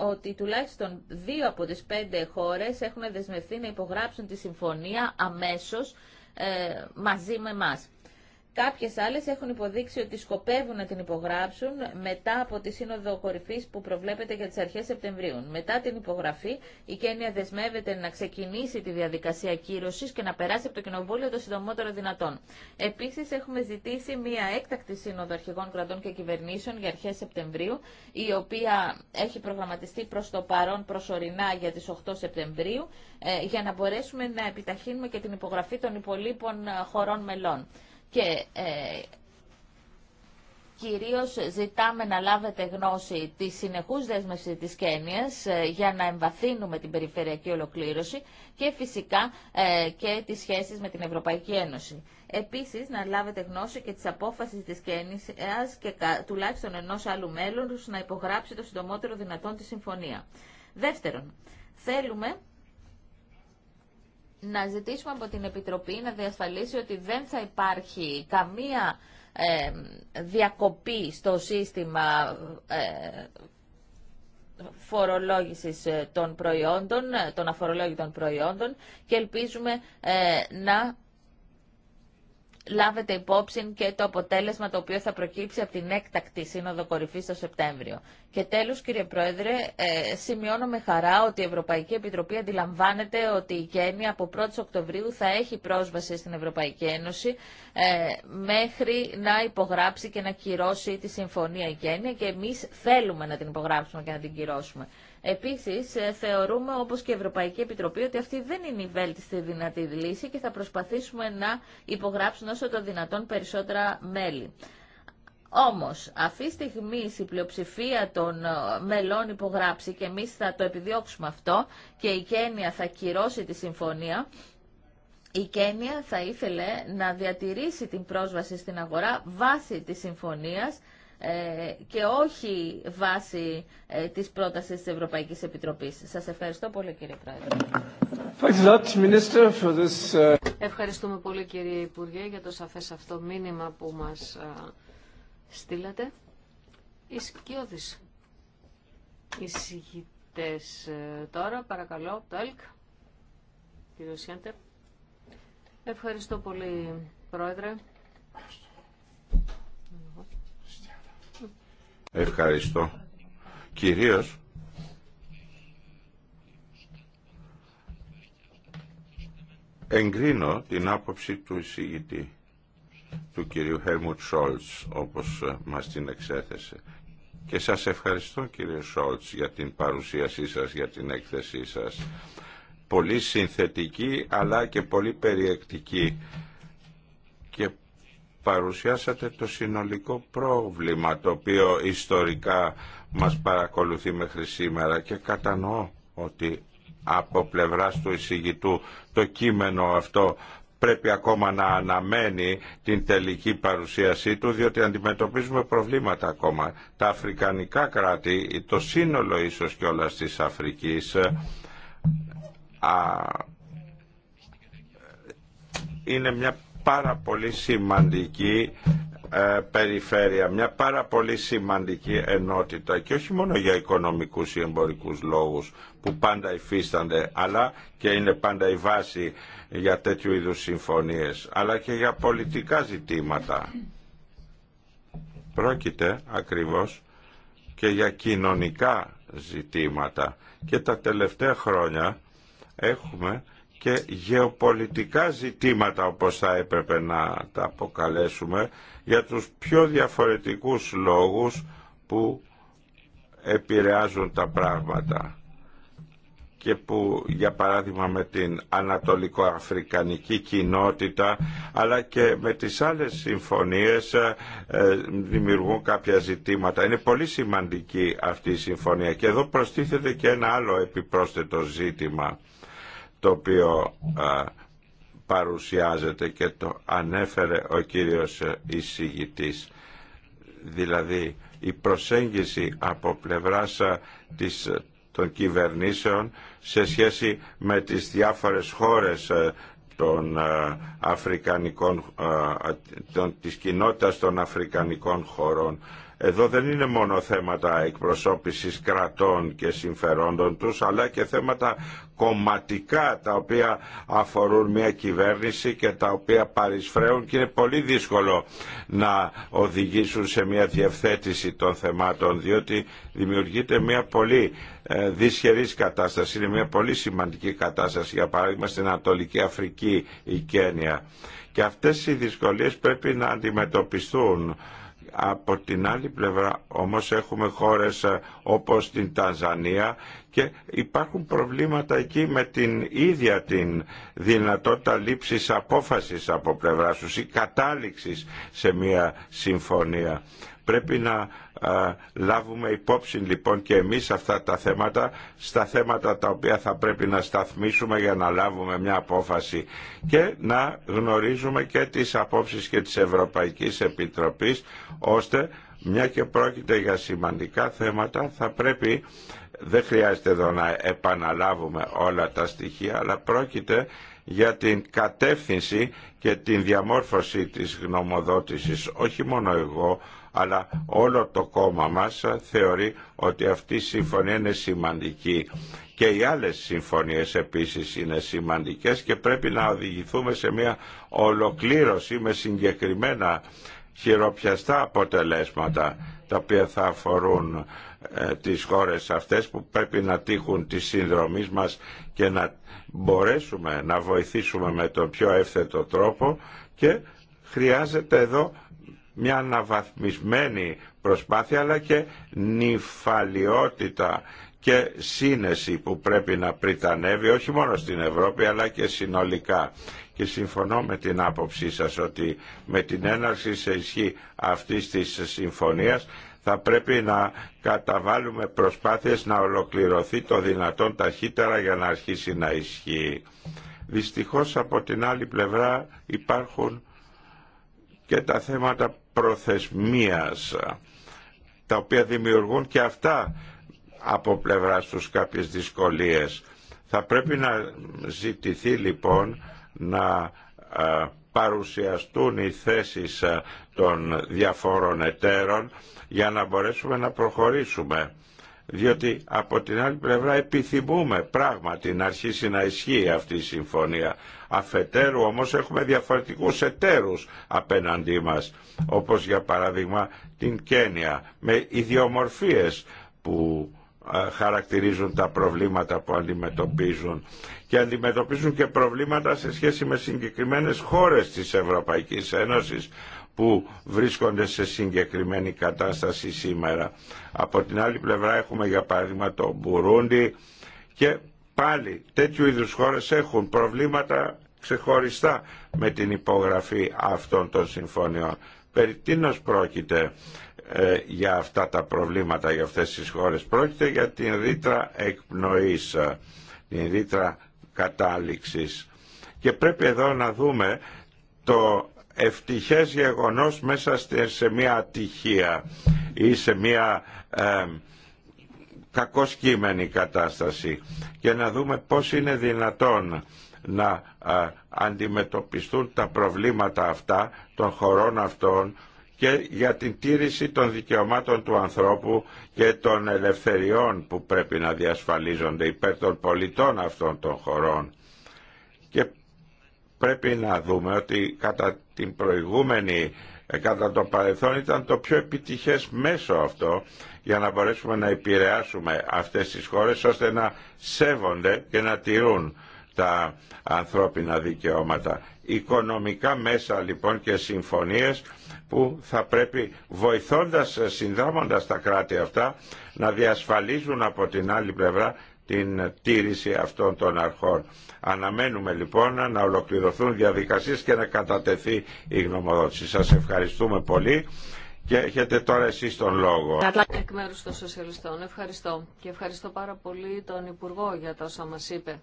ότι τουλάχιστον δύο από τις πέντε χώρες έχουν δεσμευθεί να υπογράψουν τη συμφωνία αμέσως μαζί με εμάς. Κάποιες άλλες έχουν υποδείξει ότι σκοπεύουν να την υπογράψουν μετά από τη Σύνοδο Κορυφής που προβλέπεται για τις αρχές Σεπτεμβρίου. Μετά την υπογραφή, η Κένια δεσμεύεται να ξεκινήσει τη διαδικασία κύρωσης και να περάσει από το Κοινοβούλιο το συντομότερο δυνατόν. Επίσης, έχουμε ζητήσει μια έκτακτη Σύνοδο Αρχηγών Κρατών και Κυβερνήσεων για αρχές Σεπτεμβρίου, η οποία έχει προγραμματιστεί προς το παρόν προσωρινά για τις 8 Σεπτεμβρίου, ε, για να μπορέσουμε να επιταχύνουμε και την υπογραφή των υπολείπων ε, χωρών μελών και ε, κυρίως ζητάμε να λάβετε γνώση της συνεχούς δέσμευσης της Κένιας ε, για να εμβαθύνουμε την περιφερειακή ολοκλήρωση και φυσικά ε, και τις σχέσεις με την Ευρωπαϊκή Ένωση. Επίσης, να λάβετε γνώση και της απόφασης της Κένιας και τουλάχιστον ενός άλλου μέλους να υπογράψει το συντομότερο δυνατόν τη συμφωνία. Δεύτερον, θέλουμε να ζητήσουμε από την Επιτροπή να διασφαλίσει ότι δεν θα υπάρχει καμία διακοπή στο σύστημα ε, φορολόγησης ε, των προϊόντων, ε, των αφορολόγητων προϊόντων και ελπίζουμε ε, να λάβετε υπόψη και το αποτέλεσμα το οποίο θα προκύψει από την έκτακτη Σύνοδο κορυφή το Σεπτέμβριο. Και τέλος, κύριε Πρόεδρε, ε, σημειώνω με χαρά ότι η Ευρωπαϊκή Επιτροπή αντιλαμβάνεται ότι η Γένεια από Οκτωβρίου θα έχει πρόσβαση στην Ευρωπαϊκή Ένωση ε, μέχρι να υπογράψει και να κυρώσει τη Συμφωνία η και εμεί θέλουμε να την υπογράψουμε και να την κυρώσουμε. Επίσης, ε, θεωρούμε, όπω και η Ευρωπαϊκή Επιτροπή, ότι αυτή δεν είναι η βέλτιστη δυνατή λύση και θα προσπαθήσουμε να υπογράψουν όσο το δυνατόν περισσότερα μέλη. Όμως, αυτή τη στιγμή η πλειοψηφία των ε, μελών υπογράψει και εμεί θα το επιδιώξουμε αυτό και η Κένια θα κυρώσει τη συμφωνία, η Κένια θα ήθελε να διατηρήσει την πρόσβαση στην αγορά βάσει της συμφωνίας ε, και όχι βάσει της πρότασης της Ευρωπαϊκής Επιτροπής. Σας ευχαριστώ πολύ κύριε Πρόεδρε. Uh, Ευχαριστούμε πολύ κύριε Υπουργέ για το σαφές αυτό μήνυμα που μας ε, στείλατε. Οι σκιώδεις εισηγητές ε, τώρα, παρακαλώ, το ΕΛΚ, κύριο Ευχαριστώ πολύ, Πρόεδρε. Ευχαριστώ. Κυρίως εγκρίνω την άποψη του εισηγητή του κυρίου Χέρμουτ Σόλτς όπως ε, μας την εξέθεσε. Και σας ευχαριστώ κύριε Σόλτς για την παρουσίασή σας, για την έκθεσή σας. Πολύ συνθετική αλλά και πολύ περιεκτική και παρουσιάσατε το συνολικό πρόβλημα το οποίο ιστορικά μας παρακολουθεί μέχρι σήμερα και κατανοώ ότι από πλευράς του εισηγητού το κείμενο αυτό πρέπει ακόμα να αναμένει την τελική παρουσίασή του διότι αντιμετωπίζουμε προβλήματα ακόμα. Τα αφρικανικά κράτη, το σύνολο ίσως και όλα της Αφρικής είναι μια πάρα πολύ σημαντική ε, περιφέρεια, μια πάρα πολύ σημαντική ενότητα και όχι μόνο για οικονομικούς ή εμπορικούς λόγους που πάντα υφίστανται αλλά και είναι πάντα η βάση για τέτοιου είδους συμφωνίες αλλά και για πολιτικά ζητήματα. Πρόκειται ακριβώς και για κοινωνικά ζητήματα και τα τελευταία χρόνια έχουμε και γεωπολιτικά ζητήματα όπως θα έπρεπε να τα αποκαλέσουμε για τους πιο διαφορετικούς λόγους που επηρεάζουν τα πράγματα και που για παράδειγμα με την Ανατολικοαφρικανική κοινότητα αλλά και με τις άλλες συμφωνίες ε, δημιουργούν κάποια ζητήματα. Είναι πολύ σημαντική αυτή η συμφωνία και εδώ προστίθεται και ένα άλλο επιπρόσθετο ζήτημα το οποίο παρουσιάζεται και το ανέφερε ο κύριος εισηγητής. Δηλαδή η προσέγγιση από πλευράς της, των κυβερνήσεων σε σχέση με τις διάφορες χώρες των αφρικανικών, των, της κοινότητας των αφρικανικών χωρών εδώ δεν είναι μόνο θέματα εκπροσώπησης κρατών και συμφερόντων τους, αλλά και θέματα κομματικά τα οποία αφορούν μια κυβέρνηση και τα οποία παρισφρέουν και είναι πολύ δύσκολο να οδηγήσουν σε μια διευθέτηση των θεμάτων, διότι δημιουργείται μια πολύ ε, δυσχερής κατάσταση, είναι μια πολύ σημαντική κατάσταση, για παράδειγμα στην Ανατολική Αφρική, η Κένια. Και αυτές οι δυσκολίες πρέπει να αντιμετωπιστούν από την άλλη πλευρά όμως έχουμε χώρες ε, όπως την Τανζανία και υπάρχουν προβλήματα εκεί με την ίδια την δυνατότητα λήψης απόφασης από πλευρά τους ή κατάληξης σε μια συμφωνία. Πρέπει να λάβουμε υπόψη λοιπόν και εμείς αυτά τα θέματα στα θέματα τα οποία θα πρέπει να σταθμίσουμε για να λάβουμε μια απόφαση και να γνωρίζουμε και τις απόψεις και της Ευρωπαϊκής Επιτροπής ώστε μια και πρόκειται για σημαντικά θέματα θα πρέπει δεν χρειάζεται εδώ να επαναλάβουμε όλα τα στοιχεία αλλά πρόκειται για την κατεύθυνση και την διαμόρφωση της γνωμοδότησης όχι μόνο εγώ αλλά όλο το κόμμα μας θεωρεί ότι αυτή η συμφωνία είναι σημαντική και οι άλλες συμφωνίες επίσης είναι σημαντικές και πρέπει να οδηγηθούμε σε μια ολοκλήρωση με συγκεκριμένα χειροπιαστά αποτελέσματα τα οποία θα αφορούν ε, τις χώρες αυτές που πρέπει να τύχουν τις συνδρομή μας και να μπορέσουμε να βοηθήσουμε με τον πιο εύθετο τρόπο και χρειάζεται εδώ μια αναβαθμισμένη προσπάθεια αλλά και νυφαλιότητα και σύνεση που πρέπει να πριτανεύει όχι μόνο στην Ευρώπη αλλά και συνολικά. Και συμφωνώ με την άποψή σας ότι με την έναρξη σε ισχύ αυτής της συμφωνίας θα πρέπει να καταβάλουμε προσπάθειες να ολοκληρωθεί το δυνατόν ταχύτερα για να αρχίσει να ισχύει. Δυστυχώς από την άλλη πλευρά υπάρχουν και τα θέματα προθεσμίας τα οποία δημιουργούν και αυτά από πλευρά τους κάποιες δυσκολίες. Θα πρέπει να ζητηθεί λοιπόν να παρουσιαστούν οι θέσεις των διαφόρων εταίρων για να μπορέσουμε να προχωρήσουμε διότι από την άλλη πλευρά επιθυμούμε πράγματι να αρχίσει να ισχύει αυτή η συμφωνία. Αφετέρου όμως έχουμε διαφορετικούς εταίρους απέναντί μας, όπως για παράδειγμα την Κένια, με ιδιομορφίες που ε, χαρακτηρίζουν τα προβλήματα που αντιμετωπίζουν και αντιμετωπίζουν και προβλήματα σε σχέση με συγκεκριμένες χώρες της Ευρωπαϊκής Ένωσης που βρίσκονται σε συγκεκριμένη κατάσταση σήμερα. Από την άλλη πλευρά έχουμε για παράδειγμα το Μπουρούντι και πάλι τέτοιου είδους χώρες έχουν προβλήματα ξεχωριστά με την υπογραφή αυτών των συμφωνιών. Περί τίνος πρόκειται ε, για αυτά τα προβλήματα για αυτές τις χώρες. Πρόκειται για την ρήτρα εκπνοής, ε, την ρήτρα κατάληξης. Και πρέπει εδώ να δούμε το ευτυχές γεγονός μέσα σε μια ατυχία ή σε μια ε, κατάσταση και να δούμε πώς είναι δυνατόν να ε, αντιμετωπιστούν τα προβλήματα αυτά των χωρών αυτών και για την τήρηση των δικαιωμάτων του ανθρώπου και των ελευθεριών που πρέπει να διασφαλίζονται υπέρ των πολιτών αυτών των χωρών. Και πρέπει να δούμε ότι κατά την προηγούμενη ε, κατά το παρελθόν ήταν το πιο επιτυχές μέσο αυτό για να μπορέσουμε να επηρεάσουμε αυτές τις χώρες ώστε να σέβονται και να τηρούν τα ανθρώπινα δικαιώματα. Οικονομικά μέσα λοιπόν και συμφωνίες που θα πρέπει βοηθώντας, συνδράμοντας τα κράτη αυτά να διασφαλίζουν από την άλλη πλευρά την τήρηση αυτών των αρχών. Αναμένουμε λοιπόν να ολοκληρωθούν διαδικασίες και να κατατεθεί η γνωμοδότηση. Σας ευχαριστούμε πολύ και έχετε τώρα εσείς τον λόγο. Εκ μέρους των Σοσιαλιστών, ευχαριστώ. Και ευχαριστώ πάρα πολύ τον Υπουργό για τα όσα μας είπε.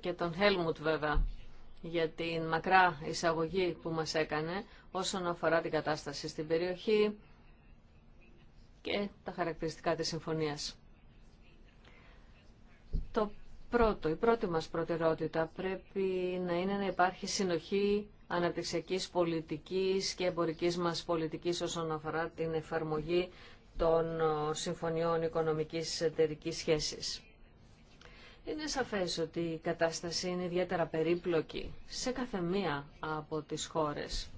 Και τον Χέλμουτ βέβαια για την μακρά εισαγωγή που μας έκανε όσον αφορά την κατάσταση στην περιοχή, και τα χαρακτηριστικά της συμφωνίας. Το πρώτο, η πρώτη μας προτεραιότητα πρέπει να είναι να υπάρχει συνοχή αναπτυξιακής πολιτικής και εμπορικής μας πολιτικής όσον αφορά την εφαρμογή των συμφωνιών οικονομικής εταιρική σχέσης. Είναι σαφές ότι η κατάσταση είναι ιδιαίτερα περίπλοκη σε κάθε μία από τις χώρες.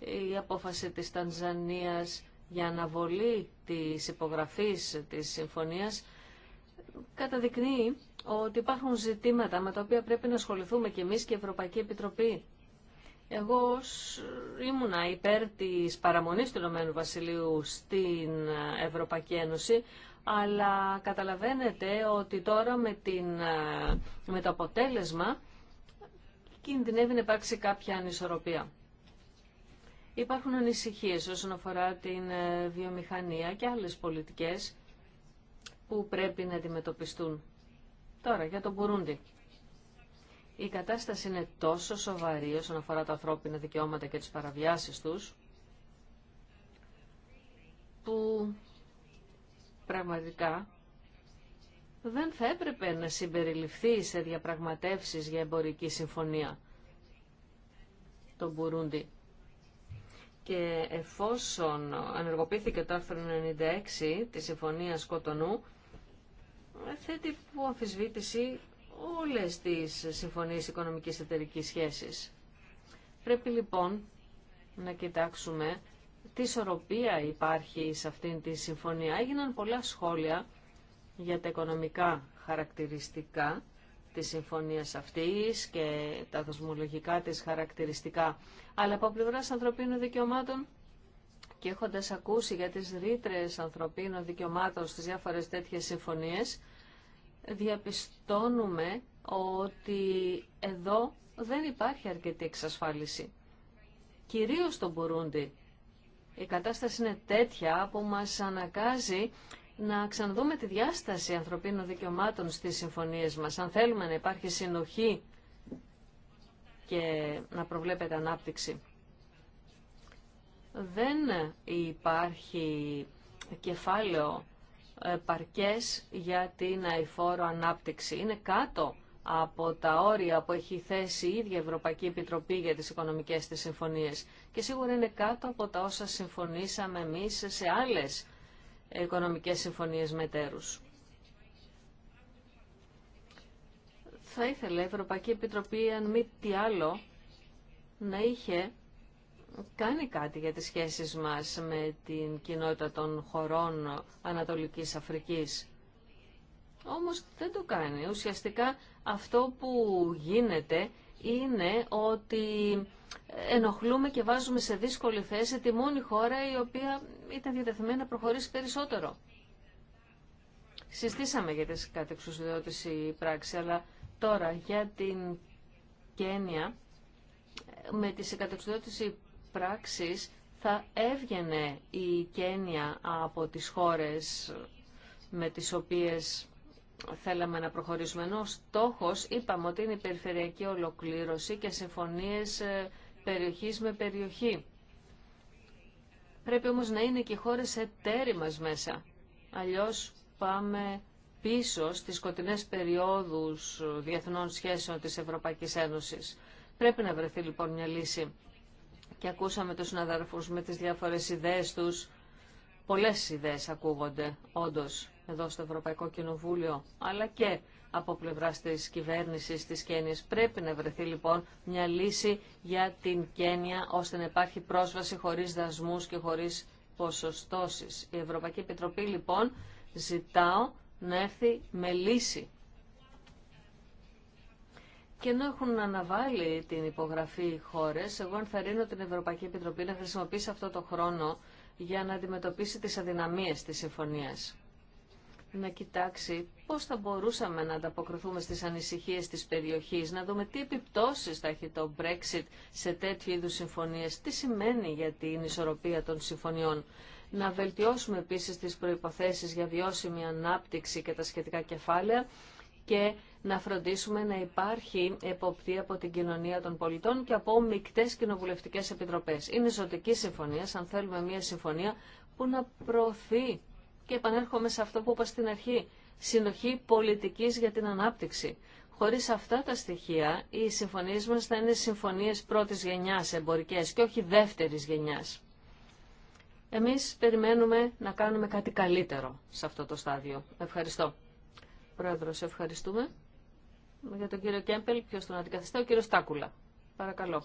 η απόφαση της Τανζανίας για αναβολή της υπογραφής της συμφωνίας καταδεικνύει ότι υπάρχουν ζητήματα με τα οποία πρέπει να ασχοληθούμε και εμείς και η Ευρωπαϊκή Επιτροπή. Εγώ ήμουνα υπέρ της παραμονής του Ηνωμένου Βασιλείου στην Ευρωπαϊκή Ένωση, αλλά καταλαβαίνετε ότι τώρα με, την, με το αποτέλεσμα κινδυνεύει να υπάρξει κάποια ανισορροπία. Υπάρχουν ανησυχίες όσον αφορά την ε, βιομηχανία και άλλες πολιτικές που πρέπει να αντιμετωπιστούν. Τώρα, για τον Μπουρούντι. Η κατάσταση είναι τόσο σοβαρή όσον αφορά τα ανθρώπινα δικαιώματα και τις παραβιάσεις τους, που πραγματικά δεν θα έπρεπε να συμπεριληφθεί σε διαπραγματεύσεις για εμπορική συμφωνία το Μπουρούντι και εφόσον ανεργοποιήθηκε το άρθρο 96 της Συμφωνίας Κοτονού, ε, θέτει που αμφισβήτηση όλες τις συμφωνίες οικονομικής εταιρικής σχέσης. Πρέπει λοιπόν να κοιτάξουμε τι ισορροπία υπάρχει σε αυτήν τη συμφωνία. Έγιναν πολλά σχόλια για τα οικονομικά χαρακτηριστικά της συμφωνίας αυτής και τα δοσμολογικά της χαρακτηριστικά. Αλλά από πλευρά ανθρωπίνων δικαιωμάτων και έχοντας ακούσει για τις ρήτρε ανθρωπίνων δικαιωμάτων στις διάφορες τέτοιες συμφωνίες, διαπιστώνουμε ότι εδώ δεν υπάρχει αρκετή εξασφάλιση. Κυρίως στον Μπουρούντι. Η κατάσταση είναι τέτοια που μας αναγκάζει να ξαναδούμε τη διάσταση ανθρωπίνων δικαιωμάτων στις συμφωνίες μας. Αν θέλουμε να υπάρχει συνοχή και να προβλέπεται ανάπτυξη. Δεν υπάρχει κεφάλαιο ε, παρκές για την αηφόρο ανάπτυξη. Είναι κάτω από τα όρια που έχει θέσει η ίδια Ευρωπαϊκή Επιτροπή για τις οικονομικές της συμφωνίες. Και σίγουρα είναι κάτω από τα όσα συμφωνήσαμε εμείς σε άλλες οικονομικές συμφωνίες με Θα ήθελε η Ευρωπαϊκή Επιτροπή, αν μη τι άλλο, να είχε κάνει κάτι για τις σχέσεις μας με την κοινότητα των χωρών Ανατολικής Αφρικής. Όμως δεν το κάνει. Ουσιαστικά αυτό που γίνεται είναι ότι ενοχλούμε και βάζουμε σε δύσκολη θέση τη μόνη χώρα η οποία ήταν διατεθειμένη να προχωρήσει περισσότερο. Συστήσαμε για τις κατεξουσιοδότηση πράξη, αλλά τώρα για την Κένια, με τη κατεξουσιοδότηση πράξης θα έβγαινε η Κένια από τις χώρες με τις οποίες θέλαμε να προχωρήσουμε. Ενώ στόχος είπαμε ότι είναι η περιφερειακή ολοκλήρωση και συμφωνίε ε, περιοχής με περιοχή. Πρέπει όμως να είναι και οι χώρες εταίροι μας μέσα. Αλλιώς πάμε πίσω στις σκοτεινές περιόδους ε, διεθνών σχέσεων της Ευρωπαϊκής Ένωσης. Πρέπει να βρεθεί λοιπόν μια λύση. Και ακούσαμε τους συναδαρφούς με τις διάφορες ιδέες τους Πολλές ιδέες ακούγονται όντως εδώ στο Ευρωπαϊκό Κοινοβούλιο, αλλά και από πλευρά τη κυβέρνηση τη Κένια. Πρέπει να βρεθεί λοιπόν μια λύση για την Κένια, ώστε να υπάρχει πρόσβαση χωρί δασμού και χωρί ποσοστώσει. Η Ευρωπαϊκή Επιτροπή λοιπόν ζητάω να έρθει με λύση. Και ενώ έχουν αναβάλει την υπογραφή οι χώρες, εγώ ενθαρρύνω την Ευρωπαϊκή Επιτροπή να χρησιμοποιήσει αυτό το χρόνο για να αντιμετωπίσει τις αδυναμίες της συμφωνίας. Να κοιτάξει πώς θα μπορούσαμε να ανταποκριθούμε στις ανησυχίες της περιοχής, να δούμε τι επιπτώσεις θα έχει το Brexit σε τέτοιου είδους συμφωνίες, τι σημαίνει για την ισορροπία των συμφωνιών. Να βελτιώσουμε επίσης τις προϋποθέσεις για βιώσιμη ανάπτυξη και τα σχετικά κεφάλαια και να φροντίσουμε να υπάρχει εποπτεία από την κοινωνία των πολιτών και από μικτές κοινοβουλευτικέ επιτροπές. Είναι ζωτική συμφωνία, αν θέλουμε μια συμφωνία που να προωθεί και επανέρχομαι σε αυτό που είπα στην αρχή, συνοχή πολιτικής για την ανάπτυξη. Χωρί αυτά τα στοιχεία, οι συμφωνίε μα θα είναι συμφωνίε πρώτη γενιά, εμπορικέ και όχι δεύτερη γενιά. Εμείς περιμένουμε να κάνουμε κάτι καλύτερο σε αυτό το στάδιο. Ευχαριστώ σε ευχαριστούμε. Για τον κύριο Κέμπελ, ποιος τον αντικαθιστά, ο κύριο Στάκουλα. Παρακαλώ.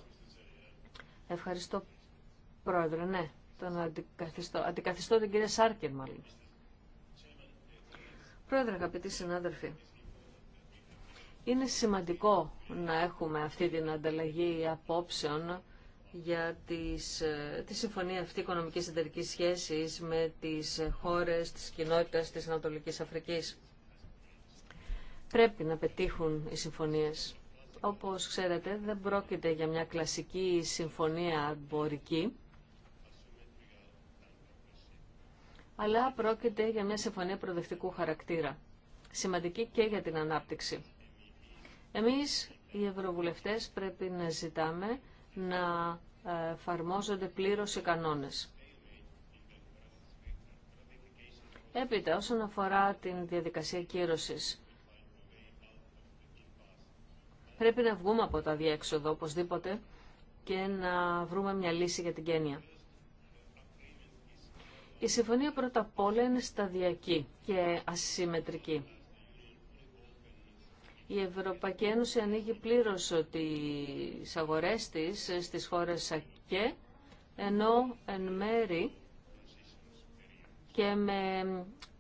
Ευχαριστώ, Πρόεδρε, ναι, τον αντικαθιστώ. Αντικαθιστώ την κυρία Σάρκερ, μάλλον. Πρόεδρε, αγαπητοί συνάδελφοι, είναι σημαντικό να έχουμε αυτή την ανταλλαγή απόψεων για τις, τη συμφωνία αυτή οικονομικής εταιρικής σχέσης με τις χώρες τη κοινότητα της Ανατολικής Αφρικής πρέπει να πετύχουν οι συμφωνίες. Όπως ξέρετε, δεν πρόκειται για μια κλασική συμφωνία μπορική, αλλά πρόκειται για μια συμφωνία προοδευτικού χαρακτήρα, σημαντική και για την ανάπτυξη. Εμείς, οι ευρωβουλευτές, πρέπει να ζητάμε να εφαρμόζονται πλήρως οι κανόνες. Έπειτα, όσον αφορά την διαδικασία κύρωσης, Πρέπει να βγούμε από τα διέξοδο οπωσδήποτε και να βρούμε μια λύση για την Κένια. Η συμφωνία πρώτα απ' όλα είναι σταδιακή και ασυμμετρική. Η Ευρωπαϊκή Ένωση ανοίγει πλήρως τις αγορές της στις χώρες ΑΚΕ, ενώ εν μέρη και με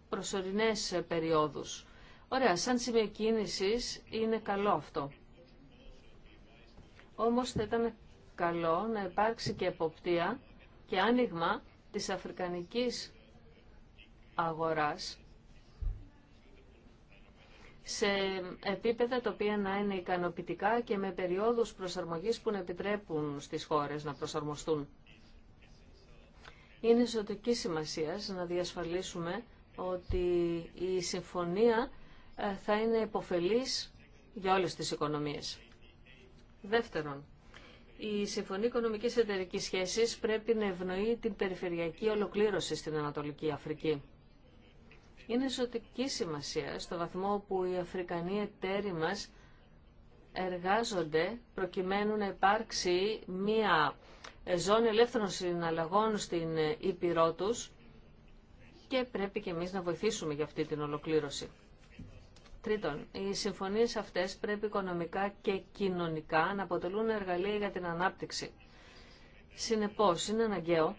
προσωρινές περιόδους. Ωραία, σαν σημείο κίνησης είναι καλό αυτό. Όμως θα ήταν καλό να υπάρξει και εποπτεία και άνοιγμα της αφρικανικής αγοράς σε επίπεδα τα οποία να είναι ικανοποιητικά και με περιόδους προσαρμογής που να επιτρέπουν στις χώρες να προσαρμοστούν. Είναι ζωτική σημασία να διασφαλίσουμε ότι η συμφωνία ε, θα είναι υποφελής για όλες τις οικονομίες. Δεύτερον, η Συμφωνία Οικονομική Εταιρική Σχέση πρέπει να ευνοεί την περιφερειακή ολοκλήρωση στην Ανατολική Αφρική. Είναι ζωτική σημασία στο βαθμό που οι Αφρικανοί εταίροι μα εργάζονται προκειμένου να υπάρξει μία ζώνη ελεύθερων συναλλαγών στην Ήπειρό τους και πρέπει και εμείς να βοηθήσουμε για αυτή την ολοκλήρωση. Τρίτον, οι συμφωνίες αυτές πρέπει οικονομικά και κοινωνικά να αποτελούν εργαλεία για την ανάπτυξη. Συνεπώς, είναι αναγκαίο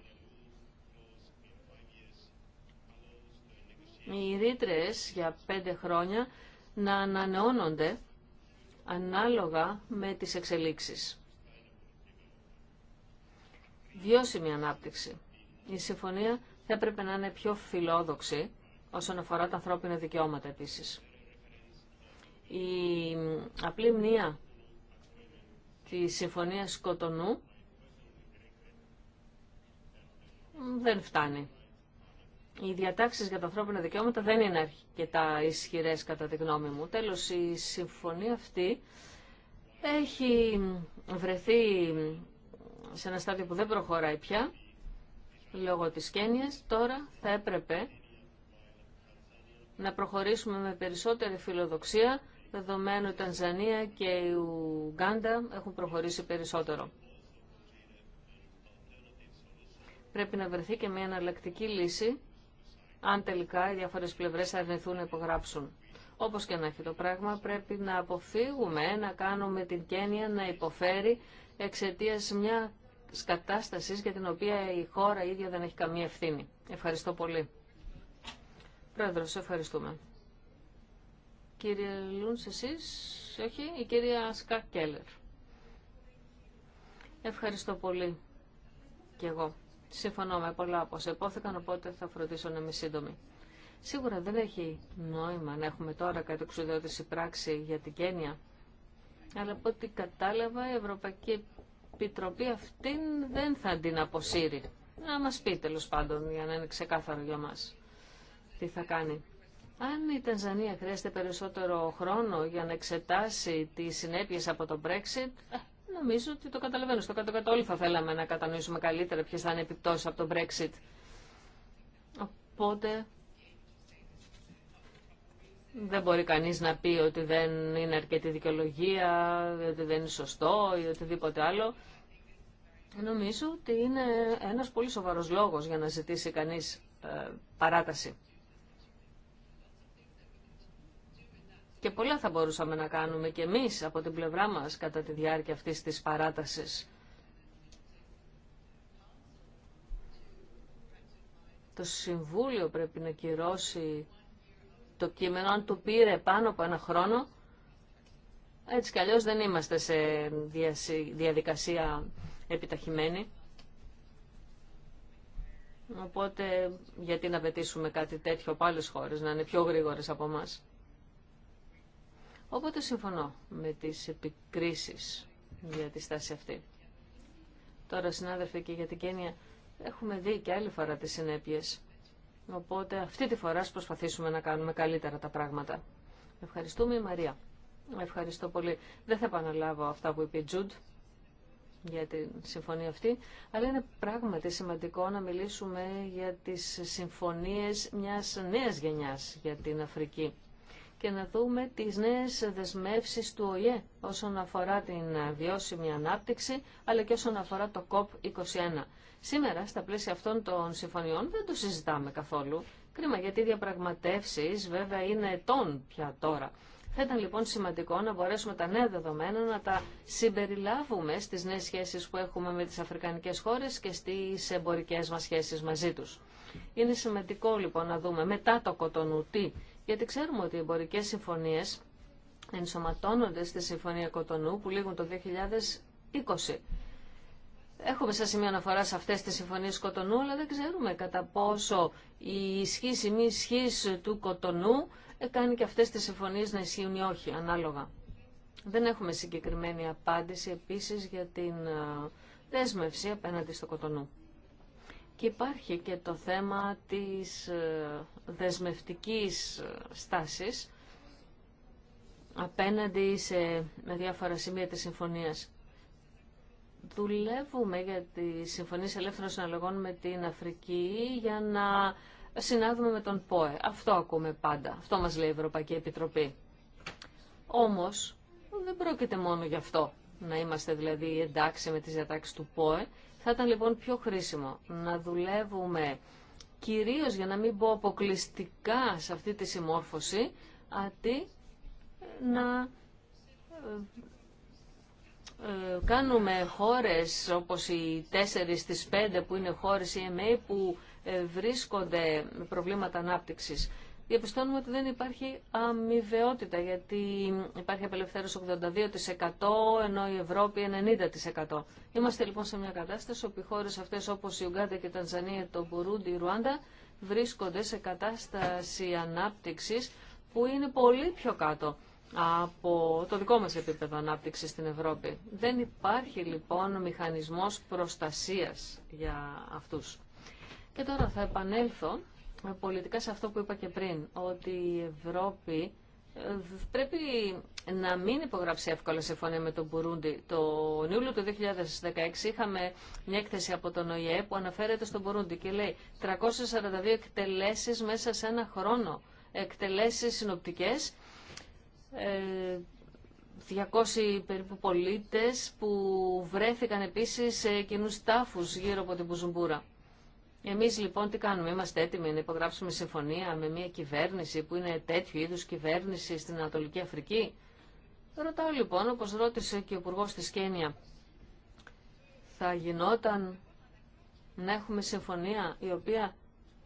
οι ρήτρε για πέντε χρόνια να ανανεώνονται ανάλογα με τις εξελίξεις. Βιώσιμη ανάπτυξη. Η συμφωνία θα έπρεπε να είναι πιο φιλόδοξη όσον αφορά τα ανθρώπινα δικαιώματα επίσης. Η απλή μνήα τη Συμφωνίας σκοτονού, δεν φτάνει. Οι διατάξεις για τα ανθρώπινα δικαιώματα δεν είναι αρκετά ισχυρές κατά τη γνώμη μου. Τέλος, η συμφωνία αυτή έχει βρεθεί σε ένα στάδιο που δεν προχωράει πια, λόγω της Κένιας. Τώρα θα έπρεπε να προχωρήσουμε με περισσότερη φιλοδοξία δεδομένου η Τανζανία και η Ουγγάντα έχουν προχωρήσει περισσότερο. Πρέπει να βρεθεί και μια εναλλακτική λύση, αν τελικά οι διάφορες πλευρές αρνηθούν να υπογράψουν. Όπως και να έχει το πράγμα, πρέπει να αποφύγουμε να κάνουμε την Κένια να υποφέρει εξαιτία μια κατάσταση για την οποία η χώρα ίδια δεν έχει καμία ευθύνη. Ευχαριστώ πολύ. Πρόεδρος, ευχαριστούμε. Κύριε Λούνς, εσείς, όχι, η κυρία Σκά Κέλλερ. Ευχαριστώ πολύ και εγώ. Συμφωνώ με πολλά από όσα υπόθηκαν, οπότε θα φροντίσω να είμαι σύντομη. Σίγουρα δεν έχει νόημα να έχουμε τώρα εξουδιώτηση πράξη για την Κένια. Αλλά από ό,τι κατάλαβα, η Ευρωπαϊκή Επιτροπή αυτήν δεν θα την αποσύρει. Να μας πει τέλο πάντων, για να είναι ξεκάθαρο για μας, τι θα κάνει. Αν η Τανζανία χρειάζεται περισσότερο χρόνο για να εξετάσει τι συνέπειες από το Brexit, νομίζω ότι το καταλαβαίνω. Στο κατω όλοι θα θέλαμε να κατανοήσουμε καλύτερα ποιες θα είναι επιπτώσεις από το Brexit. Οπότε δεν μπορεί κανείς να πει ότι δεν είναι αρκετή δικαιολογία, ότι δεν είναι σωστό ή οτιδήποτε άλλο. Νομίζω ότι είναι ένας πολύ σοβαρός λόγος για να ζητήσει κανείς ε, παράταση. Και πολλά θα μπορούσαμε να κάνουμε και εμείς από την πλευρά μας κατά τη διάρκεια αυτής της παράτασης. Το Συμβούλιο πρέπει να κυρώσει το κείμενο, αν το πήρε πάνω από ένα χρόνο, έτσι κι αλλιώς δεν είμαστε σε διαδικασία επιταχυμένη. Οπότε γιατί να πετήσουμε κάτι τέτοιο από άλλες χώρες, να είναι πιο γρήγορες από μας. Οπότε συμφωνώ με τις επικρίσεις για τη στάση αυτή. Τώρα, συνάδελφοι, και για την Κένια έχουμε δει και άλλη φορά τις συνέπειες. Οπότε αυτή τη φορά προσπαθήσουμε να κάνουμε καλύτερα τα πράγματα. Ευχαριστούμε Μαρία. Ευχαριστώ πολύ. Δεν θα επαναλάβω αυτά που είπε η Τζουντ για τη συμφωνία αυτή, αλλά είναι πράγματι σημαντικό να μιλήσουμε για τις συμφωνίες μιας νέας γενιάς για την Αφρική και να δούμε τις νέες δεσμεύσεις του ΟΗΕ όσον αφορά την βιώσιμη ανάπτυξη, αλλά και όσον αφορά το COP21. Σήμερα, στα πλαίσια αυτών των συμφωνιών, δεν το συζητάμε καθόλου. Κρίμα, γιατί οι διαπραγματεύσεις βέβαια είναι ετών πια τώρα. Θα ήταν λοιπόν σημαντικό να μπορέσουμε τα νέα δεδομένα να τα συμπεριλάβουμε στις νέες σχέσεις που έχουμε με τις αφρικανικές χώρες και στις εμπορικές μας σχέσεις μαζί τους. Είναι σημαντικό λοιπόν να δούμε μετά το κοτονού τι γιατί ξέρουμε ότι οι εμπορικέ συμφωνίε ενσωματώνονται στη Συμφωνία Κοτονού που λήγουν το 2020. Έχουμε σαν σημείο αναφορά σε αυτές τις συμφωνίες Κοτονού, αλλά δεν ξέρουμε κατά πόσο η ισχύση ή μη ισχύση του Κοτονού κάνει και αυτές τις συμφωνίε να ισχύουν ή όχι, ανάλογα. Δεν έχουμε συγκεκριμένη απάντηση επίσης για την ε, δέσμευση απέναντι στο Κοτονού. Και υπάρχει και το θέμα της ε, δεσμευτικής ε, στάσης απέναντι σε διάφορα σημεία της συμφωνίας. Δουλεύουμε για τη συμφωνία ελεύθερων συναλλαγών με την Αφρική για να συνάδουμε με τον ΠΟΕ. Αυτό ακούμε πάντα. Αυτό μας λέει η Ευρωπαϊκή Επιτροπή. Όμως δεν πρόκειται μόνο γι' αυτό να είμαστε δηλαδή εντάξει με τις διατάξεις του ΠΟΕ. Θα ήταν λοιπόν πιο χρήσιμο να δουλεύουμε κυρίως για να μην πω αποκλειστικά σε αυτή τη συμμόρφωση, αντί να ε, ε, κάνουμε χώρες όπως οι τέσσερις στις πέντε που είναι χώρες EMA που ε, βρίσκονται προβλήματα ανάπτυξης διαπιστώνουμε ότι δεν υπάρχει αμοιβαιότητα γιατί υπάρχει απελευθέρωση 82% ενώ η Ευρώπη 90%. Είμαστε λοιπόν σε μια κατάσταση όπου οι χώρες αυτές όπως η Ουγγάντα και η Τανζανία, το Μπουρούντι, η Ρουάντα βρίσκονται σε κατάσταση ανάπτυξη που είναι πολύ πιο κάτω από το δικό μας επίπεδο ανάπτυξης στην Ευρώπη. Δεν υπάρχει λοιπόν μηχανισμός προστασίας για αυτούς. Και τώρα θα επανέλθω με πολιτικά σε αυτό που είπα και πριν, ότι η Ευρώπη ε, πρέπει να μην υπογράψει εύκολα συμφωνία με τον Μπουρούντι. Το Ιούλιο του 2016 είχαμε μια έκθεση από τον ΟΗΕ που αναφέρεται στον Μπουρούντι και λέει 342 εκτελέσεις μέσα σε ένα χρόνο. Εκτελέσεις συνοπτικές, 200 ε, περίπου πολίτες που βρέθηκαν επίσης σε κοινούς τάφους γύρω από την Μπουζουμπούρα. Εμεί λοιπόν τι κάνουμε, είμαστε έτοιμοι να υπογράψουμε συμφωνία με μια κυβέρνηση που είναι τέτοιου είδου κυβέρνηση στην Ανατολική Αφρική. Ρωτάω λοιπόν, όπω ρώτησε και ο υπουργό τη Κένια, θα γινόταν να έχουμε συμφωνία η οποία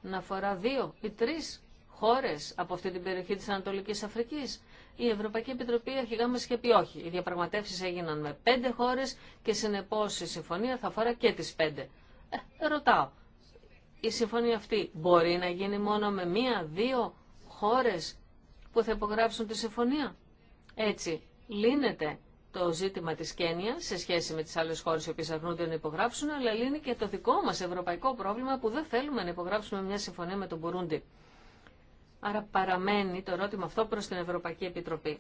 να αφορά δύο ή τρεις χώρες από αυτή την περιοχή της Ανατολικής Αφρικής. Η Ευρωπαϊκή Επιτροπή θα μας είχε πει όχι. Οι διαπραγματεύσεις έγιναν με πέντε χώρε και συνεπώσει η ευρωπαικη επιτροπη αρχικα μας ειχε πει οχι οι διαπραγματευσει εγιναν με πεντε χωρε και συνεπω η συμφωνια θα αφορά και τι πέντε. Ε, ρωτάω, η συμφωνία αυτή μπορεί να γίνει μόνο με μία, δύο χώρες που θα υπογράψουν τη συμφωνία. Έτσι, λύνεται το ζήτημα της Κένια σε σχέση με τις άλλες χώρες οι οποίες αρνούνται να υπογράψουν, αλλά λύνει και το δικό μας ευρωπαϊκό πρόβλημα που δεν θέλουμε να υπογράψουμε μια συμφωνία με τον Μπουρούντι. Άρα παραμένει το ερώτημα αυτό προς την Ευρωπαϊκή Επιτροπή.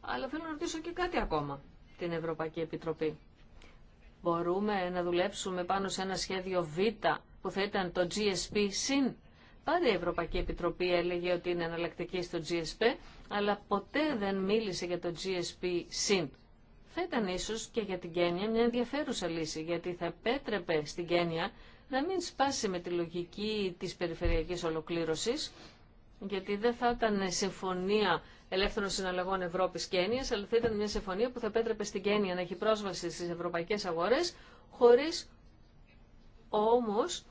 Αλλά θέλω να ρωτήσω και κάτι ακόμα την Ευρωπαϊκή Επιτροπή. Μπορούμε να δουλέψουμε πάνω σε ένα σχέδιο Β που θα ήταν το GSP συν. Πάντα η Ευρωπαϊκή Επιτροπή έλεγε ότι είναι εναλλακτική στο GSP, αλλά ποτέ δεν μίλησε για το GSP συν. Θα ήταν ίσω και για την Κένια μια ενδιαφέρουσα λύση, γιατί θα επέτρεπε στην Κένια να μην σπάσει με τη λογική τη περιφερειακή ολοκλήρωση, γιατί δεν θα ήταν συμφωνία ελεύθερων συναλλαγών Ευρώπη Κένια, αλλά θα ήταν μια συμφωνία που θα επέτρεπε στην Κένια να έχει πρόσβαση στι ευρωπαϊκέ αγορέ χωρί όμως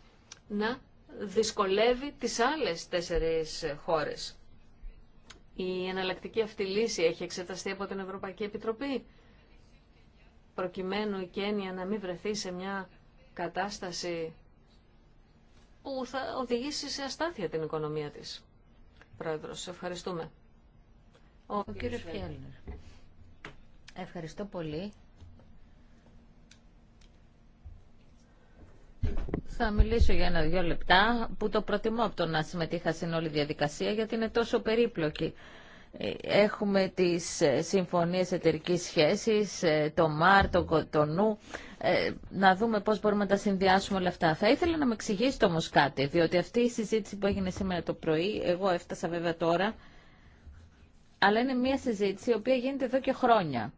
να δυσκολεύει τις άλλες τέσσερις χώρες. Η εναλλακτική αυτή λύση έχει εξεταστεί από την Ευρωπαϊκή Επιτροπή προκειμένου η Κένια να μην βρεθεί σε μια κατάσταση που θα οδηγήσει σε αστάθεια την οικονομία της. Πρόεδρος, ευχαριστούμε. Ο, ο κύριος Ευχαριστώ πολύ. Θα μιλήσω για ένα-δυο λεπτά που το προτιμώ από το να συμμετείχα στην όλη διαδικασία γιατί είναι τόσο περίπλοκη. Ε, έχουμε τις ε, συμφωνίες εταιρική σχέσης, ε, το ΜΑΡ, το Κοτονού, να δούμε πώς μπορούμε να τα συνδυάσουμε όλα αυτά. Θα ήθελα να με εξηγήσετε όμως κάτι, διότι αυτή η συζήτηση που έγινε σήμερα το πρωί, εγώ έφτασα βέβαια τώρα, αλλά είναι μια συζήτηση η οποία γίνεται εδώ και χρόνια.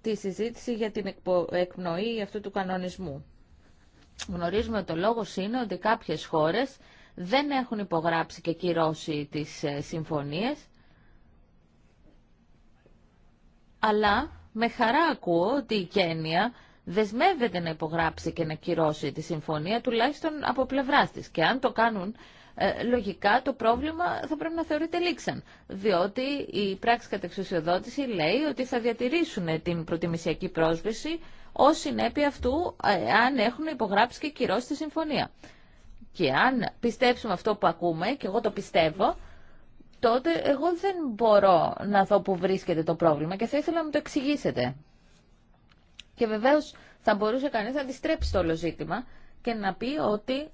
Τη συζήτηση για την εκπνοή αυτού του κανονισμού. Γνωρίζουμε ότι ο λόγος είναι ότι κάποιες χώρες δεν έχουν υπογράψει και κυρώσει τις ε, συμφωνίες, αλλά με χαρά ακούω ότι η Κένια δεσμεύεται να υπογράψει και να κυρώσει τη συμφωνία, τουλάχιστον από πλευρά τη. Και αν το κάνουν, ε, λογικά το πρόβλημα θα πρέπει να θεωρείται λήξαν. Διότι η πράξη κατεξουσιοδότηση λέει ότι θα διατηρήσουν την προτιμησιακή πρόσβεση Ω συνέπεια αυτού ε, αν έχουν υπογράψει και κυρώσει τη συμφωνία. Και αν πιστέψουμε αυτό που ακούμε, και εγώ το πιστεύω, τότε εγώ δεν μπορώ να δω που βρίσκεται το πρόβλημα και θα ήθελα να μου το εξηγήσετε. Και βεβαίω θα μπορούσε κανείς να αντιστρέψει το όλο ζήτημα και να πει ότι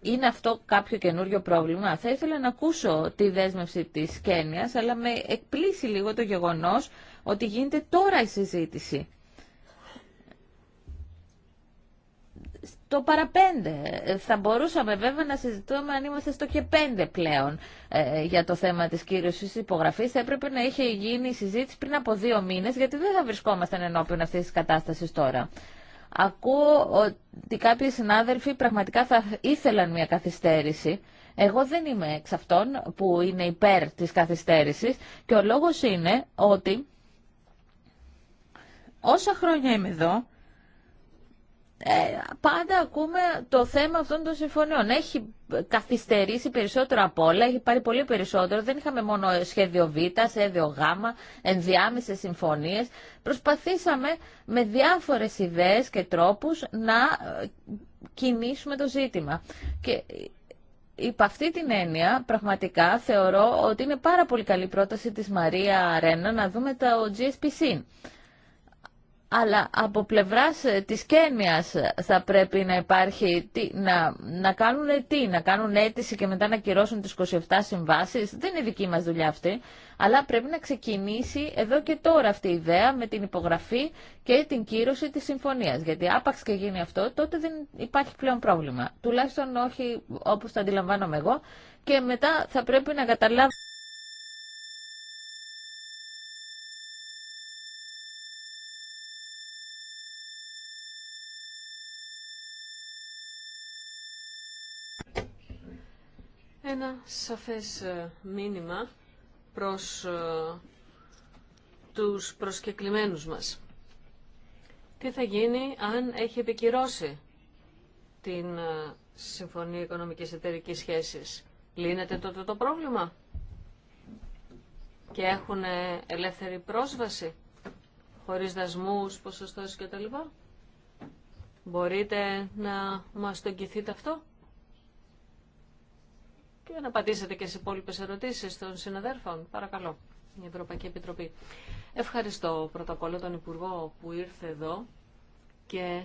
είναι αυτό κάποιο καινούριο πρόβλημα. Θα ήθελα να ακούσω τη δέσμευση της Κένιας, αλλά με εκπλήσει λίγο το γεγονός ότι γίνεται τώρα η συζήτηση. Το παραπέντε. Θα μπορούσαμε βέβαια να συζητούμε αν είμαστε στο και πέντε πλέον ε, για το θέμα της κύρωσης υπογραφής. Θα έπρεπε να είχε γίνει η συζήτηση πριν από δύο μήνες, γιατί δεν θα βρισκόμασταν ενώπιον αυτής της κατάστασης τώρα. Ακούω ότι κάποιοι συνάδελφοι πραγματικά θα ήθελαν μια καθυστέρηση. Εγώ δεν είμαι εξ αυτών που είναι υπέρ της καθυστέρησης και ο λόγος είναι ότι Όσα χρόνια είμαι εδώ, ε, πάντα ακούμε το θέμα αυτών των συμφωνιών. Έχει καθυστερήσει περισσότερο από όλα, έχει πάρει πολύ περισσότερο. Δεν είχαμε μόνο σχέδιο Β, σχέδιο Γ, ενδιάμεσες συμφωνίες. Προσπαθήσαμε με διάφορες ιδέες και τρόπους να ε, κινήσουμε το ζήτημα. Και υπ' αυτή την έννοια, πραγματικά θεωρώ ότι είναι πάρα πολύ καλή πρόταση της Μαρία Ρένα να δούμε το GSPC αλλά από πλευράς ε, της Κένιας ε, θα πρέπει να υπάρχει, να, να κάνουν τι, να κάνουν αίτηση και μετά να κυρώσουν τις 27 συμβάσεις. Δεν είναι δική μας δουλειά αυτή, αλλά πρέπει να ξεκινήσει εδώ και τώρα αυτή η ιδέα με την υπογραφή και την κύρωση της συμφωνίας. Γιατί άπαξ και γίνει αυτό, τότε δεν υπάρχει πλέον πρόβλημα. Τουλάχιστον όχι όπως το αντιλαμβάνομαι εγώ. Και μετά θα πρέπει να καταλάβουμε... ένα σαφές ε, μήνυμα προς ε, τους προσκεκλημένους μας. Τι θα γίνει αν έχει επικυρώσει την ε, Συμφωνία Οικονομικής Εταιρικής Σχέσης. Λύνεται τότε το πρόβλημα και έχουν ελεύθερη πρόσβαση χωρίς δασμούς, ποσοστώσεις κτλ. Μπορείτε να μας το αυτό και να απαντήσετε και σε υπόλοιπε ερωτήσεις των συναδέρφων. Παρακαλώ, η Ευρωπαϊκή Επιτροπή. Ευχαριστώ πρώτα απ' όλα τον Υπουργό που ήρθε εδώ και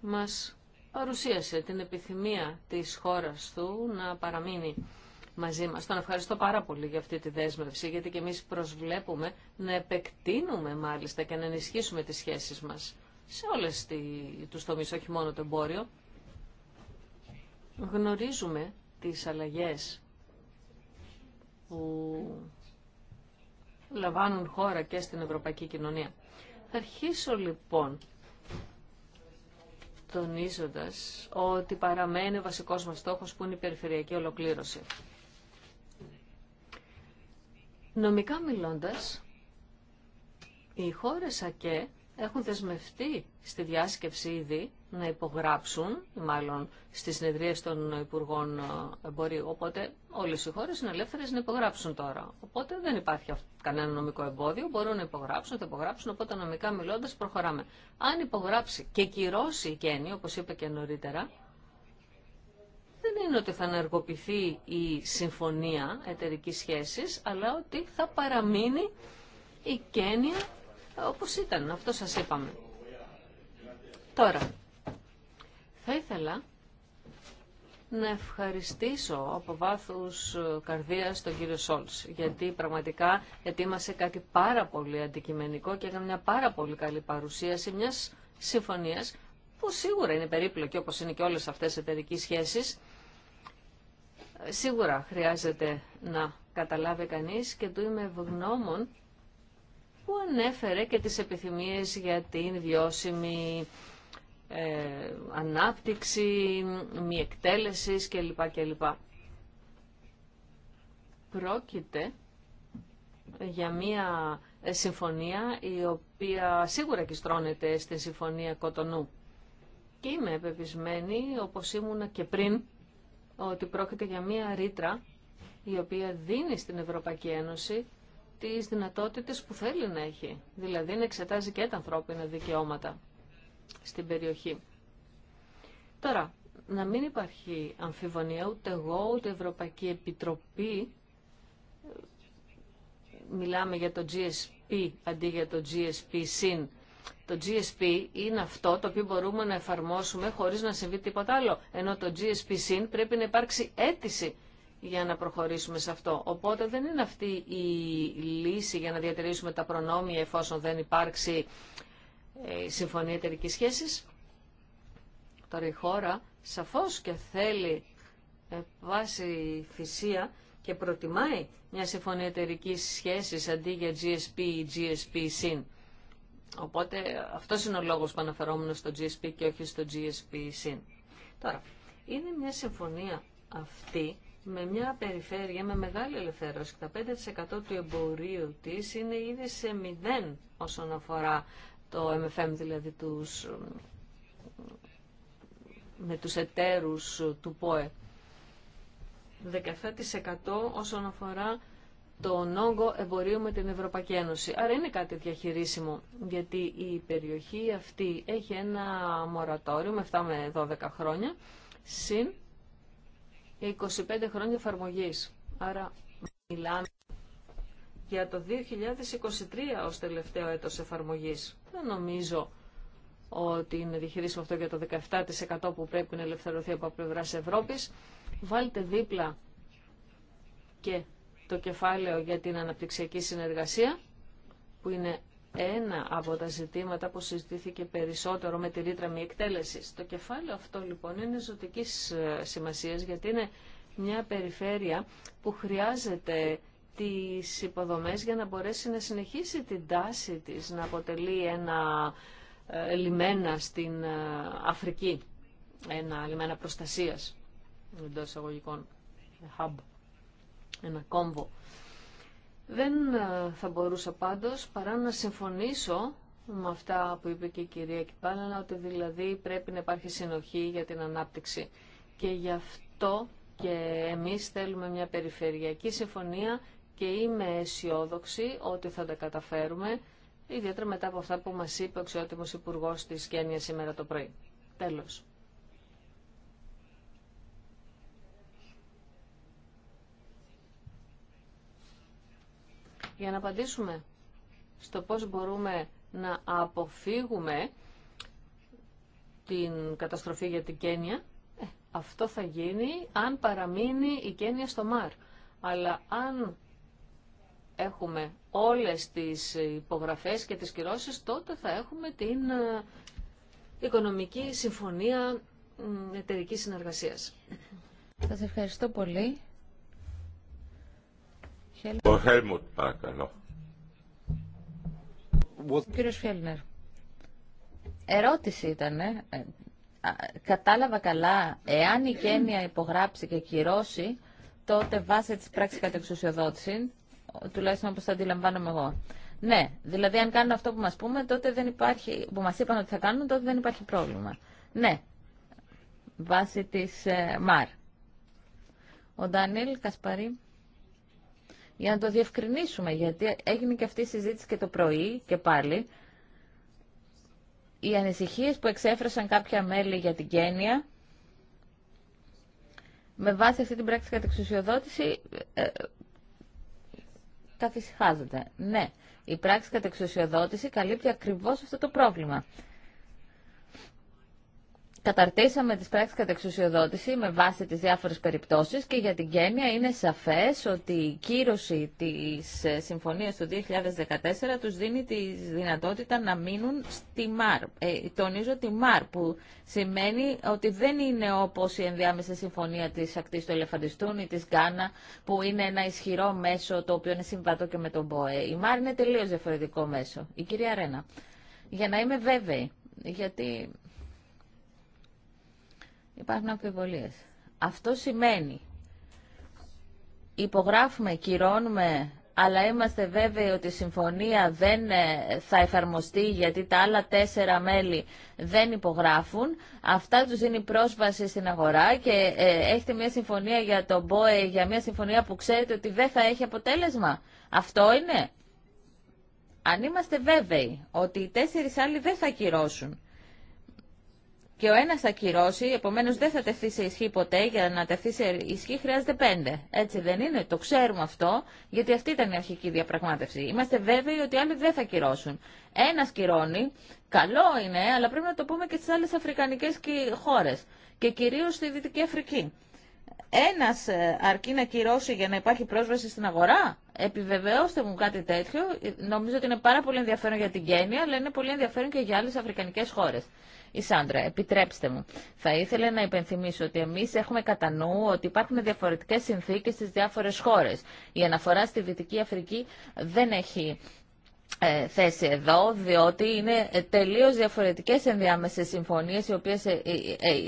μας παρουσίασε την επιθυμία της χώρας του να παραμείνει μαζί μας. Τον ευχαριστώ πάρα πολύ για αυτή τη δέσμευση, γιατί και εμείς προσβλέπουμε να επεκτείνουμε μάλιστα και να ενισχύσουμε τις σχέσεις μας σε όλες τους όχι μόνο το εμπόριο. Γνωρίζουμε τις αλλαγές που λαμβάνουν χώρα και στην ευρωπαϊκή κοινωνία. Θα αρχίσω λοιπόν τονίζοντας ότι παραμένει ο βασικός μας στόχος που είναι η περιφερειακή ολοκλήρωση. Νομικά μιλώντας, οι χώρες ΑΚΕ έχουν δεσμευτεί στη διάσκεψη ήδη να υπογράψουν, μάλλον στις συνεδρίες των Υπουργών ε, Εμπορίου. Οπότε όλε οι χώρες είναι ελεύθερε να υπογράψουν τώρα. Οπότε δεν υπάρχει κανένα νομικό εμπόδιο, μπορούν να υπογράψουν, θα υπογράψουν, οπότε νομικά μιλώντας προχωράμε. Αν υπογράψει και κυρώσει η Κέννη, όπω είπε και νωρίτερα, δεν είναι ότι θα ενεργοποιηθεί η συμφωνία εταιρική σχέση, αλλά ότι θα παραμείνει η Κένια όπως ήταν, αυτό σας είπαμε. Τώρα, θα ήθελα να ευχαριστήσω από βάθους καρδίας τον κύριο Σόλτς, γιατί πραγματικά ετοίμασε κάτι πάρα πολύ αντικειμενικό και έκανε μια πάρα πολύ καλή παρουσίαση μιας συμφωνίας που σίγουρα είναι περίπλοκη όπως είναι και όλες αυτές οι εταιρικέ σχέσεις. Σίγουρα χρειάζεται να καταλάβει κανείς και του είμαι ευγνώμων που ανέφερε και τις επιθυμίες για την βιώσιμη ε, ανάπτυξη, μη εκτέλεσης κλπ. κλπ. Πρόκειται για μια ε, συμφωνία η οποία σίγουρα κυστρώνεται στη Συμφωνία Κοτονού. Και είμαι επεπισμένη, όπως ήμουνα και πριν, ότι πρόκειται για μια ρήτρα η οποία δίνει στην Ευρωπαϊκή Ένωση τι δυνατότητες που θέλει να έχει. Δηλαδή να εξετάζει και τα ανθρώπινα δικαιώματα στην περιοχή. Τώρα, να μην υπάρχει αμφιβονία ούτε εγώ ούτε Ευρωπαϊκή Επιτροπή ε, μιλάμε για το GSP αντί για το GSP συν. Το GSP είναι αυτό το οποίο μπορούμε να εφαρμόσουμε χωρίς να συμβεί τίποτα άλλο. Ενώ το GSP συν πρέπει να υπάρξει αίτηση για να προχωρήσουμε σε αυτό. Οπότε δεν είναι αυτή η λύση για να διατηρήσουμε τα προνόμια εφόσον δεν υπάρξει ε, συμφωνία εταιρική σχέσης. Τώρα η χώρα σαφώς και θέλει ε, βάση θυσία και προτιμάει μια συμφωνία εταιρική σχέσης αντί για GSP ή GSP συν. Οπότε αυτός είναι ο λόγος που αναφερόμουν στο GSP και όχι στο GSP συν. Τώρα, είναι μια συμφωνία αυτή με μια περιφέρεια με μεγάλη ελευθέρωση. Τα 5% του εμπορίου της είναι ήδη σε μηδέν όσον αφορά το MFM, δηλαδή τους, με τους εταίρους του ΠΟΕ. 17% όσον αφορά τον όγκο εμπορίου με την Ευρωπαϊκή Ένωση. Άρα είναι κάτι διαχειρίσιμο, γιατί η περιοχή αυτή έχει ένα μορατόριο με 7 με 12 χρόνια, συν 25 χρόνια εφαρμογή. Άρα μιλάμε για το 2023 ως τελευταίο έτος εφαρμογής. Δεν νομίζω ότι είναι διχειρήσιμο αυτό για το 17% που πρέπει να ελευθερωθεί από πλευρά Ευρώπη. Βάλτε δίπλα και το κεφάλαιο για την αναπτυξιακή συνεργασία, που είναι ένα από τα ζητήματα που συζητήθηκε περισσότερο με τη ρήτρα μη εκτέλεση. Το κεφάλαιο αυτό λοιπόν είναι ζωτική ε, σημασία γιατί είναι μια περιφέρεια που χρειάζεται τις υποδομές για να μπορέσει να συνεχίσει την τάση της να αποτελεί ένα ε, λιμένα στην ε, Αφρική, ένα λιμένα προστασίας εντό εισαγωγικών, hub, ένα κόμβο. Δεν ε, θα μπορούσα πάντως παρά να συμφωνήσω με αυτά που είπε και η κυρία Κιπάλανα, ότι δηλαδή πρέπει να υπάρχει συνοχή για την ανάπτυξη. Και γι' αυτό και εμείς θέλουμε μια περιφερειακή συμφωνία και είμαι αισιόδοξη ότι θα τα καταφέρουμε, ιδιαίτερα μετά από αυτά που μας είπε ο αξιότιμος υπουργό της Κένια σήμερα το πρωί. Τέλος. για να απαντήσουμε στο πώς μπορούμε να αποφύγουμε την καταστροφή για την Κένια, ε, αυτό θα γίνει αν παραμείνει η Κένια στο ΜΑΡ. Αλλά αν έχουμε όλες τις υπογραφές και τις κυρώσεις, τότε θα έχουμε την ε, Οικονομική Συμφωνία Εταιρικής Συνεργασίας. Σας ευχαριστώ πολύ. Ο Χέλμουτ, παρακαλώ. Κύριο Ερώτηση ήταν, ε. κατάλαβα καλά, εάν η Κένια υπογράψει και κυρώσει, τότε βάσει της πράξης εξουσιοδότηση, τουλάχιστον όπως το αντιλαμβάνομαι εγώ. Ναι, δηλαδή αν κάνουν αυτό που μας πούμε, τότε δεν υπάρχει, που μας είπαν ότι θα κάνουν, τότε δεν υπάρχει πρόβλημα. Ναι, βάσει της ε, ΜΑΡ. Ο Ντανίλ Κασπαρή για να το διευκρινίσουμε, γιατί έγινε και αυτή η συζήτηση και το πρωί και πάλι. Οι ανησυχίες που εξέφρασαν κάποια μέλη για την Κένια, με βάση αυτή την πράξη κατεξουσιοδότηση, ε, ε Ναι, η πράξη κατεξουσιοδότηση καλύπτει ακριβώς αυτό το πρόβλημα. Καταρτήσαμε τις πράξεις εξουσιοδότηση με βάση τις διάφορες περιπτώσεις και για την Κένια είναι σαφές ότι η κύρωση της συμφωνίας του 2014 τους δίνει τη δυνατότητα να μείνουν στη ΜΑΡ. Ε, τονίζω τη ΜΑΡ που σημαίνει ότι δεν είναι όπως η ενδιάμεσα συμφωνία της ακτής του Ελεφαντιστούν ή της Γκάνα που είναι ένα ισχυρό μέσο το οποίο είναι συμβατό και με τον ΠΟΕ. Η ΜΑΡ είναι τελείως διαφορετικό μέσο. Η κυρία Ρένα, για να είμαι βέβαιη, γιατί υπάρχουν αμφιβολίες. Αυτό σημαίνει υπογράφουμε, κυρώνουμε, αλλά είμαστε βέβαιοι ότι η συμφωνία δεν ε, θα εφαρμοστεί γιατί τα άλλα τέσσερα μέλη δεν υπογράφουν. Αυτά τους δίνει πρόσβαση στην αγορά και ε, έχετε μια συμφωνία για τον ΠΟΕ, για μια συμφωνία που ξέρετε ότι δεν θα έχει αποτέλεσμα. Αυτό είναι. Αν είμαστε βέβαιοι ότι οι τέσσερις άλλοι δεν θα κυρώσουν και ο ένας θα κυρώσει, επομένως δεν θα τεθεί σε ισχύ ποτέ, για να τεθεί σε ισχύ χρειάζεται πέντε. Έτσι δεν είναι, το ξέρουμε αυτό, γιατί αυτή ήταν η αρχική διαπραγμάτευση. Είμαστε βέβαιοι ότι άλλοι δεν θα κυρώσουν. Ένας κυρώνει, καλό είναι, αλλά πρέπει να το πούμε και στις άλλες αφρικανικές χώρες και κυρίως στη Δυτική Αφρική. Ένας ε, αρκεί να κυρώσει για να υπάρχει πρόσβαση στην αγορά. Επιβεβαιώστε μου κάτι τέτοιο. Νομίζω ότι είναι πάρα πολύ ενδιαφέρον για την Κένια, αλλά είναι πολύ ενδιαφέρον και για άλλες αφρικανικές χώρες. Η Σάντρα, επιτρέψτε μου. Θα ήθελα να υπενθυμίσω ότι εμεί έχουμε κατά νου ότι υπάρχουν διαφορετικέ συνθήκε στι διάφορε χώρε. Η αναφορά στη Δυτική Αφρική δεν έχει ε, θέση εδώ, διότι είναι ε, τελείως διαφορετικές ενδιάμεσες συμφωνίες οι οποίες ε,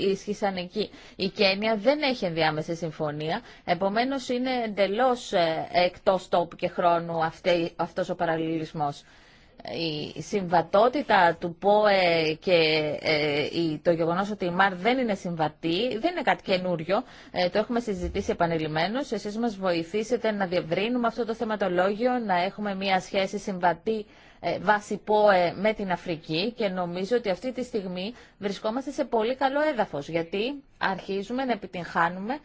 ίσχυσαν εκεί. Η Κένια δεν έχει ενδιάμεση συμφωνία, επομένως είναι εντελώς εκτός τόπου και χρόνου αυτό αυτός ο παραλληλισμός η συμβατότητα του ΠΟΕ και ε, το γεγονό ότι η ΜΑΡ δεν είναι συμβατή δεν είναι κάτι καινούριο. Ε, το έχουμε συζητήσει επανειλημμένω. Εσείς μας βοηθήσετε να διευρύνουμε αυτό το θεματολόγιο, να έχουμε μια σχέση συμβατή ε, βάση ΠΟΕ με την Αφρική και νομίζω ότι αυτή τη στιγμή βρισκόμαστε σε πολύ καλό έδαφος γιατί αρχίζουμε να επιτυγχάνουμε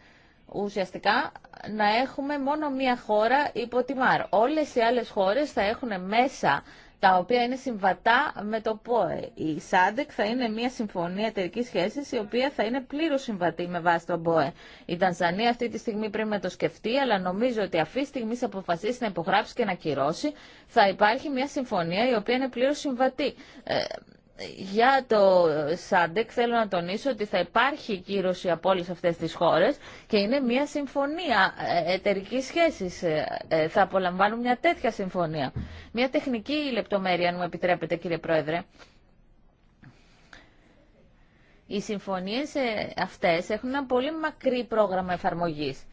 ουσιαστικά να έχουμε μόνο μία χώρα υπό τη ΜΑΡ. Όλες οι άλλες χώρε θα έχουν μέσα τα οποία είναι συμβατά με το ΠΟΕ. Η ΣΑΝΤΕΚ θα είναι μια συμφωνία εταιρική σχέση η οποία θα είναι πλήρω συμβατή με βάση το ΠΟΕ. Η Τανζανία αυτή τη στιγμή πρέπει να το σκεφτεί, αλλά νομίζω ότι αυτή τη στιγμή αποφασίσει να υπογράψει και να κυρώσει, θα υπάρχει μια συμφωνία η οποία είναι πλήρω συμβατή. Ε, για το ΣΑΝΤΕΚ θέλω να τονίσω ότι θα υπάρχει κύρωση από όλες αυτές τις χώρες και είναι μια συμφωνία ε, εταιρική σχέσης. Ε, ε, θα απολαμβάνουν μια τέτοια συμφωνία. Μια τεχνική λεπτομέρεια, αν μου επιτρέπετε κύριε Πρόεδρε. Οι συμφωνίες αυτές έχουν ένα πολύ μακρύ πρόγραμμα εφαρμογής.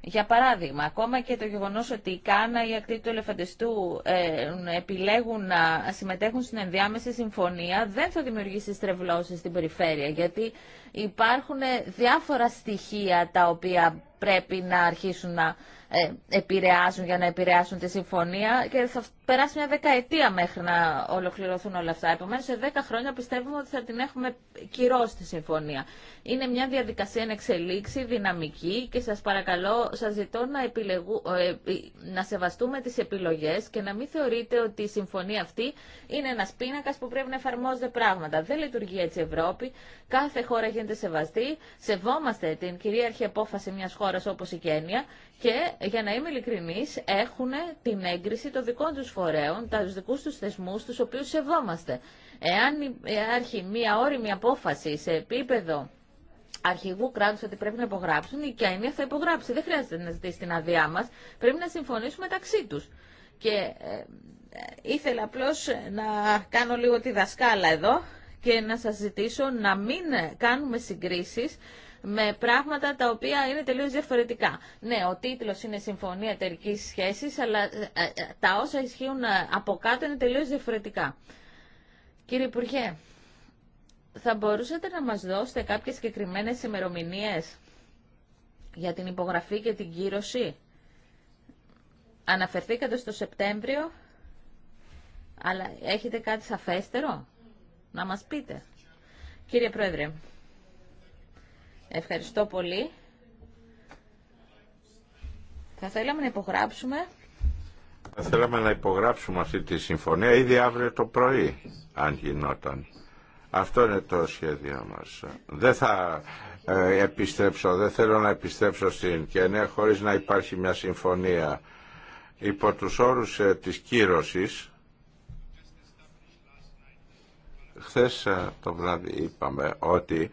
Για παράδειγμα, ακόμα και το γεγονό ότι η Κάνα ή η ακτή του ελεφαντιστού ε, επιλέγουν να συμμετέχουν στην ενδιάμεση συμφωνία δεν θα δημιουργήσει στρεβλώσεις στην περιφέρεια, γιατί υπάρχουν ε, διάφορα στοιχεία τα οποία πρέπει να αρχίσουν να ε, επηρεάζουν για να επηρεάσουν τη συμφωνία και θα περάσει μια δεκαετία μέχρι να ολοκληρωθούν όλα αυτά. Επομένω, σε δέκα χρόνια πιστεύουμε ότι θα την έχουμε κυρώσει τη συμφωνία. Είναι μια διαδικασία εν εξελίξη, δυναμική και σα παρακαλώ, σα ζητώ να, επιλεγού, ε, ε, να σεβαστούμε τι επιλογέ και να μην θεωρείτε ότι η συμφωνία αυτή είναι ένα πίνακα που πρέπει να εφαρμόζονται πράγματα. Δεν λειτουργεί έτσι η Ευρώπη. Κάθε χώρα γίνεται σεβαστή. Σεβόμαστε την κυρίαρχη απόφαση μια χώρα όπω η Κένια και για να είμαι ειλικρινή, έχουν την έγκριση των δικών του φορέων, τα δικούς τους θεσμούς, τους οποίους σεβόμαστε. Εάν υπάρχει μία όριμη απόφαση σε επίπεδο αρχηγού κράτου ότι πρέπει να υπογράψουν, η Κένια θα υπογράψει. Δεν χρειάζεται να ζητήσει την αδειά μα. Πρέπει να συμφωνήσουμε μεταξύ του. Και ε, ε ήθελα απλώ να κάνω λίγο τη δασκάλα εδώ και να σας ζητήσω να μην κάνουμε συγκρίσεις με πράγματα τα οποία είναι τελείως διαφορετικά. Ναι, ο τίτλος είναι Συμφωνία εταιρική Σχέσης, αλλά ε, ε, τα όσα ισχύουν ε, από κάτω είναι τελείως διαφορετικά. Κύριε Υπουργέ, θα μπορούσατε να μας δώσετε κάποιες συγκεκριμένε ημερομηνίε για την υπογραφή και την κύρωση. Αναφερθήκατε στο Σεπτέμβριο, αλλά έχετε κάτι σαφέστερο να μας πείτε. Κύριε Πρόεδρε, Ευχαριστώ πολύ. Θα θέλαμε να υπογράψουμε. Θα θέλαμε να υπογράψουμε αυτή τη συμφωνία ήδη αύριο το πρωί, αν γινόταν. Αυτό είναι το σχέδιο μας. Δεν θα ε, επιστρέψω, δεν θέλω να επιστρέψω στην Κενέα χωρίς να υπάρχει μια συμφωνία υπό τους όρους ε, της κύρωσης. Χθες ε, το βράδυ είπαμε ότι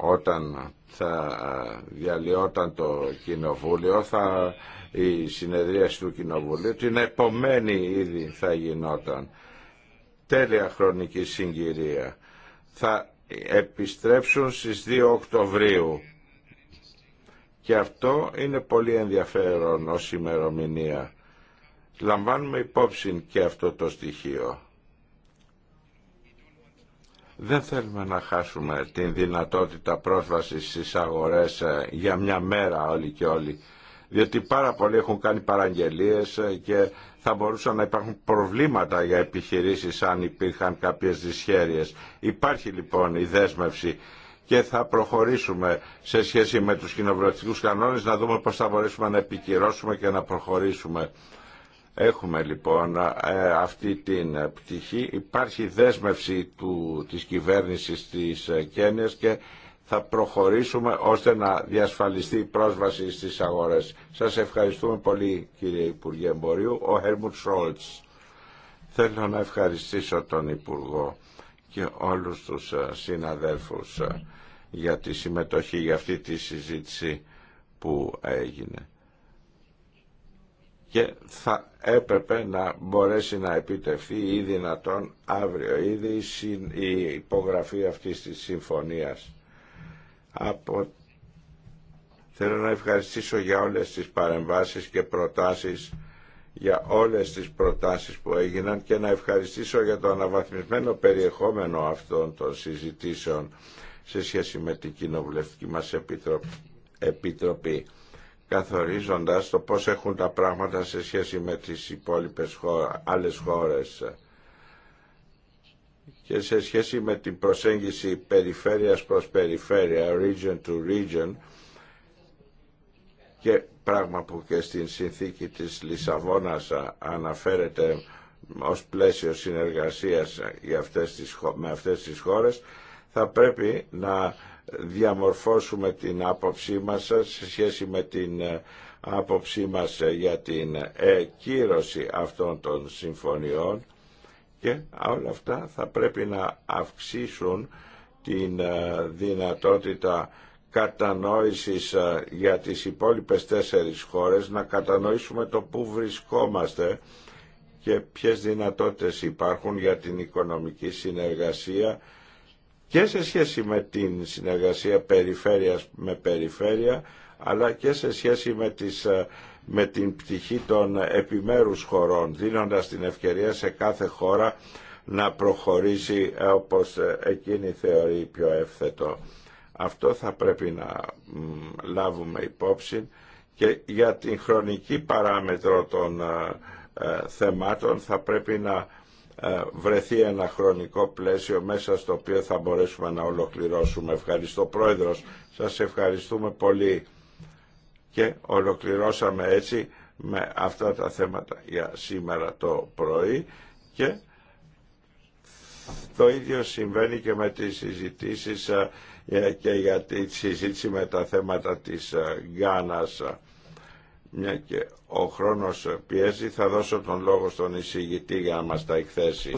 όταν θα διαλυόταν το κοινοβούλιο θα η συνεδρίαση του κοινοβουλίου την επομένη ήδη θα γινόταν τέλεια χρονική συγκυρία θα επιστρέψουν στις 2 Οκτωβρίου και αυτό είναι πολύ ενδιαφέρον ως ημερομηνία λαμβάνουμε υπόψη και αυτό το στοιχείο δεν θέλουμε να χάσουμε την δυνατότητα πρόσβασης στις αγορές ε, για μια μέρα όλοι και όλοι. Διότι πάρα πολλοί έχουν κάνει παραγγελίες ε, και θα μπορούσαν να υπάρχουν προβλήματα για επιχειρήσεις αν υπήρχαν κάποιες δυσχέρειες. Υπάρχει λοιπόν η δέσμευση και θα προχωρήσουμε σε σχέση με τους κοινοβουλευτικούς κανόνες να δούμε πώς θα μπορέσουμε να επικυρώσουμε και να προχωρήσουμε. Έχουμε λοιπόν ε, αυτή την πτυχή. Υπάρχει δέσμευση του, της κυβέρνησης της ε, Κένιας και θα προχωρήσουμε ώστε να διασφαλιστεί η πρόσβαση στις αγορές. Σας ευχαριστούμε πολύ κύριε Υπουργέ Εμπορίου. Ο Χέρμουτ Σόλτς. Θέλω να ευχαριστήσω τον Υπουργό και όλους τους ε, συναδέλφους για τη συμμετοχή για αυτή τη συζήτηση που έγινε και θα έπρεπε να μπορέσει να επιτευχθεί ή δυνατόν αύριο ήδη η υπογραφή αυτής της συμφωνίας. Από... Θέλω να ευχαριστήσω για όλες τις παρεμβάσεις και προτάσεις για όλες τις προτάσεις που έγιναν και να ευχαριστήσω για το αναβαθμισμένο περιεχόμενο αυτών των συζητήσεων σε σχέση με την κοινοβουλευτική μας επιτροπή καθορίζοντας το πώς έχουν τα πράγματα σε σχέση με τις υπόλοιπες χώρες, άλλες χώρες και σε σχέση με την προσέγγιση περιφέρειας προς περιφέρεια, region to region και πράγμα που και στην συνθήκη της Λισαβόνας αναφέρεται ως πλαίσιο συνεργασίας με αυτές τις χώρες θα πρέπει να διαμορφώσουμε την άποψή μας σε σχέση με την ε, άποψή μας ε, για την εκύρωση αυτών των συμφωνιών και όλα αυτά θα πρέπει να αυξήσουν την ε, δυνατότητα κατανόησης για τις υπόλοιπες τέσσερις χώρες, να κατανοήσουμε το πού βρισκόμαστε και ποιες δυνατότητες υπάρχουν για την οικονομική συνεργασία και σε σχέση με την συνεργασία περιφέρειας με περιφέρεια αλλά και σε σχέση ε, με, την πτυχή των επιμέρους χωρών δίνοντας την ευκαιρία σε κάθε χώρα να προχωρήσει όπως εκείνη θεωρεί πιο εύθετο. Αυτό θα πρέπει να λάβουμε υπόψη και για την χρονική παράμετρο των ε, ε, θεμάτων θα πρέπει να ε, βρεθεί ένα χρονικό πλαίσιο μέσα στο οποίο θα μπορέσουμε να ολοκληρώσουμε. Ευχαριστώ Πρόεδρος, σας ευχαριστούμε πολύ και ολοκληρώσαμε έτσι με αυτά τα θέματα για σήμερα το πρωί και το ίδιο συμβαίνει και με τις συζητήσεις ε, και για τη συζήτηση με τα θέματα της ε, Γκάνας. Μια και ο χρόνος πιέζει, θα δώσω τον λόγο στον εισηγητή για να μας τα εκθέσει.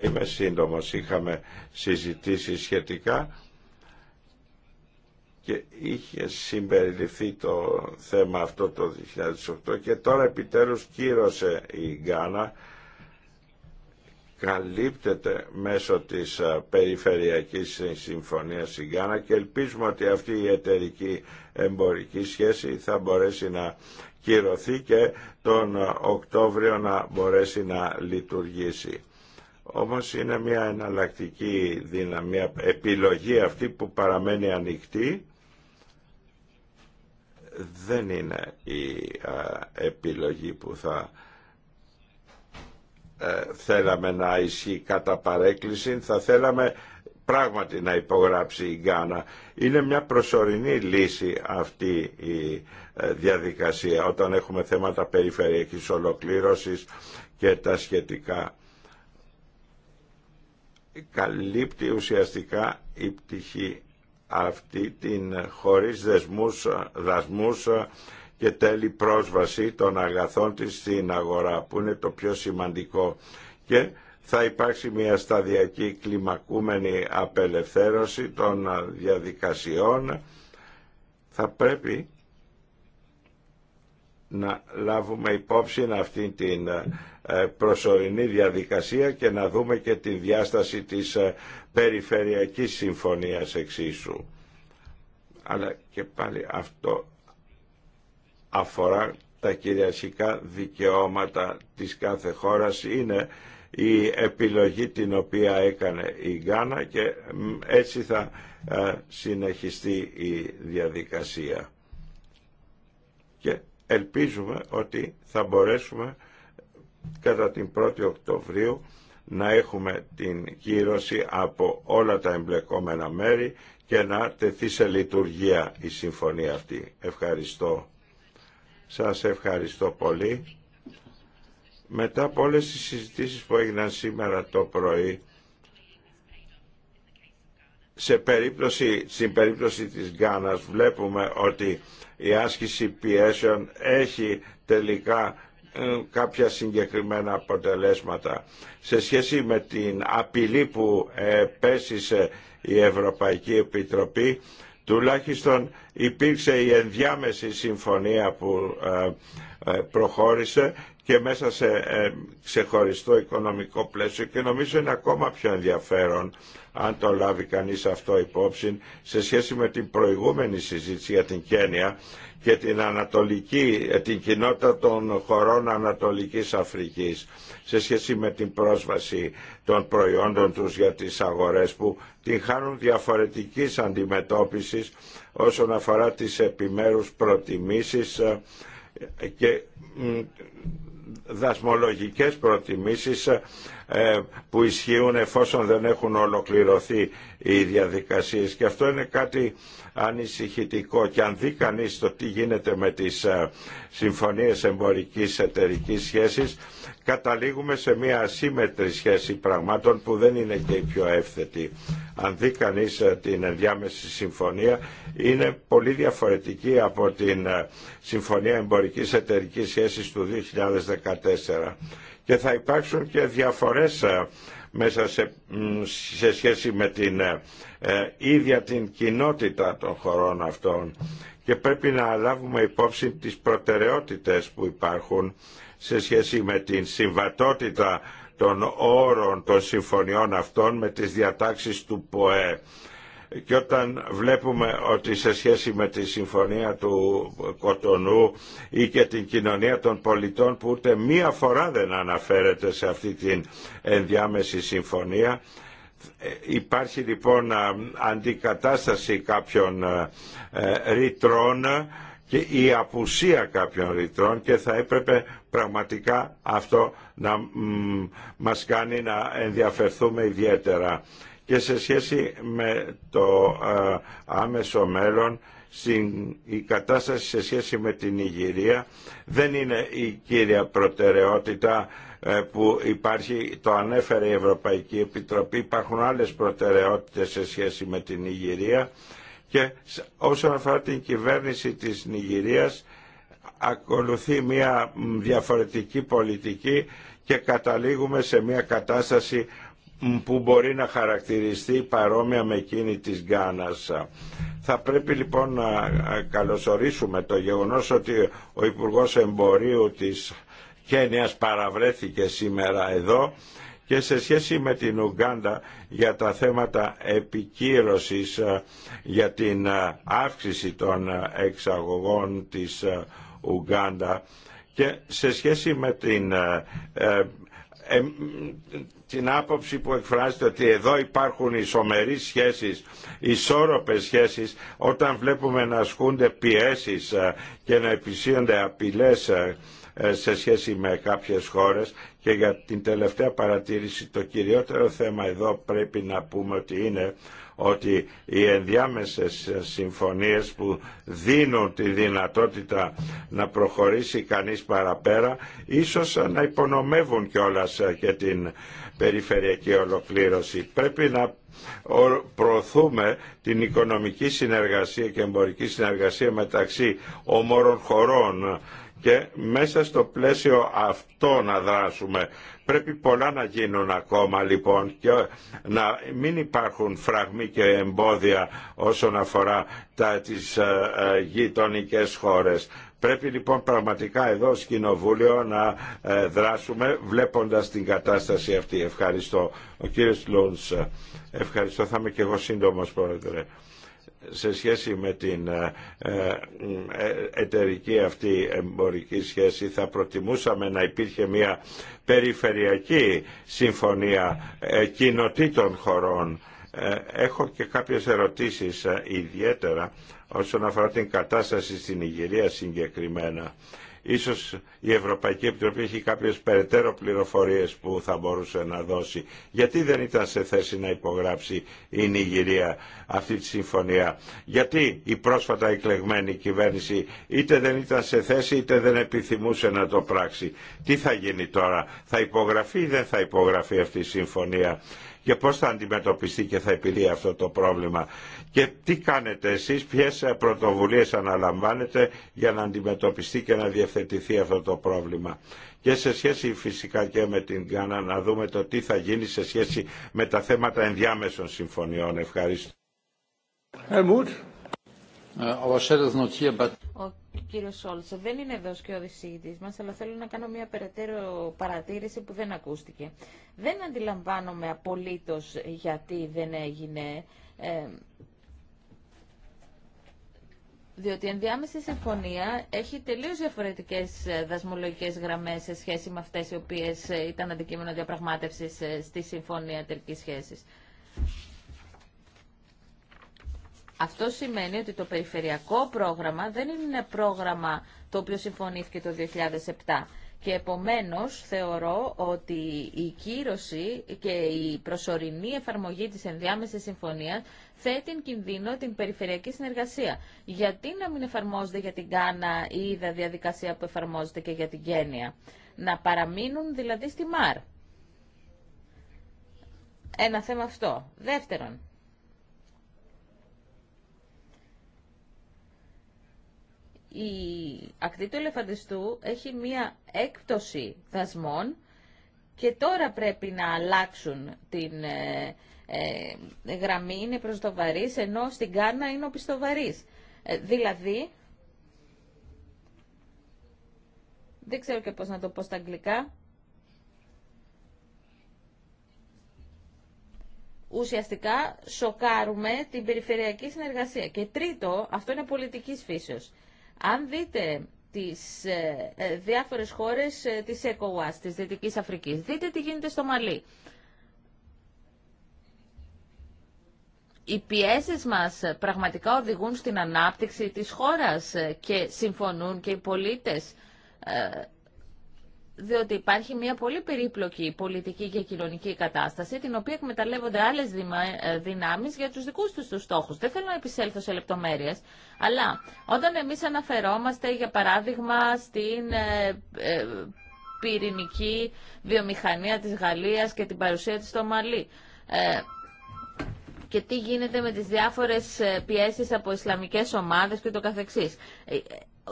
Είμαι σύντομος, είχαμε συζητήσει σχετικά και είχε συμπεριληφθεί το θέμα αυτό το 2008 και τώρα επιτέλους κύρωσε η Γκάνα καλύπτεται μέσω της ε, περιφερειακής συμφωνίας στην και ελπίζουμε ότι αυτή η εταιρική εμπορική σχέση θα μπορέσει να κυρωθεί και τον ε, Οκτώβριο να μπορέσει να λειτουργήσει. Όμως είναι μια εναλλακτική δύναμη, μια επιλογή αυτή που παραμένει ανοιχτή δεν είναι η ε, επιλογή που θα ε, θέλαμε να ισχύει κατά παρέκκληση, θα θέλαμε πράγματι να υπογράψει η Γκάνα. Είναι μια προσωρινή λύση αυτή η ε, διαδικασία όταν έχουμε θέματα περιφερειακής ολοκλήρωσης και τα σχετικά. Καλύπτει ουσιαστικά η πτυχή αυτή την χωρίς δεσμούς, ε, δασμούς και τέλει πρόσβαση των αγαθών της στην αγορά που είναι το πιο σημαντικό και θα υπάρξει μια σταδιακή κλιμακούμενη απελευθέρωση των διαδικασιών. Θα πρέπει να λάβουμε υπόψη αυτή την ε, προσωρινή διαδικασία και να δούμε και τη διάσταση της ε, περιφερειακής συμφωνίας εξίσου. Αλλά και πάλι αυτό αφορά τα κυριαρχικά δικαιώματα της κάθε χώρας είναι η επιλογή την οποία έκανε η Γκάνα και έτσι θα ε, συνεχιστεί η διαδικασία. Και ελπίζουμε ότι θα μπορέσουμε κατά την 1η Οκτωβρίου να έχουμε την κύρωση από όλα τα εμπλεκόμενα μέρη και να τεθεί σε λειτουργία η συμφωνία αυτή. Ευχαριστώ. Σας ευχαριστώ πολύ. Μετά από όλες τις συζητήσεις που έγιναν σήμερα το πρωί, σε περίπτωση, στην περίπτωση της Γκάνας βλέπουμε ότι η άσκηση πιέσεων έχει τελικά ε, κάποια συγκεκριμένα αποτελέσματα. Σε σχέση με την απειλή που ε, σε η Ευρωπαϊκή Επιτροπή, τουλάχιστον υπήρξε η ενδιάμεση συμφωνία που ε, ε, προχώρησε και μέσα σε ε, ξεχωριστό οικονομικό πλαίσιο και νομίζω είναι ακόμα πιο ενδιαφέρον αν το λάβει κανείς αυτό υπόψη, σε σχέση με την προηγούμενη συζήτηση για την Κένια και την, ανατολική, ε, την κοινότητα των χωρών Ανατολικής Αφρικής σε σχέση με την πρόσβαση των προϊόντων τους για τις αγορές που την χάνουν διαφορετικής αντιμετώπισης όσον αφορά τις επιμέρους προτιμήσεις ε, και δασμολογικές προτιμήσεις ε, ε, που ισχύουν εφόσον δεν έχουν ολοκληρωθεί οι διαδικασίες και αυτό είναι κάτι ανησυχητικό και αν δει κανείς το τι γίνεται με τις ε, συμφωνίες εμπορικής εταιρικής σχέσης καταλήγουμε σε μια ασύμετρη σχέση πραγμάτων που δεν είναι και η πιο εύθετη. Αν δει κανείς ε, την ενδιάμεση συμφωνία είναι πολύ διαφορετική από την Συμφωνία Εμπορικής Εταιρικής Σχέσης του 2014 και θα υπάρξουν και διαφορές ε, μέσα σε, σχέση με την ε, ε, ίδια την κοινότητα των χωρών αυτών και πρέπει να λάβουμε υπόψη τις προτεραιότητες που υπάρχουν σε σχέση με την συμβατότητα των όρων των συμφωνιών αυτών με τις διατάξεις του ΠΟΕ και όταν βλέπουμε ότι σε σχέση με τη συμφωνία του Κοτονού ή και την κοινωνία των πολιτών που ούτε μία φορά δεν αναφέρεται σε αυτή την ενδιάμεση συμφωνία ε, υπάρχει λοιπόν αντικατάσταση κάποιων ε, ε, ρητρών και η απουσία κάποιων ρητρών και θα έπρεπε πραγματικά αυτό να μας κάνει να ενδιαφερθούμε ιδιαίτερα και σε σχέση με το άμεσο μέλλον στην, η κατάσταση σε σχέση με την Ιγυρία δεν είναι η κύρια προτεραιότητα ε, που υπάρχει, το ανέφερε η Ευρωπαϊκή Επιτροπή, υπάρχουν άλλες προτεραιότητες σε σχέση με την Ιγυρία και όσον αφορά την κυβέρνηση της Νιγηρίας ακολουθεί μια διαφορετική πολιτική και καταλήγουμε σε μια κατάσταση που μπορεί να χαρακτηριστεί παρόμοια με εκείνη της Γκάνας. Θα πρέπει λοιπόν να καλωσορίσουμε το γεγονός ότι ο Υπουργός Εμπορίου της Κένιας παραβρέθηκε σήμερα εδώ και σε σχέση με την Ουγκάντα για τα θέματα επικύρωσης ε, για την ε, αύξηση των ε, εξαγωγών της Ουγκάντα και σε σχέση με την την άποψη που εκφράζεται ότι εδώ υπάρχουν ισομερείς σχέσεις, ισόρροπες σχέσεις, όταν βλέπουμε να ασκούνται πιέσεις ε, και να επισύονται απειλές ε, ε, σε σχέση με κάποιες χώρες και για την τελευταία παρατήρηση το κυριότερο θέμα εδώ πρέπει να πούμε ότι είναι ότι οι ενδιάμεσες συμφωνίες που δίνουν τη δυνατότητα να προχωρήσει κανείς παραπέρα ίσως να υπονομεύουν κιόλας και την περιφερειακή ολοκλήρωση. Πρέπει να προωθούμε την οικονομική συνεργασία και εμπορική συνεργασία μεταξύ ομόρων χωρών και μέσα στο πλαίσιο αυτό να δράσουμε. Πρέπει πολλά να γίνουν ακόμα λοιπόν και να μην υπάρχουν φραγμοί και εμπόδια όσον αφορά τα, τις ε, ε, γειτονικές χώρες. Πρέπει λοιπόν πραγματικά εδώ σκηνοβούλιο να ε, δράσουμε βλέποντας την κατάσταση αυτή. Ευχαριστώ. Ο κύριος Λούντς, ε, ευχαριστώ. Θα είμαι και εγώ σύντομος πρόεδρε σε σχέση με την ε, εταιρική αυτή εμπορική σχέση θα προτιμούσαμε να υπήρχε μια περιφερειακή συμφωνία κοινοτήτων χωρών ε, έχω και κάποιες ερωτήσεις ε, ιδιαίτερα όσον αφορά την κατάσταση στην Ιγυρία συγκεκριμένα. Ίσως η Ευρωπαϊκή Επιτροπή έχει κάποιες περαιτέρω πληροφορίες που θα μπορούσε να δώσει. Γιατί δεν ήταν σε θέση να υπογράψει η Νιγηρία αυτή τη συμφωνία. Γιατί η πρόσφατα εκλεγμένη κυβέρνηση είτε δεν ήταν σε θέση είτε δεν επιθυμούσε να το πράξει. Τι θα γίνει τώρα. Θα υπογραφεί ή δεν θα υπογραφεί αυτή η συμφωνία και πώς θα αντιμετωπιστεί και θα επιλύει αυτό το πρόβλημα. Και τι κάνετε εσείς, ποιες πρωτοβουλίες αναλαμβάνετε για να αντιμετωπιστεί και να διευθετηθεί αυτό το πρόβλημα. Και σε σχέση φυσικά και με την Γκάνα να δούμε το τι θα γίνει σε σχέση με τα θέματα ενδιάμεσων συμφωνιών. Ευχαριστώ. Ε, ο κύριος Σόλτσε δεν είναι εδώ και ο δυσίγητης μας, αλλά θέλω να κάνω μια περαιτέρω παρατήρηση που δεν ακούστηκε. Δεν αντιλαμβάνομαι απολύτως γιατί δεν έγινε... Ε, διότι η ενδιάμεση συμφωνία έχει τελείω διαφορετικέ ε, δασμολογικέ γραμμέ σε σχέση με αυτέ οι οποίε ήταν αντικείμενο διαπραγμάτευση στη Συμφωνία τελική Σχέση. Αυτό σημαίνει ότι το περιφερειακό πρόγραμμα δεν είναι ένα πρόγραμμα το οποίο συμφωνήθηκε το 2007. Και επομένως θεωρώ ότι η κύρωση και η προσωρινή εφαρμογή της ενδιάμεσης συμφωνίας θέτει εν κινδύνο την περιφερειακή συνεργασία. Γιατί να μην εφαρμόζεται για την Κάνα η ίδια διαδικασία που εφαρμόζεται και για την Γένεια. Να παραμείνουν δηλαδή στη ΜΑΡ. Ένα θέμα αυτό. Δεύτερον, η ακτή του ελεφαντιστού έχει μία έκπτωση δασμών και τώρα πρέπει να αλλάξουν την ε, ε, γραμμή, είναι προς το βαρύς, ενώ στην Κάρνα είναι πιστοβαρής. Ε, δηλαδή, δεν ξέρω και πώς να το πω στα αγγλικά, ουσιαστικά σοκάρουμε την περιφερειακή συνεργασία. Και τρίτο, αυτό είναι πολιτικής φύσεως. Αν δείτε τις ε, ε, διάφορες χώρες ε, της ECOWAS, της Δυτικής Αφρικής, δείτε τι γίνεται στο Μαλί. οι πιέσεις μας πραγματικά οδηγούν στην ανάπτυξη της χώρας και συμφωνούν και οι πολίτες διότι υπάρχει μια πολύ περίπλοκη πολιτική και κοινωνική κατάσταση, την οποία εκμεταλλεύονται άλλε δυνάμει για του δικού του τους στόχου. Δεν θέλω να επισέλθω σε λεπτομέρειε, αλλά όταν εμεί αναφερόμαστε, για παράδειγμα, στην ε, ε, πυρηνική βιομηχανία της Γαλλίας και την παρουσία της στο Μαλί. Ε, και τι γίνεται με τις διάφορες πιέσεις από ισλαμικές ομάδες και το καθεξής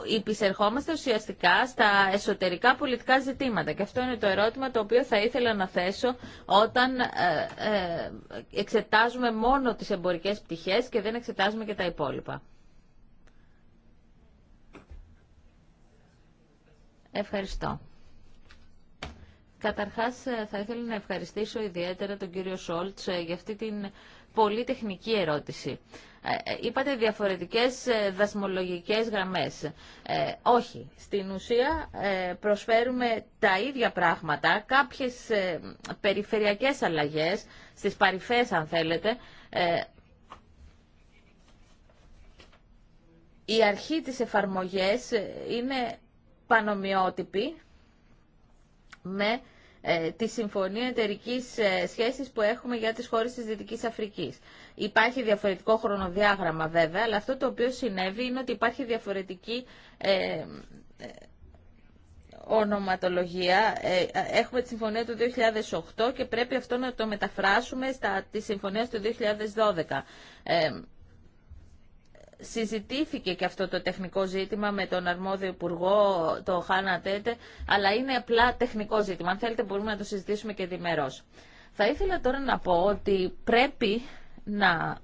υπησερχόμαστε ουσιαστικά στα εσωτερικά πολιτικά ζητήματα. Και αυτό είναι το ερώτημα το οποίο θα ήθελα να θέσω όταν ε, ε, εξετάζουμε μόνο τις εμπορικές πτυχές και δεν εξετάζουμε και τα υπόλοιπα. Ευχαριστώ. Καταρχάς ε, θα ήθελα να ευχαριστήσω ιδιαίτερα τον κύριο Σόλτς για αυτή την πολύ τεχνική ερώτηση. Ε, ε, είπατε διαφορετικές ε, δασμολογικές γραμμές. όχι. Στην ουσία προσφέρουμε τα ίδια πράγματα, κάποιες περιφερειακές αλλαγές, στις παρυφές αν θέλετε, η αρχή της εφαρμογές είναι πανομοιότυπη με ε, τη Συμφωνία εταιρική ε, Σχέσης που έχουμε για τις χώρες της Δυτικής Αφρικής. Υπάρχει διαφορετικό χρονοδιάγραμμα βέβαια, αλλά αυτό το οποίο συνέβη είναι ότι υπάρχει διαφορετική ε, ονοματολογία. Έχουμε τη συμφωνία του 2008 και πρέπει αυτό να το μεταφράσουμε στα, τη συμφωνία του 2012 συζητήθηκε και αυτό το τεχνικό ζήτημα με τον αρμόδιο υπουργό, το Χάνα Τέτε, αλλά είναι απλά τεχνικό ζήτημα. Αν θέλετε μπορούμε να το συζητήσουμε και διμερώς. Θα ήθελα τώρα να πω ότι πρέπει να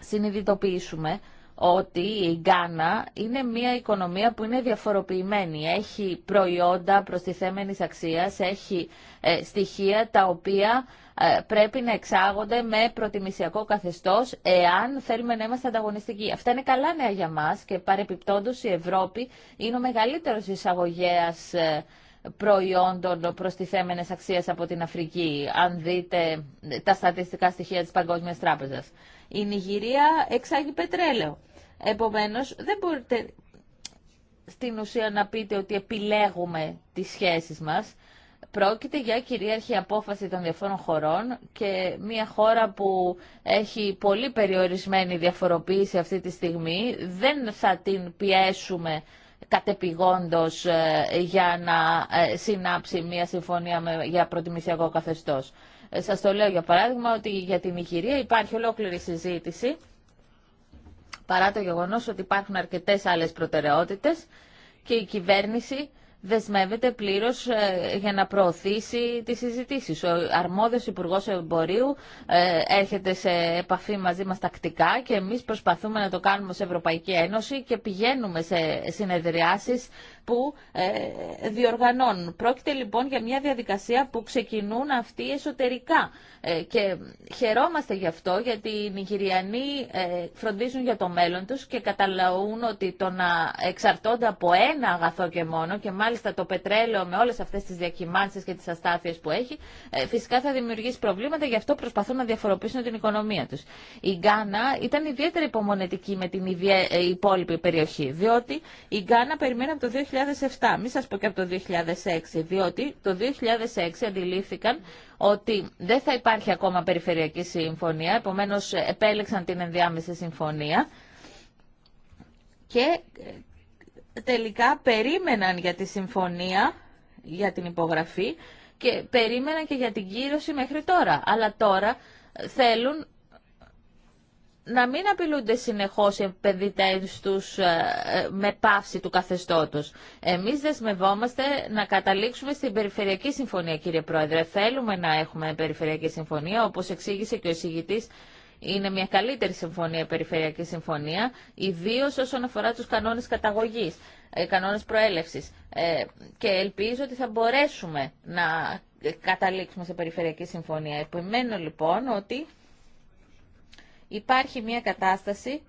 συνειδητοποιήσουμε ότι η Γκάνα είναι μια οικονομία που είναι διαφοροποιημένη. Έχει προϊόντα προστιθέμενης αξίας, έχει ε, στοιχεία τα οποία ε, πρέπει να εξάγονται με προτιμησιακό καθεστώς εάν θέλουμε να είμαστε ανταγωνιστικοί. Αυτά είναι καλά νέα για μας και παρεπιπτόντως η Ευρώπη είναι ο μεγαλύτερος εισαγωγέας ε, προϊόντων προστιθέμενες αξίας από την Αφρική, αν δείτε τα στατιστικά στοιχεία της Παγκόσμιας Τράπεζας. Η Νιγηρία εξάγει πετρέλαιο. Επομένως, δεν μπορείτε στην ουσία να πείτε ότι επιλέγουμε τις σχέσεις μας. Πρόκειται για κυρίαρχη απόφαση των διαφόρων χωρών και μια χώρα που έχει πολύ περιορισμένη διαφοροποίηση αυτή τη στιγμή δεν θα την πιέσουμε κατεπηγόντως ε, για να ε, συνάψει μια συμφωνία για προτιμησιακό καθεστώς. Σα το λέω για παράδειγμα ότι για την Ιγυρία υπάρχει ολόκληρη συζήτηση παρά το γεγονός ότι υπάρχουν αρκετές άλλες προτεραιότητες και η κυβέρνηση δεσμεύεται πλήρως ε, για να προωθήσει τις συζητήσεις. Ο αρμόδιος Υπουργός Εμπορίου ε, έρχεται σε επαφή μαζί μας τακτικά και εμείς προσπαθούμε να το κάνουμε σε Ευρωπαϊκή Ένωση και πηγαίνουμε σε συνεδριάσεις που ε, διοργανώνουν. Πρόκειται λοιπόν για μια διαδικασία που ξεκινούν αυτοί εσωτερικά ε, και χαιρόμαστε γι' αυτό γιατί οι Νιγηριανοί ε, φροντίζουν για το μέλλον τους και καταλαούν ότι το να εξαρτώνται από ένα αγαθό και μόνο και μάλιστα το πετρέλαιο με όλες αυτές τις διακυμάνσεις και τις αστάθειες που έχει φυσικά θα δημιουργήσει προβλήματα γι' αυτό προσπαθούν να διαφοροποιήσουν την οικονομία τους. Η Γκάνα ήταν ιδιαίτερα υπομονετική με την υπόλοιπη περιοχή διότι η Γκάνα περιμένει από το 2007, μην σας πω και από το 2006, διότι το 2006 αντιλήφθηκαν ότι δεν θα υπάρχει ακόμα περιφερειακή συμφωνία, επομένως επέλεξαν την ενδιάμεση συμφωνία και ε, τελικά περίμεναν για τη συμφωνία, για την υπογραφή και περίμεναν και για την κύρωση μέχρι τώρα. Αλλά τώρα θέλουν να μην απειλούνται συνεχώς οι επενδυτές τους ε, ε, με πάυση του καθεστώτος. Εμείς δεσμευόμαστε να καταλήξουμε στην Περιφερειακή Συμφωνία, κύριε Πρόεδρε. Θέλουμε να έχουμε Περιφερειακή Συμφωνία, όπως εξήγησε και ο εισηγητής, είναι μια καλύτερη συμφωνία, Περιφερειακή Συμφωνία, ιδίω όσον αφορά τους κανόνες καταγωγής, ε, κανόνες προέλευσης. Και ελπίζω ότι θα μπορέσουμε να καταλήξουμε σε Περιφερειακή Συμφωνία. Επιμένω λοιπόν ότι υπάρχει μια κατάσταση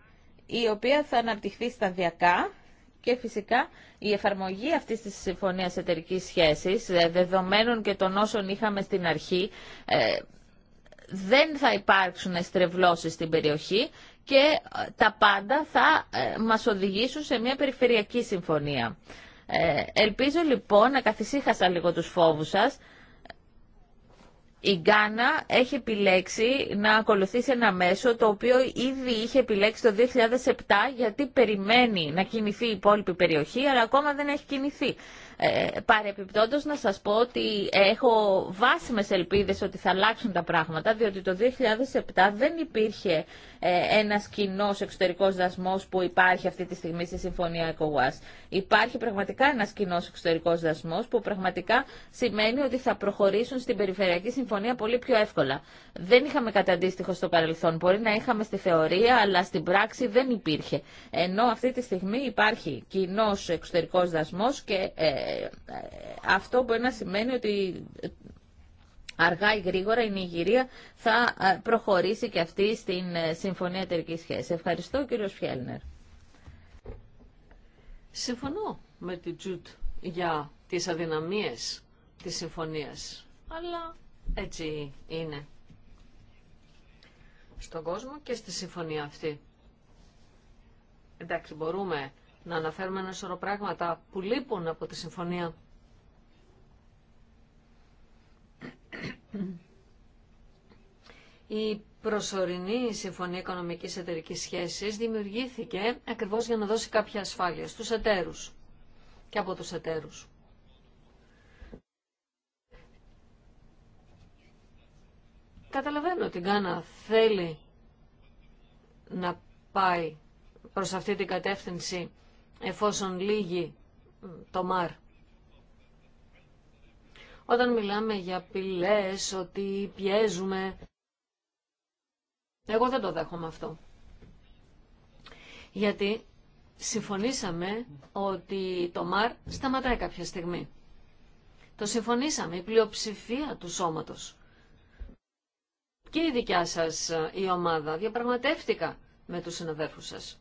η οποία θα αναπτυχθεί σταδιακά και φυσικά η εφαρμογή αυτής της συμφωνίας εταιρικής σχέσης, ε, δεδομένων και των όσων είχαμε στην αρχή, ε, δεν θα υπάρξουν στρεβλώσεις στην περιοχή και ε, τα πάντα θα μας οδηγήσουν σε μια περιφερειακή συμφωνία. Ελπίζω λοιπόν να καθησύχασα λίγο τους φόβους σας. Η Γκάνα έχει επιλέξει να ακολουθήσει ένα μέσο το οποίο ήδη είχε επιλέξει το 2007 γιατί περιμένει να κινηθεί η υπόλοιπη περιοχή αλλά ακόμα δεν έχει κινηθεί. Ε, παρεπιπτόντως να σας πω ότι έχω βάσιμες ελπίδες ότι θα αλλάξουν τα πράγματα, διότι το 2007 δεν υπήρχε ε, ένας κοινό εξωτερικός δασμός που υπάρχει αυτή τη στιγμή στη Συμφωνία ECOWAS. Υπάρχει πραγματικά ένας κοινό εξωτερικός δασμός που πραγματικά σημαίνει ότι θα προχωρήσουν στην Περιφερειακή Συμφωνία πολύ πιο εύκολα. Δεν είχαμε κατά αντίστοιχο στο παρελθόν. Μπορεί να είχαμε στη θεωρία, αλλά στην πράξη δεν υπήρχε. Ενώ αυτή τη στιγμή υπάρχει κοινό εξωτερικός δασμός και ε, αυτό μπορεί να σημαίνει ότι αργά ή γρήγορα η Νιγηρία θα ε, προχωρήσει και αυτή στην ε, Συμφωνία εταιρική σχέση. Ευχαριστώ κύριο Φιέλνερ. Συμφωνώ με την Τζουτ για τις αδυναμίες της συμφωνίας, αλλά έτσι είναι στον κόσμο και στη συμφωνία αυτή. Εντάξει, μπορούμε να αναφέρουμε ένα σωρό πράγματα που λείπουν από τη συμφωνία. Η προσωρινή Συμφωνία Οικονομικής Εταιρικής Σχέσης δημιουργήθηκε ακριβώς για να δώσει κάποια ασφάλεια στους εταίρους και από τους εταίρους. Καταλαβαίνω ότι η Γκάνα θέλει να πάει προς αυτή την κατεύθυνση εφόσον λύγει το ΜΑΡ. Όταν μιλάμε για πυλές, ότι πιέζουμε, εγώ δεν το δέχομαι αυτό. Γιατί συμφωνήσαμε ότι το ΜΑΡ σταματάει κάποια στιγμή. Το συμφωνήσαμε, η πλειοψηφία του σώματος. Και η δικιά σας ε, η ομάδα διαπραγματεύτηκα με τους συναδέρφους σας.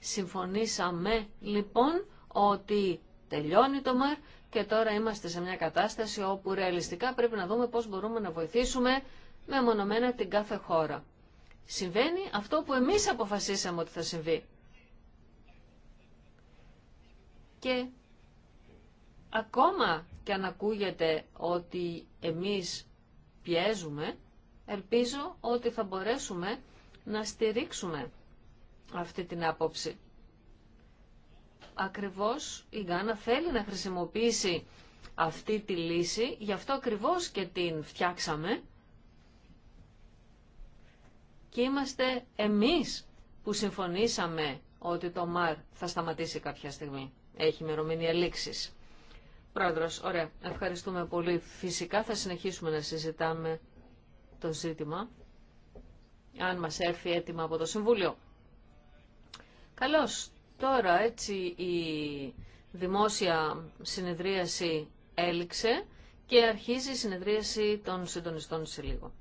Συμφωνήσαμε λοιπόν ότι τελειώνει το ΜΑΡ και τώρα είμαστε σε μια κατάσταση όπου ρεαλιστικά πρέπει να δούμε πώς μπορούμε να βοηθήσουμε μεμονωμένα την κάθε χώρα. Συμβαίνει αυτό που εμείς αποφασίσαμε ότι θα συμβεί. Και ακόμα και αν ακούγεται ότι εμείς πιέζουμε, ελπίζω ότι θα μπορέσουμε να στηρίξουμε αυτή την άποψη. Ακριβώς η Γκάνα θέλει να χρησιμοποιήσει αυτή τη λύση, γι' αυτό ακριβώς και την φτιάξαμε και είμαστε εμείς που συμφωνήσαμε ότι το ΜΑΡ θα σταματήσει κάποια στιγμή. Έχει ημερομηνία λήξη. Πρόεδρος, ωραία, ευχαριστούμε πολύ. Φυσικά θα συνεχίσουμε να συζητάμε το ζήτημα, αν μας έρθει έτοιμα από το Συμβούλιο. Καλώς. Τώρα έτσι η δημόσια συνεδρίαση έληξε και αρχίζει η συνεδρίαση των συντονιστών σε λίγο.